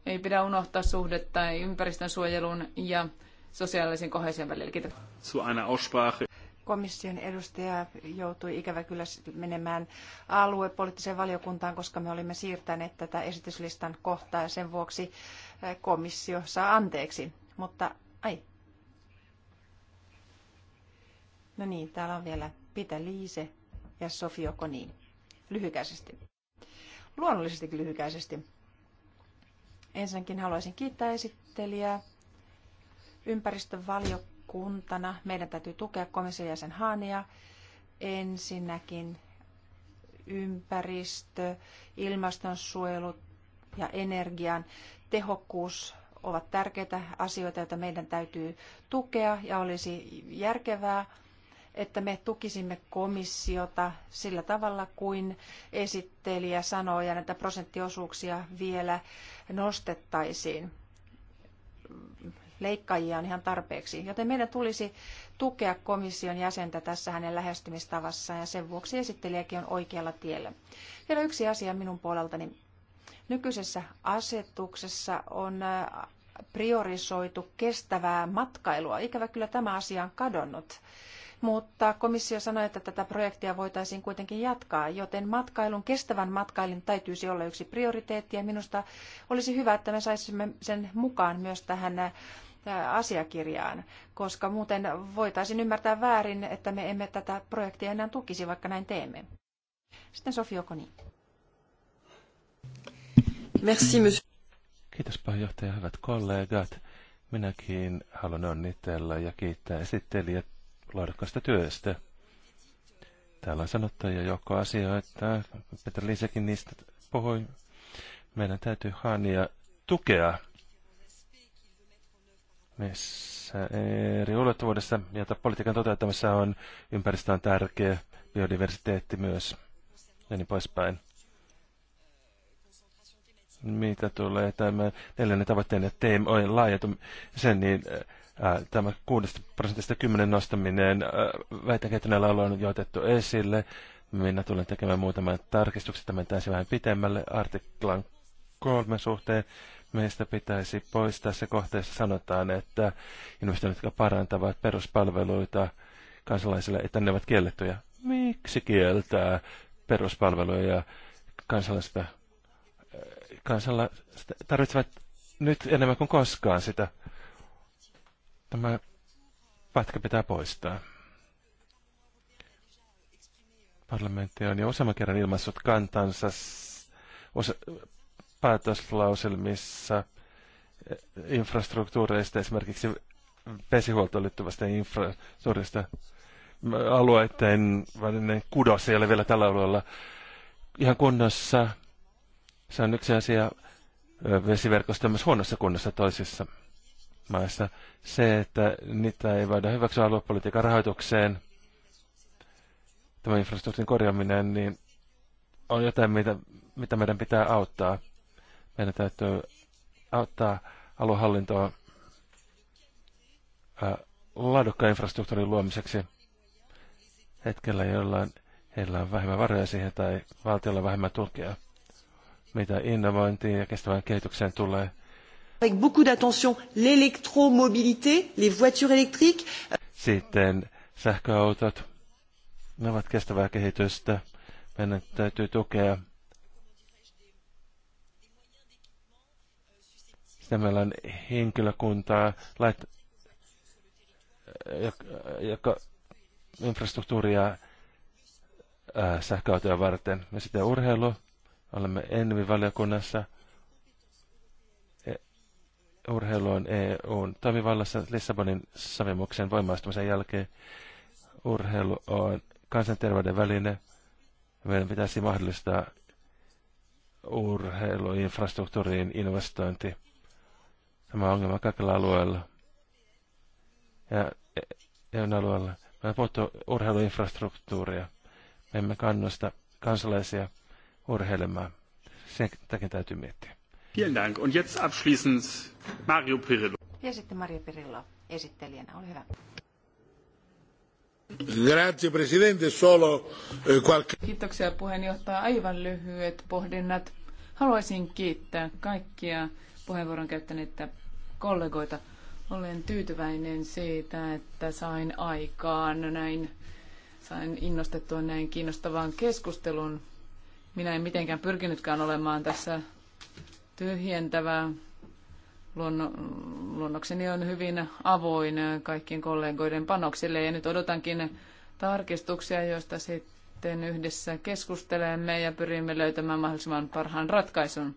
Ei pidä unohtaa suhdetta ympäristön suojelun ja sosiaalisen kohesion välillä. Kiitos. komission edustaja joutui ikävä kyllä menemään aluepoliittiseen valiokuntaan, koska me olimme siirtäneet tätä esityslistan kohtaa ja sen vuoksi eh, komissio saa anteeksi. Mutta ai. No niin, täällä on vielä Pitä Liise ja Sofi Okoniin. Lyhykäisesti. Luonnollisesti lyhykäisesti. Ensinnäkin haluaisin kiittää esittelijää. Ympäristövaliokuntana meidän täytyy tukea komission jäsen Haania ensinnäkin ympäristö, ilmastonsuojelu ja energian tehokkuus ovat tärkeitä asioita, joita meidän täytyy tukea ja olisi järkevää, että me tukisimme komissiota sillä tavalla kuin esittelijä sanoi ja näitä prosenttiosuuksia vielä nostettaisiin leikkaajia on ihan tarpeeksi. Joten meidän tulisi tukea komission jäsentä tässä hänen lähestymistavassaan ja sen vuoksi esittelijäkin on oikealla tiellä. Vielä yksi asia minun puoleltani. Nykyisessä asetuksessa on priorisoitu kestävää matkailua. Ikävä kyllä tämä asia on kadonnut mutta komissio sanoi, että tätä projektia voitaisiin kuitenkin jatkaa, joten matkailun, kestävän matkailun täytyisi olla yksi prioriteetti ja minusta olisi hyvä, että me saisimme sen mukaan myös tähän asiakirjaan, koska muuten voitaisiin ymmärtää väärin, että me emme tätä projektia enää tukisi, vaikka näin teemme. Sitten Sofi Okoni. Merci, monsieur. Kiitos puheenjohtaja, hyvät kollegat. Minäkin haluan onnitella ja kiittää esittelijät laadukkaasta työstä. Täällä on joko joukko että Petra Lisekin niistä puhui. Meidän täytyy Hania tukea missä eri ulottuvuudessa, jota politiikan toteuttamassa on, ympäristö on tärkeä, biodiversiteetti myös ja niin poispäin. Mitä tulee tämä neljännen tavoitteen ja teemojen laajentumisen, niin Äh, tämä 6 prosentista 10 nostaminen äh, aloilla on jo otettu esille. Minä tulen tekemään muutaman tarkistuksen, että mentäisiin vähän pitemmälle artiklan kolme suhteen. Meistä pitäisi poistaa se kohteessa sanotaan, että investoinnit, jotka parantavat peruspalveluita kansalaisille, että ne ovat kiellettyjä. Miksi kieltää peruspalveluja kansalaisista? Kansalaiset äh, tarvitsevat nyt enemmän kuin koskaan sitä. Tämä pätkä pitää poistaa. Parlamentti on jo useamman kerran ilmaissut kantansa osa, päätöslauselmissa eh, infrastruktuureista, esimerkiksi vesihuoltoon liittyvästä infrastruktuurista. Alueiden välinen kudos ei ole vielä tällä alueella ihan kunnossa. Se on yksi asia vesiverkosto on myös huonossa kunnossa toisissa maissa. Se, että niitä ei voida hyväksyä aluepolitiikan rahoitukseen, tämä infrastruktuurin korjaaminen, niin on jotain, mitä, mitä meidän pitää auttaa. Meidän täytyy auttaa aluehallintoa laadukkaan infrastruktuurin luomiseksi hetkellä, jollain heillä on vähemmän varoja siihen tai valtiolla vähemmän tukea, mitä innovointiin ja kestävään kehitykseen tulee avec beaucoup d'attention l'électromobilité, les voitures électriques. Sitten sähköautot, ne ovat kestävää kehitystä. Meidän täytyy tukea. Sitten meillä on henkilökuntaa, lait, joka infrastruktuuria sähköautoja varten. Me sitten urheilu, olemme Envi-valiokunnassa – Urheiluun on EUn toimivallassa Lissabonin savimuksen voimaistumisen jälkeen. Urheilu on kansanterveyden väline. Meidän pitäisi mahdollistaa urheiluinfrastruktuuriin investointi. Tämä on ongelma kaikilla alueilla. Ja EUn alueella. Me puhuttu urheiluinfrastruktuuria. Me emme kannusta kansalaisia urheilemaan. takia täytyy miettiä. Vielen Dank. Und jetzt abschließend Mario Pirillo. Ja sitten Mario Pirillo esittelijänä, ole hyvä. Grazie Presidente, solo eh, qualche... Kiitoksia puheenjohtaja. Aivan lyhyet pohdinnat. Haluaisin kiittää kaikkia puheenvuoron käyttäneitä kollegoita. Olen tyytyväinen siitä, että sain aikaan näin, sain innostettua näin kiinnostavaan keskustelun. Minä en mitenkään pyrkinytkään olemaan tässä tyhjentävää. Luonno, luonnokseni on hyvin avoin kaikkien kollegoiden panoksille ja nyt odotankin tarkistuksia, joista sitten yhdessä keskustelemme ja pyrimme löytämään mahdollisimman parhaan ratkaisun.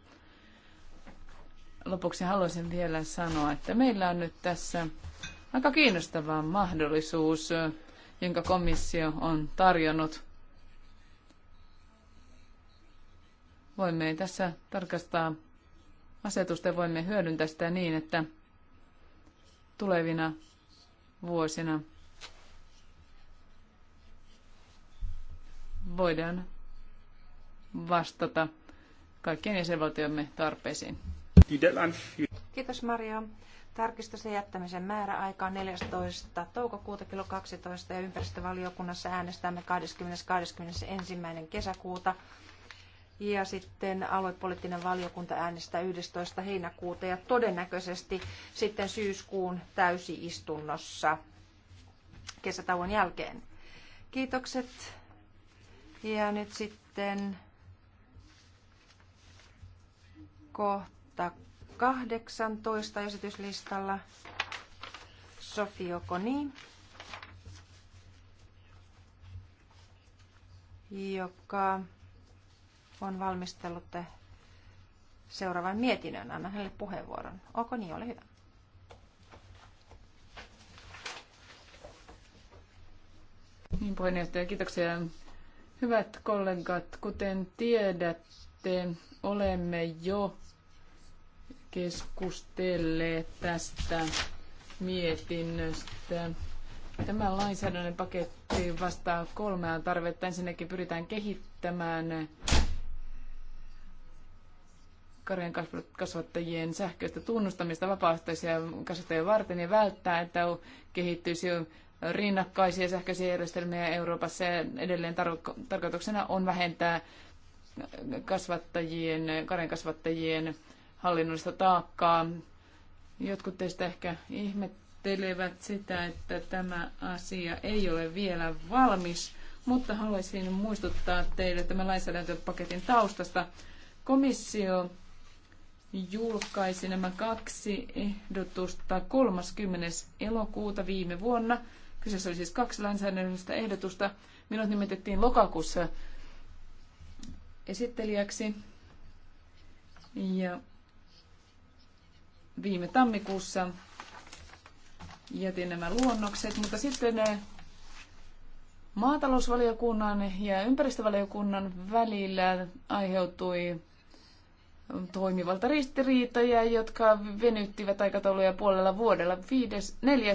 Lopuksi haluaisin vielä sanoa, että meillä on nyt tässä aika kiinnostava mahdollisuus, jonka komissio on tarjonnut. Voimme tässä tarkastaa asetusta voimme hyödyntää sitä niin, että tulevina vuosina voidaan vastata kaikkien jäsenvaltiomme tarpeisiin. Kiitos Maria. Tarkistuksen jättämisen määräaika on 14. toukokuuta kello 12 ja ympäristövaliokunnassa äänestämme 20.21. kesäkuuta. Ja sitten aluepoliittinen valiokunta äänestää 11. heinäkuuta ja todennäköisesti sitten syyskuun täysiistunnossa kesätauon jälkeen. Kiitokset. Ja nyt sitten kohta 18 esityslistalla. Sofio Koni, joka on valmistellut seuraavan mietinnön. Anna hänelle puheenvuoron. Oko niin? Ole hyvä. Niin, puheenjohtaja, kiitoksia. Hyvät kollegat, kuten tiedätte, olemme jo keskustelleet tästä mietinnöstä. Tämä lainsäädännön paketti vastaa kolmea tarvetta. Ensinnäkin pyritään kehittämään karjan kasvattajien sähköistä tunnustamista vapaaehtoisia kasvattajia varten ja välttää, että kehittyisi rinnakkaisia sähköisiä järjestelmiä Euroopassa ja edelleen tarkoituksena on vähentää kasvattajien, karjan kasvattajien hallinnollista taakkaa. Jotkut teistä ehkä ihmettelevät sitä, että tämä asia ei ole vielä valmis, mutta haluaisin muistuttaa teille tämän lainsäädäntöpaketin taustasta. Komissio julkaisi nämä kaksi ehdotusta 30. elokuuta viime vuonna. Kyseessä oli siis kaksi lainsäädännöllistä ehdotusta. Minut nimitettiin lokakuussa esittelijäksi. Ja viime tammikuussa jätin nämä luonnokset, mutta sitten ne eh, maatalousvaliokunnan ja ympäristövaliokunnan välillä aiheutui toimivalta ristiriitoja, jotka venyttivät aikatauluja puolella vuodella. 4.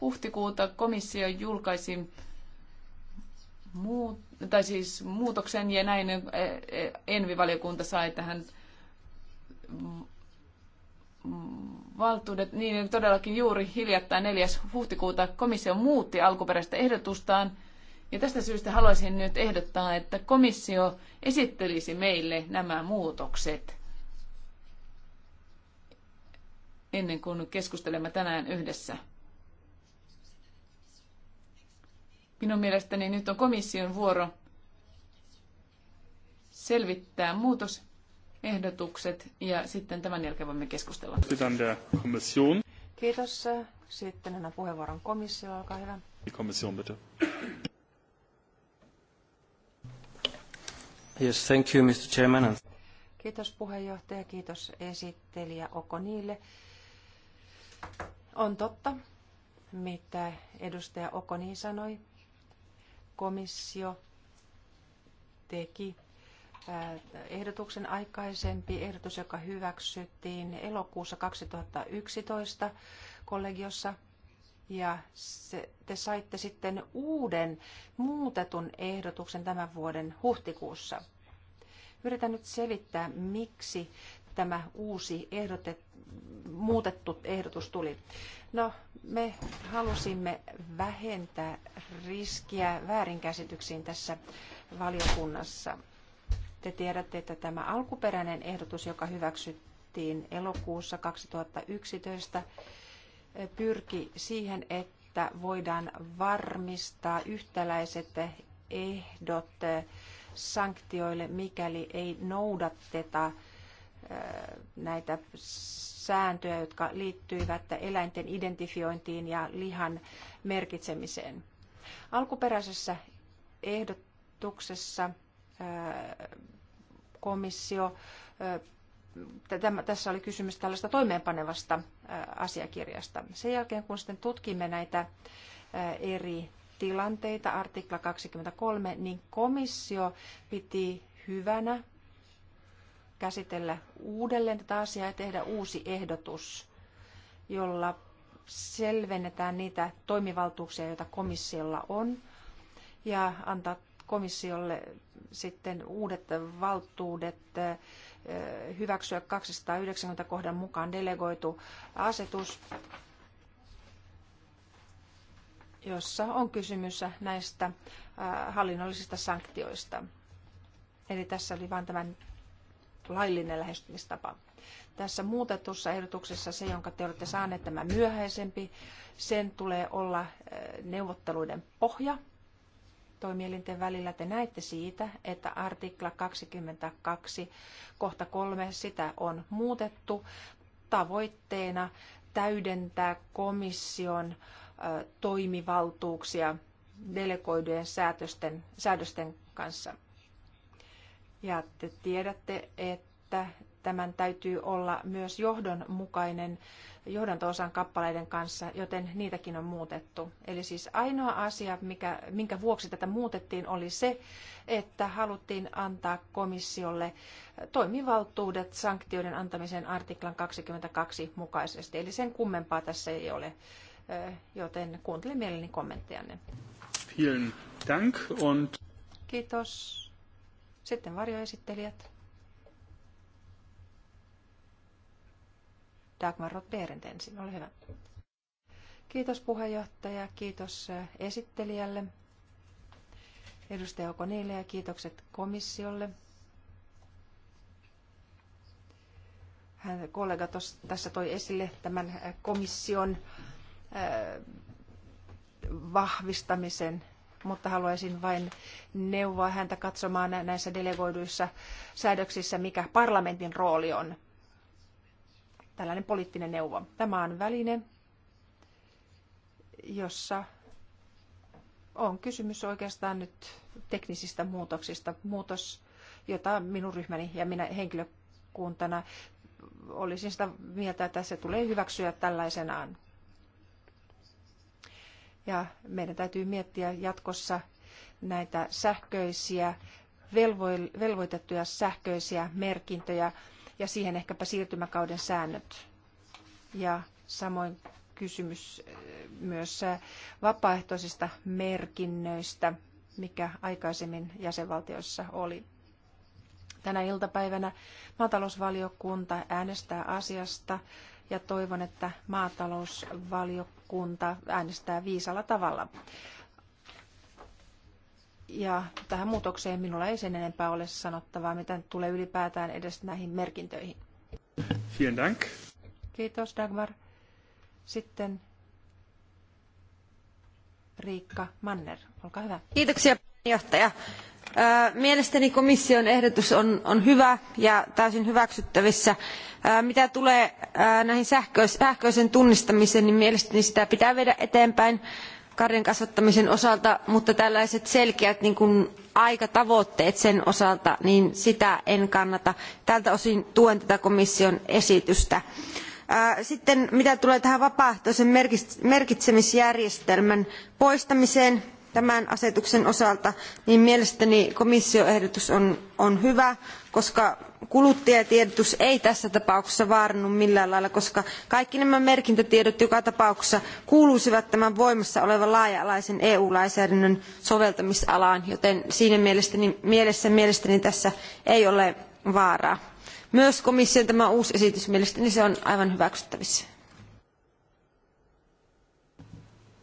huhtikuuta komissio julkaisi muut, tai siis muutoksen ja näin e, e, Envi-valiokunta sai tähän valtuudet, niin todellakin juuri hiljattain 4. huhtikuuta komissio muutti alkuperäistä ehdotustaan ja tästä syystä haluaisin nyt ehdottaa, että komissio esittelisi meille nämä muutokset ennen kuin keskustelemme tänään yhdessä. Minun mielestäni nyt on komission vuoro selvittää muutosehdotukset ja sitten tämän jälkeen voimme keskustella. Kiitos. Sitten annan puheenvuoron komissiolle. Olkaa hyvä. Komission, bitte. Yes, thank you, Mr. Chairman. Kiitos puheenjohtaja, kiitos esittelijä Okonille. On totta, mitä edustaja Okoni sanoi. Komissio teki äh, ehdotuksen aikaisempi ehdotus, joka hyväksyttiin elokuussa 2011 kollegiossa. Ja se, te saitte sitten uuden muutetun ehdotuksen tämän vuoden huhtikuussa. Yritän nyt selittää, miksi tämä uusi ehdotet, muutettu ehdotus tuli. No, me halusimme vähentää riskiä väärinkäsityksiin tässä valiokunnassa. Te tiedätte, että tämä alkuperäinen ehdotus, joka hyväksyttiin elokuussa 2011, pyrki siihen, että voidaan varmistaa yhtäläiset ehdot sanktioille, mikäli ei noudateta näitä sääntöjä, jotka liittyivät eläinten identifiointiin ja lihan merkitsemiseen. Alkuperäisessä ehdotuksessa komissio, tässä oli kysymys tällaista toimeenpanevasta asiakirjasta. Sen jälkeen, kun sitten tutkimme näitä eri tilanteita, artikla 23, niin komissio piti hyvänä käsitellä uudelleen tätä asiaa ja tehdä uusi ehdotus, jolla selvennetään niitä toimivaltuuksia, joita komissiolla on, ja antaa komissiolle sitten uudet valtuudet hyväksyä 290 kohdan mukaan delegoitu asetus jossa on kysymys näistä hallinnollisista sanktioista. Eli tässä oli vain tämän laillinen lähestymistapa. Tässä muutetussa ehdotuksessa se, jonka te olette saaneet, tämä myöhäisempi, sen tulee olla neuvotteluiden pohja toimielinten välillä. Te näette siitä, että artikla 22 kohta 3, sitä on muutettu tavoitteena täydentää komission äh, toimivaltuuksia delegoidujen säädösten, säädösten kanssa. Ja te tiedätte, että tämän täytyy olla myös johdonmukainen johdantoosan kappaleiden kanssa, joten niitäkin on muutettu. Eli siis ainoa asia, mikä, minkä vuoksi tätä muutettiin, oli se, että haluttiin antaa komissiolle toimivaltuudet sanktioiden antamisen artiklan 22 mukaisesti. Eli sen kummempaa tässä ei ole joten kuuntelen mielelläni kommenttejanne. Vielen Dank und... Kiitos. Sitten varjoesittelijät. Dagmar Roth-Berent ensin, ole hyvä. Kiitos puheenjohtaja, kiitos esittelijälle, edustaja Okoniille ja kiitokset komissiolle. Hän kollega tos, tässä toi esille tämän komission äh, vahvistamisen, mutta haluaisin vain neuvoa häntä katsomaan näissä delegoiduissa säädöksissä, mikä parlamentin rooli on. Tällainen poliittinen neuvo. Tämä on väline, jossa on kysymys oikeastaan nyt teknisistä muutoksista. Muutos, jota minun ryhmäni ja minä henkilökuntana olisin sitä mieltä, että se tulee hyväksyä tällaisenaan. Ja meidän täytyy miettiä jatkossa näitä sähköisiä, velvoitettuja sähköisiä merkintöjä ja siihen ehkäpä siirtymäkauden säännöt. Ja samoin kysymys eh, myös eh, vapaaehtoisista merkinnöistä, mikä aikaisemmin jäsenvaltioissa oli. Tänä iltapäivänä maatalousvaliokunta äänestää asiasta ja toivon, että maatalousvaliokunta äänestää viisalla tavalla. Ja tähän muutokseen minulla ei sen enempää ole sanottavaa, mitä tulee ylipäätään edes näihin merkintöihin. Vielen dank. Kiitos Dagmar. Sitten Riikka Manner, olkaa hyvä. Kiitoksia puheenjohtaja mielestäni komission ehdotus on, hyvä ja täysin hyväksyttävissä. mitä tulee näihin sähköiseen tunnistamiseen niin mielestäni sitä pitää viedä eteenpäin karjan kasvattamisen osalta mutta tällaiset selkeät niin aikatavoitteet sen osalta niin sitä en kannata. tältä osin tuen tätä komission esitystä. sitten mitä tulee tähän vapaaehtoisen merkitsemisjärjestelmän poistamiseen tämän asetuksen osalta niin mielestäni komission ehdotus on, on hyvä koska kuluttajatiedotus ei tässä tapauksessa vaarannu millään lailla koska kaikki nämä merkintätiedot joka tapauksessa kuuluisivat tämän voimassa olevan laaja alaisen eu lainsäädännön soveltamisalaan joten siinä mielestäni, mielessä mielestäni tässä ei ole vaaraa. myös komission tämä uusi esitys mielestäni se on aivan hyväksyttävissä.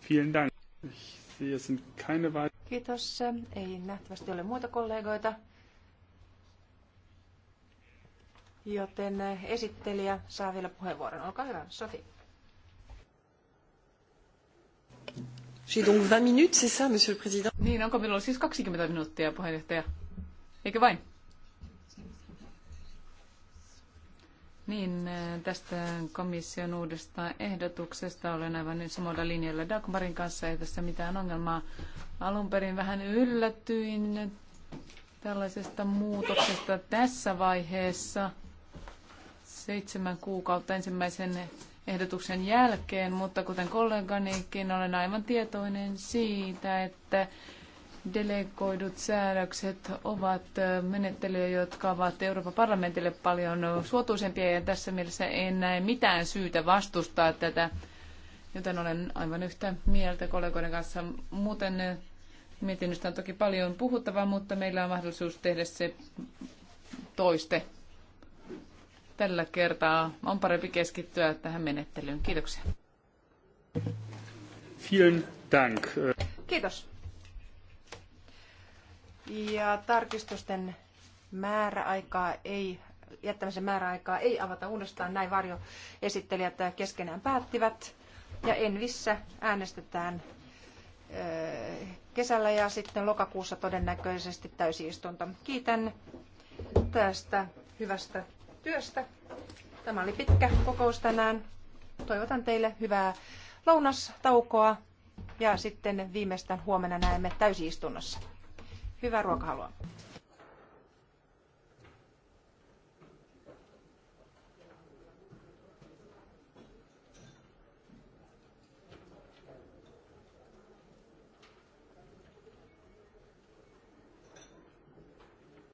Vielen Dank. Kiitos. Ei nähtävästi ole muita kollegoita. Joten eh, esittelijä saa vielä puheenvuoron. Olkaa hyvä, Sofi. J'ai donc 20 minutes, c'est ça, monsieur le président? Niin, onko minulla siis 20 minuuttia, puheenjohtaja? Eikö vain? Niin, äh, tästä komission uudesta ehdotuksesta olen aivan nyt niin samalla linjalla Dagmarin kanssa, ei tässä mitään ongelmaa. Alun perin vähän yllätyin tällaisesta muutoksesta tässä vaiheessa seitsemän kuukautta ensimmäisen ehdotuksen jälkeen, mutta kuten kolleganikin olen aivan tietoinen siitä, että delegoidut säädökset ovat menettelyjä, jotka ovat Euroopan parlamentille paljon suotuisempia ja tässä mielessä en näe mitään syytä vastustaa tätä, joten olen aivan yhtä mieltä kollegoiden kanssa. Muuten mietinnöstä on toki paljon puhuttavaa, mutta meillä on mahdollisuus tehdä se toiste tällä kertaa. On parempi keskittyä tähän menettelyyn. Kiitoksia. Vielen Dank. Kiitos. Ja tarkistusten määräaikaa ei, jättämisen määräaikaa ei avata uudestaan, näin varjo esittelijät keskenään päättivät. Ja Envissä äänestetään kesällä ja sitten lokakuussa todennäköisesti täysistunto. Kiitän tästä hyvästä työstä. Tämä oli pitkä kokous tänään. Toivotan teille hyvää lounastaukoa ja sitten viimeistään huomenna näemme täysistunnossa hyvää ruokahalua.